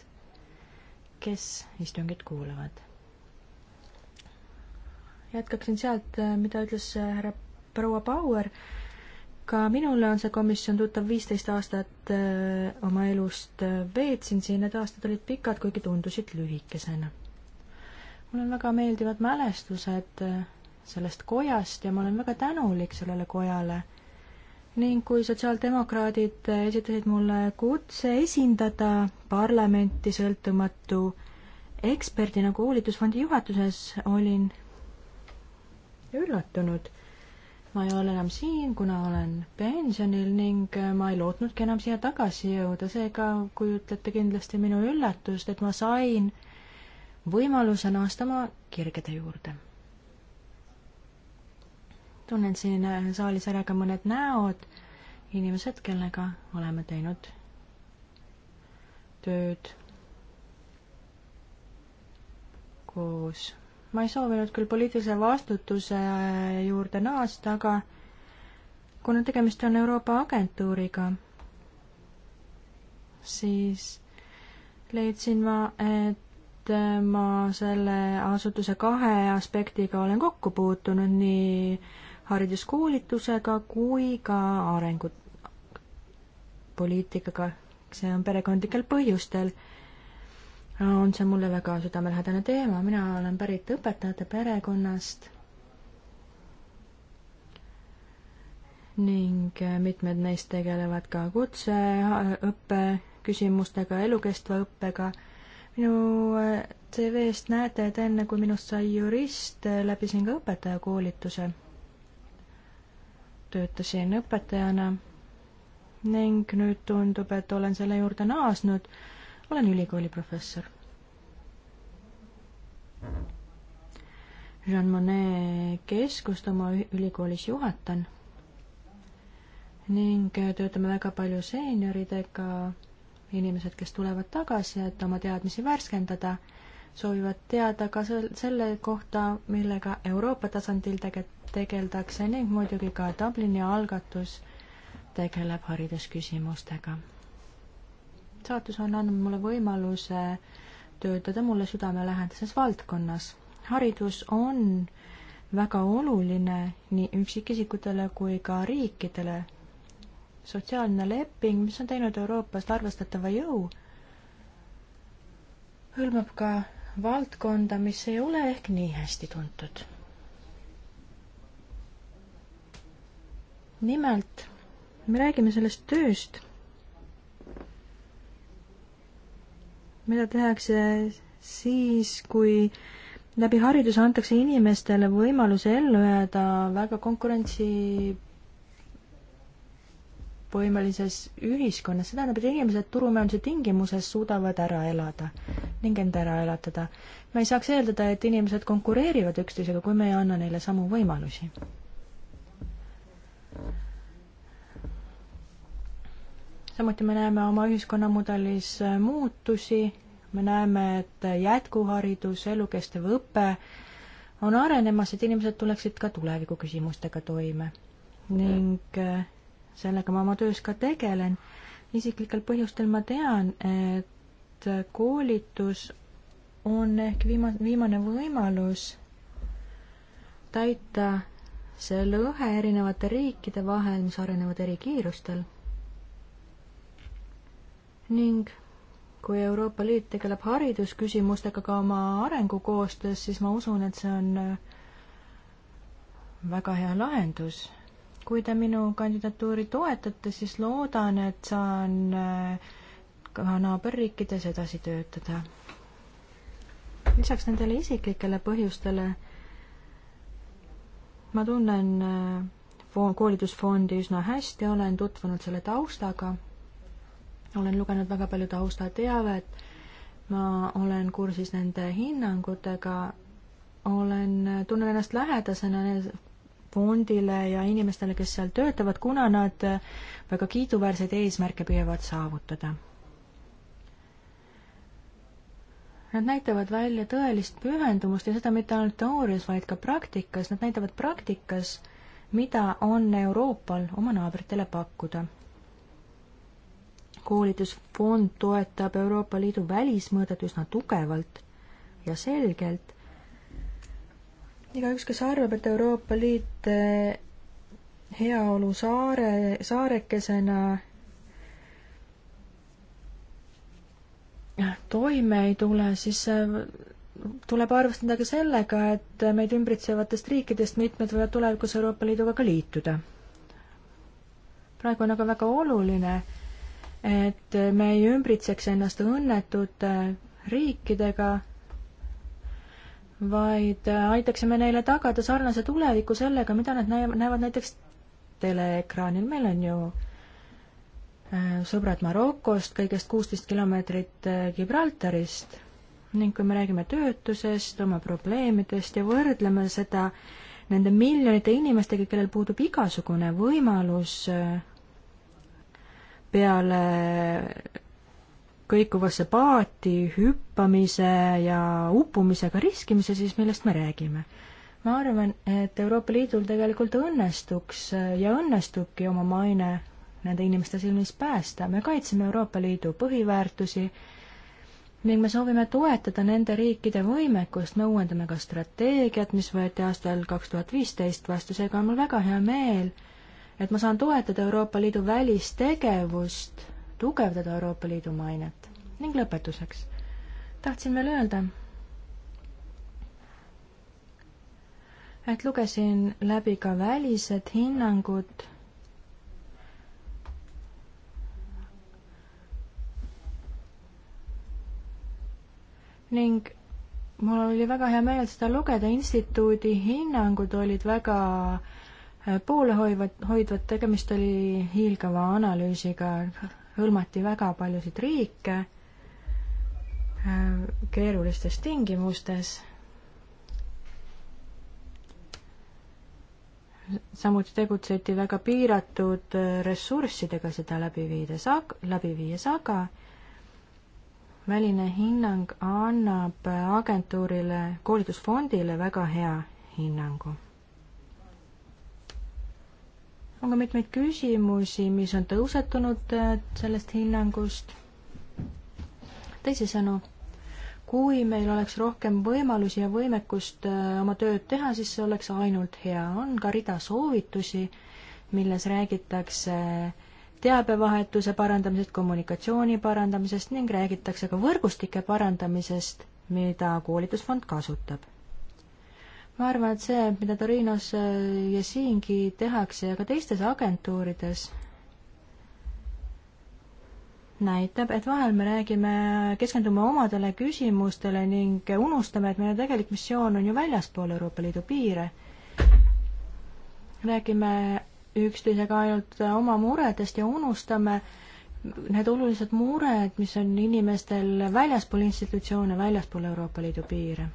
kes istungit kuulavad jätkaksin sealt, äh, mida ütles äh, härra proua Bauer. ka minule on see komisjon tuttav, viisteist aastat äh, oma elust veetsin siin, need aastad olid pikad, kuigi tundusid lühikesena. mul on väga meeldivad mälestused sellest kojast ja ma olen väga tänulik sellele kojale. ning kui sotsiaaldemokraadid esitasid mulle kutse esindada parlamenti sõltumatu eksperdina nagu koolitusfondi juhatuses, olin üllatunud. ma ei ole enam siin, kuna olen pensionil ning äh, ma ei lootnudki enam siia tagasi jõuda, seega kujutlete kindlasti minu üllatust, et ma sain võimaluse naasta oma kirgede juurde. tunnen siin äh, saalis ära ka mõned näod, inimesed, kellega oleme teinud tööd koos ma ei soovinud küll poliitilise vastutuse juurde naasta, aga kuna tegemist on Euroopa agentuuriga, siis leidsin ma, et ma selle asutuse kahe aspektiga olen kokku puutunud, nii hariduskoolitusega kui ka arengupoliitikaga. see on perekondlikel põhjustel on see mulle väga südamelähedane teema, mina olen pärit õpetajate perekonnast ning eh, mitmed neist tegelevad ka kutseõppe küsimustega, elukestva õppega. minu eh, CV-st näete, et enne kui minust sai jurist, eh, läbisin ka õpetajakoolituse. töötasin õpetajana ning nüüd tundub, et olen selle juurde naasnud olen ülikooli professor. Jean Monnet keskust oma ülikoolis juhatan ning töötame väga palju seenioridega, inimesed, kes tulevad tagasi, et oma teadmisi värskendada, soovivad teada ka selle kohta, millega Euroopa tasandil tege-, tegeldakse ning muidugi ka Dublini algatus tegeleb haridusküsimustega saatus on andnud mulle võimaluse töötada mulle südamelähedases valdkonnas. haridus on väga oluline nii üksikisikutele kui ka riikidele. sotsiaalne leping, mis on teinud Euroopast arvestatava jõu, hõlmab ka valdkonda, mis ei ole ehk nii hästi tuntud. nimelt, me räägime sellest tööst mida tehakse siis, kui läbi hariduse antakse inimestele võimaluse ellu jääda väga konkurentsivõimelises ühiskonnas, see tähendab, et inimesed turumajanduse tingimuses suudavad ära elada ning end ära elatada. me ei saaks eeldada, et inimesed konkureerivad üksteisega, kui me ei anna neile samu võimalusi samuti me näeme oma ühiskonnamudelis äh, muutusi, me näeme, et äh, jätkuharidus, elukestev õpe on arenemas, et inimesed tuleksid ka tuleviku küsimustega toime. ning äh, sellega ma oma töös ka tegelen. isiklikel põhjustel ma tean, et koolitus on ehk viima-, viimane võimalus täita see lõhe erinevate riikide vahel, mis arenevad eri kiirustel ning kui Euroopa Liit tegeleb haridusküsimustega ka oma arengukoostöös, siis ma usun, et see on äh, väga hea lahendus. kui te minu kandidatuuri toetate, siis loodan, et saan äh, ka naaberriikides edasi töötada. lisaks nendele isiklikele põhjustele ma tunnen äh, koolitusfondi üsna hästi, olen tutvunud selle taustaga olen lugenud väga palju taustateavet, ma olen kursis nende hinnangutega, olen, tunnen ennast lähedasena fondile ja inimestele, kes seal töötavad, kuna nad väga kiiduväärseid eesmärke püüavad saavutada. Nad näitavad välja tõelist pühendumust ja seda mitte ainult teoorias, vaid ka praktikas, nad näitavad praktikas, mida on Euroopal oma naabritele pakkuda koolitusfond toetab Euroopa Liidu välismõõdet üsna tugevalt ja selgelt. igaüks, kes arvab, et Euroopa Liit eh, heaolu saare, saarekesena eh, toime ei tule, siis eh, tuleb arvestada ka sellega, et meid ümbritsevatest riikidest mitmed võivad tulevikus Euroopa Liiduga ka liituda. praegu on aga väga oluline, et me ei ümbritseks ennast õnnetute riikidega, vaid aitaksime neile tagada sarnase tuleviku sellega, mida nad näevad näiteks teleekraanil, meil on ju äh, sõbrad Marokost, kõigest kuusteist kilomeetrit äh, Gibraltarist ning kui me räägime töötusest, oma probleemidest ja võrdleme seda nende miljonite inimestega, kellel puudub igasugune võimalus äh, peale kõikuvasse paati hüppamise ja uppumisega riskimise, siis millest me räägime? ma arvan, et Euroopa Liidul tegelikult õnnestuks ja õnnestubki oma maine nende inimeste silmis päästa, me kaitseme Euroopa Liidu põhiväärtusi ning me soovime toetada nende riikide võimekust, me uuendame ka strateegiat, mis võeti aastal kaks tuhat viisteist vastu, seega on mul väga hea meel, et ma saan toetada Euroopa Liidu välistegevust, tugevdada Euroopa Liidu mainet. ning lõpetuseks tahtsin veel öelda, et lugesin läbi ka välised hinnangud ning mul oli väga hea meel seda lugeda, instituudi hinnangud olid väga Äh, poolehoidvat, hoidvat, tegemist oli hiilgava analüüsiga, hõlmati väga paljusid riike äh, keerulistes tingimustes. samuti tegutseti väga piiratud äh, ressurssidega seda läbi viides, läbi viies, aga väline hinnang annab agentuurile, koolitusfondile väga hea hinnangu on ka mitmeid küsimusi, mis on tõusetunud äh, sellest hinnangust. teisisõnu, kui meil oleks rohkem võimalusi ja võimekust äh, oma tööd teha, siis see oleks ainult hea. on ka rida soovitusi, milles räägitakse teabevahetuse parandamisest, kommunikatsiooni parandamisest ning räägitakse ka võrgustike parandamisest, mida koolitusfond kasutab ma arvan, et see, mida Torinos äh, ja siingi tehakse ja ka teistes agentuurides, näitab, et vahel me räägime, keskendume omadele küsimustele ning unustame, et meie tegelik missioon on ju väljaspool Euroopa Liidu piire. räägime üksteisega ainult äh, oma muredest ja unustame need olulised mured, mis on inimestel väljaspool institutsioone, väljaspool Euroopa Liidu piire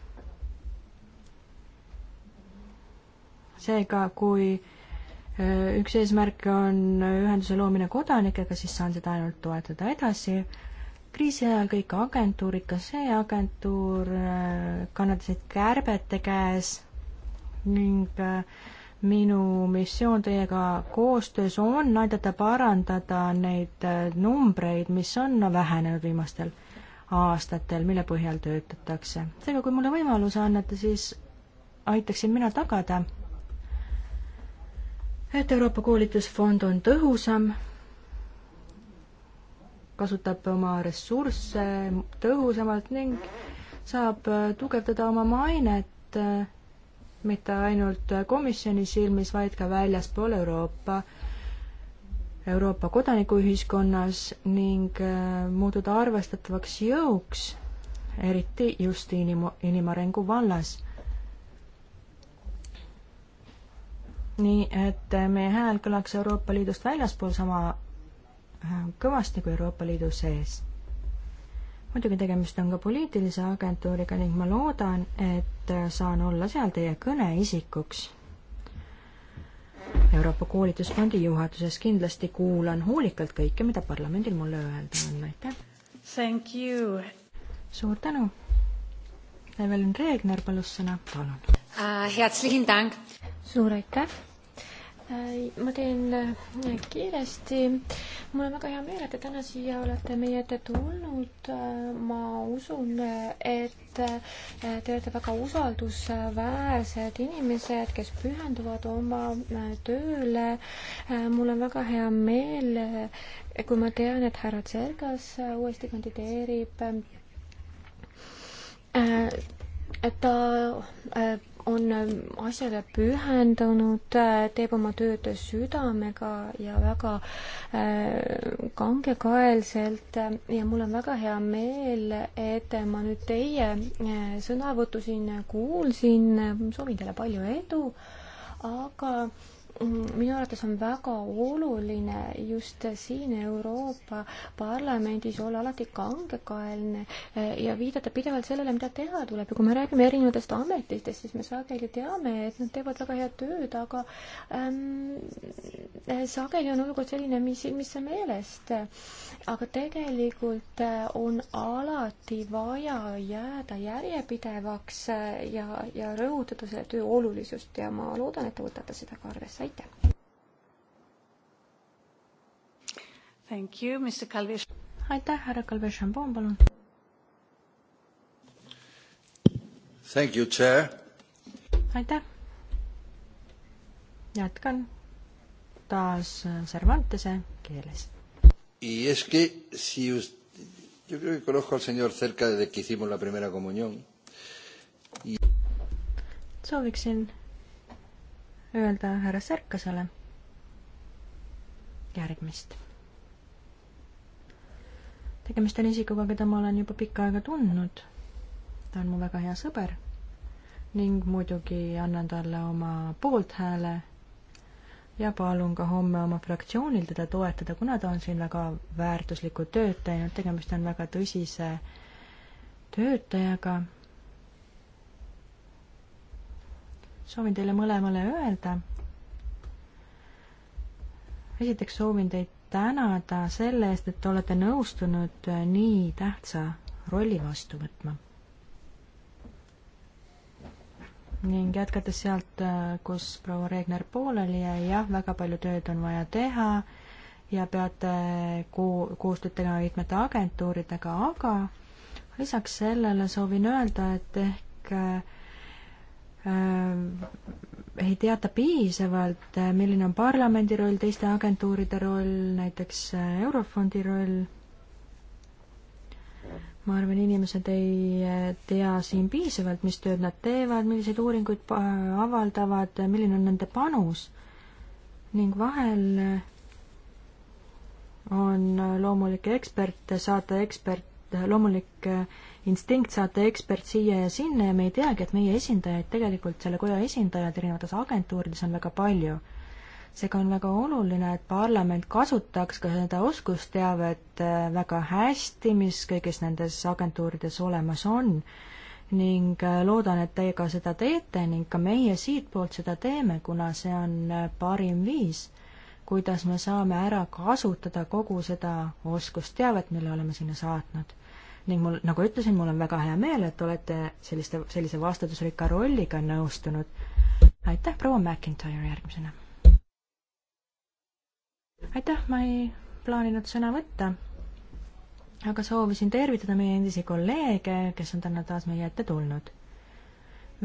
seega, kui äh, üks eesmärke on ühenduse loomine kodanikega, siis saan seda ainult toetada edasi. kriisi ajal kõik agentuurid, ka see agentuur äh, kannatasid kärbete käes ning äh, minu missioon teiega koostöös on aidata parandada neid numbreid, mis on vähenenud viimastel aastatel, mille põhjal töötatakse. seega, kui mulle võimaluse annate, siis aitaksin mina tagada et Euroopa koolitusfond on tõhusam, kasutab oma ressursse tõhusamalt ning saab tugevdada oma mainet mitte ainult komisjoni silmis, vaid ka väljaspool Euroopa, Euroopa kodanikuühiskonnas ning äh, muutuda arvestatavaks jõuks, eriti just inim-, inimarengu vallas nii et meie hääl kõlaks Euroopa Liidust väljaspool sama äh, kõvasti kui Euroopa Liidu sees. muidugi tegemist on ka poliitilise agentuuriga ning ma loodan, et äh, saan olla seal teie kõneisikuks. Euroopa Koolitusfondi juhatuses kindlasti kuulan hoolikalt kõike, mida parlamendil mulle öelda on, aitäh! Thank you! suur tänu! Evelyn Reegner palus sõna, palun uh,! Herzlichen Dank! suur aitäh! Äh, ma teen äh, kiiresti. mul on väga hea meel, et te täna siia olete meie ette tulnud. Äh, ma usun, et te olete väga usaldusväärsed inimesed, kes pühenduvad oma tööle. mul on väga hea meel, kui ma tean, et härra Tsergas uuesti kandideerib. ta on ähm, asjale pühendunud, äh, teeb oma tööd südamega ja väga äh, kangekaelselt äh, ja mul on väga hea meel, et ma nüüd teie sõnavõttu siin kuulsin, soovin teile palju edu, aga Mm, minu arvates on väga oluline just siin Euroopa Parlamendis olla alati kangekaelne eh, ja viidata pidevalt sellele, mida teha tuleb ja kui me räägime erinevatest ametitest, siis me sageli teame, et nad teevad väga head tööd, aga ähm, eh, sageli on olukord selline, mis, mis on meelest. aga tegelikult eh, on alati vaja jääda järjepidevaks ja, ja rõhutada selle töö olulisust ja ma loodan, et te võtate seda ka arvesse aitäh. Thank you, Mr Calvi. aitäh, härra Calvi Šambon, palun. Thank you, chair. aitäh. jätkan taas Cervantese keeles. Y es que si usted, yo creo que conozco al señor cerca desde que hicimos la primera comunión. Y... sooviksin öelda härra Särkasele järgmist. tegemist on isikuga, keda ma olen juba pikka aega tundnud. ta on mu väga hea sõber ning muidugi annan talle oma poolthääle ja palun ka homme oma fraktsioonil teda toetada, kuna ta on siin väga väärtuslikku tööd teinud, tegemist on väga tõsise töötajaga soovin teile mõlemale öelda. esiteks soovin teid tänada selle eest, et olete nõustunud nii tähtsa rolli vastu võtma. ning jätkates sealt, kus proua Regner pooleli jäi, jah, väga palju tööd on vaja teha ja peate koo-, koostööd tegema mitmete agentuuridega, aga lisaks sellele soovin öelda, et ehk äh, Äh, ei teata piisavalt, äh, milline on parlamendi roll, teiste agentuuride roll, näiteks äh, Eurofondi roll. ma arvan, inimesed ei tea siin piisavalt, mis tööd nad teevad, milliseid uuringuid avaldavad, milline on nende panus ning vahel on loomulik ekspert saata ekspert, loomulik instinkt saata ekspert siia ja sinna ja me ei teagi, et meie esindajaid, tegelikult selle koja esindajaid erinevates agentuurides on väga palju. seega on väga oluline, et parlament kasutaks ka seda oskusteavet äh, väga hästi, mis kõigis nendes agentuurides olemas on ning äh, loodan, et teie ka seda teete ning ka meie siitpoolt seda teeme, kuna see on äh, parim viis, kuidas me saame ära kasutada kogu seda oskusteavet, mille oleme sinna saatnud ning mul, nagu ütlesin, mul on väga hea meel, et olete selliste, sellise vastutusrikka rolliga nõustunud. aitäh, proua McIntyre järgmisena. aitäh, ma ei plaaninud sõna võtta, aga soovisin tervitada meie endisi kolleege, kes on täna taas meie ette tulnud.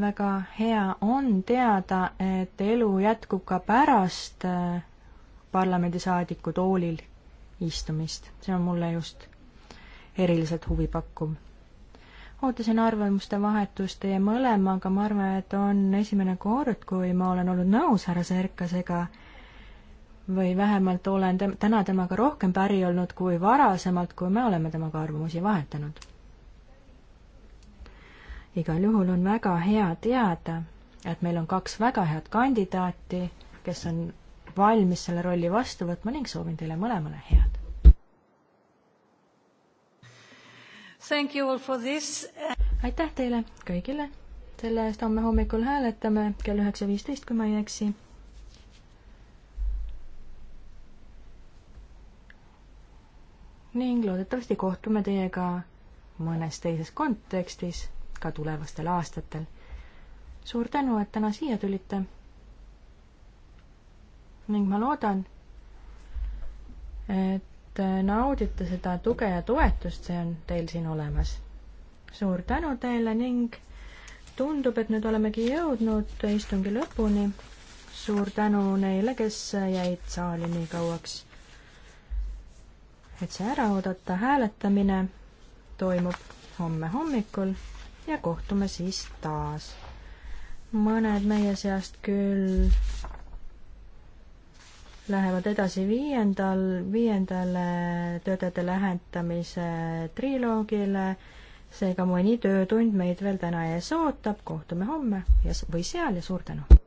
väga hea on teada, et elu jätkub ka pärast äh, parlamendisaadiku toolil istumist, see on mulle just eriliselt huvi pakkuv. ootasin arvamuste vahetust teie mõlemaga, ma arvan, et on esimene kord, kui ma olen olnud nõus härra Serkasega või vähemalt olen tem-, täna temaga rohkem päri olnud kui varasemalt, kui me oleme temaga arvamusi vahetanud. igal juhul on väga hea teada, et meil on kaks väga head kandidaati, kes on valmis selle rolli vastu võtma ning soovin teile mõlemale head. aitäh teile kõigile selle eest, homme hommikul hääletame kell üheksa viisteist, kui ma ei eksi ning loodetavasti kohtume teiega mõnes teises kontekstis ka tulevastel aastatel. suur tänu, et täna siia tulite. ning ma loodan, et Äh, naudite seda tuge ja toetust, see on teil siin olemas. suur tänu teile ning tundub, et nüüd olemegi jõudnud istungi lõpuni. suur tänu neile, kes jäid saali nii kauaks, et see ära oodata. hääletamine toimub homme hommikul ja kohtume siis taas. mõned meie seast küll lähevad edasi viiendal, viiendale töötajate lähetamise triloogile, seega mõni töötund meid veel täna ees ootab, kohtume homme ja, või seal ja suur tänu!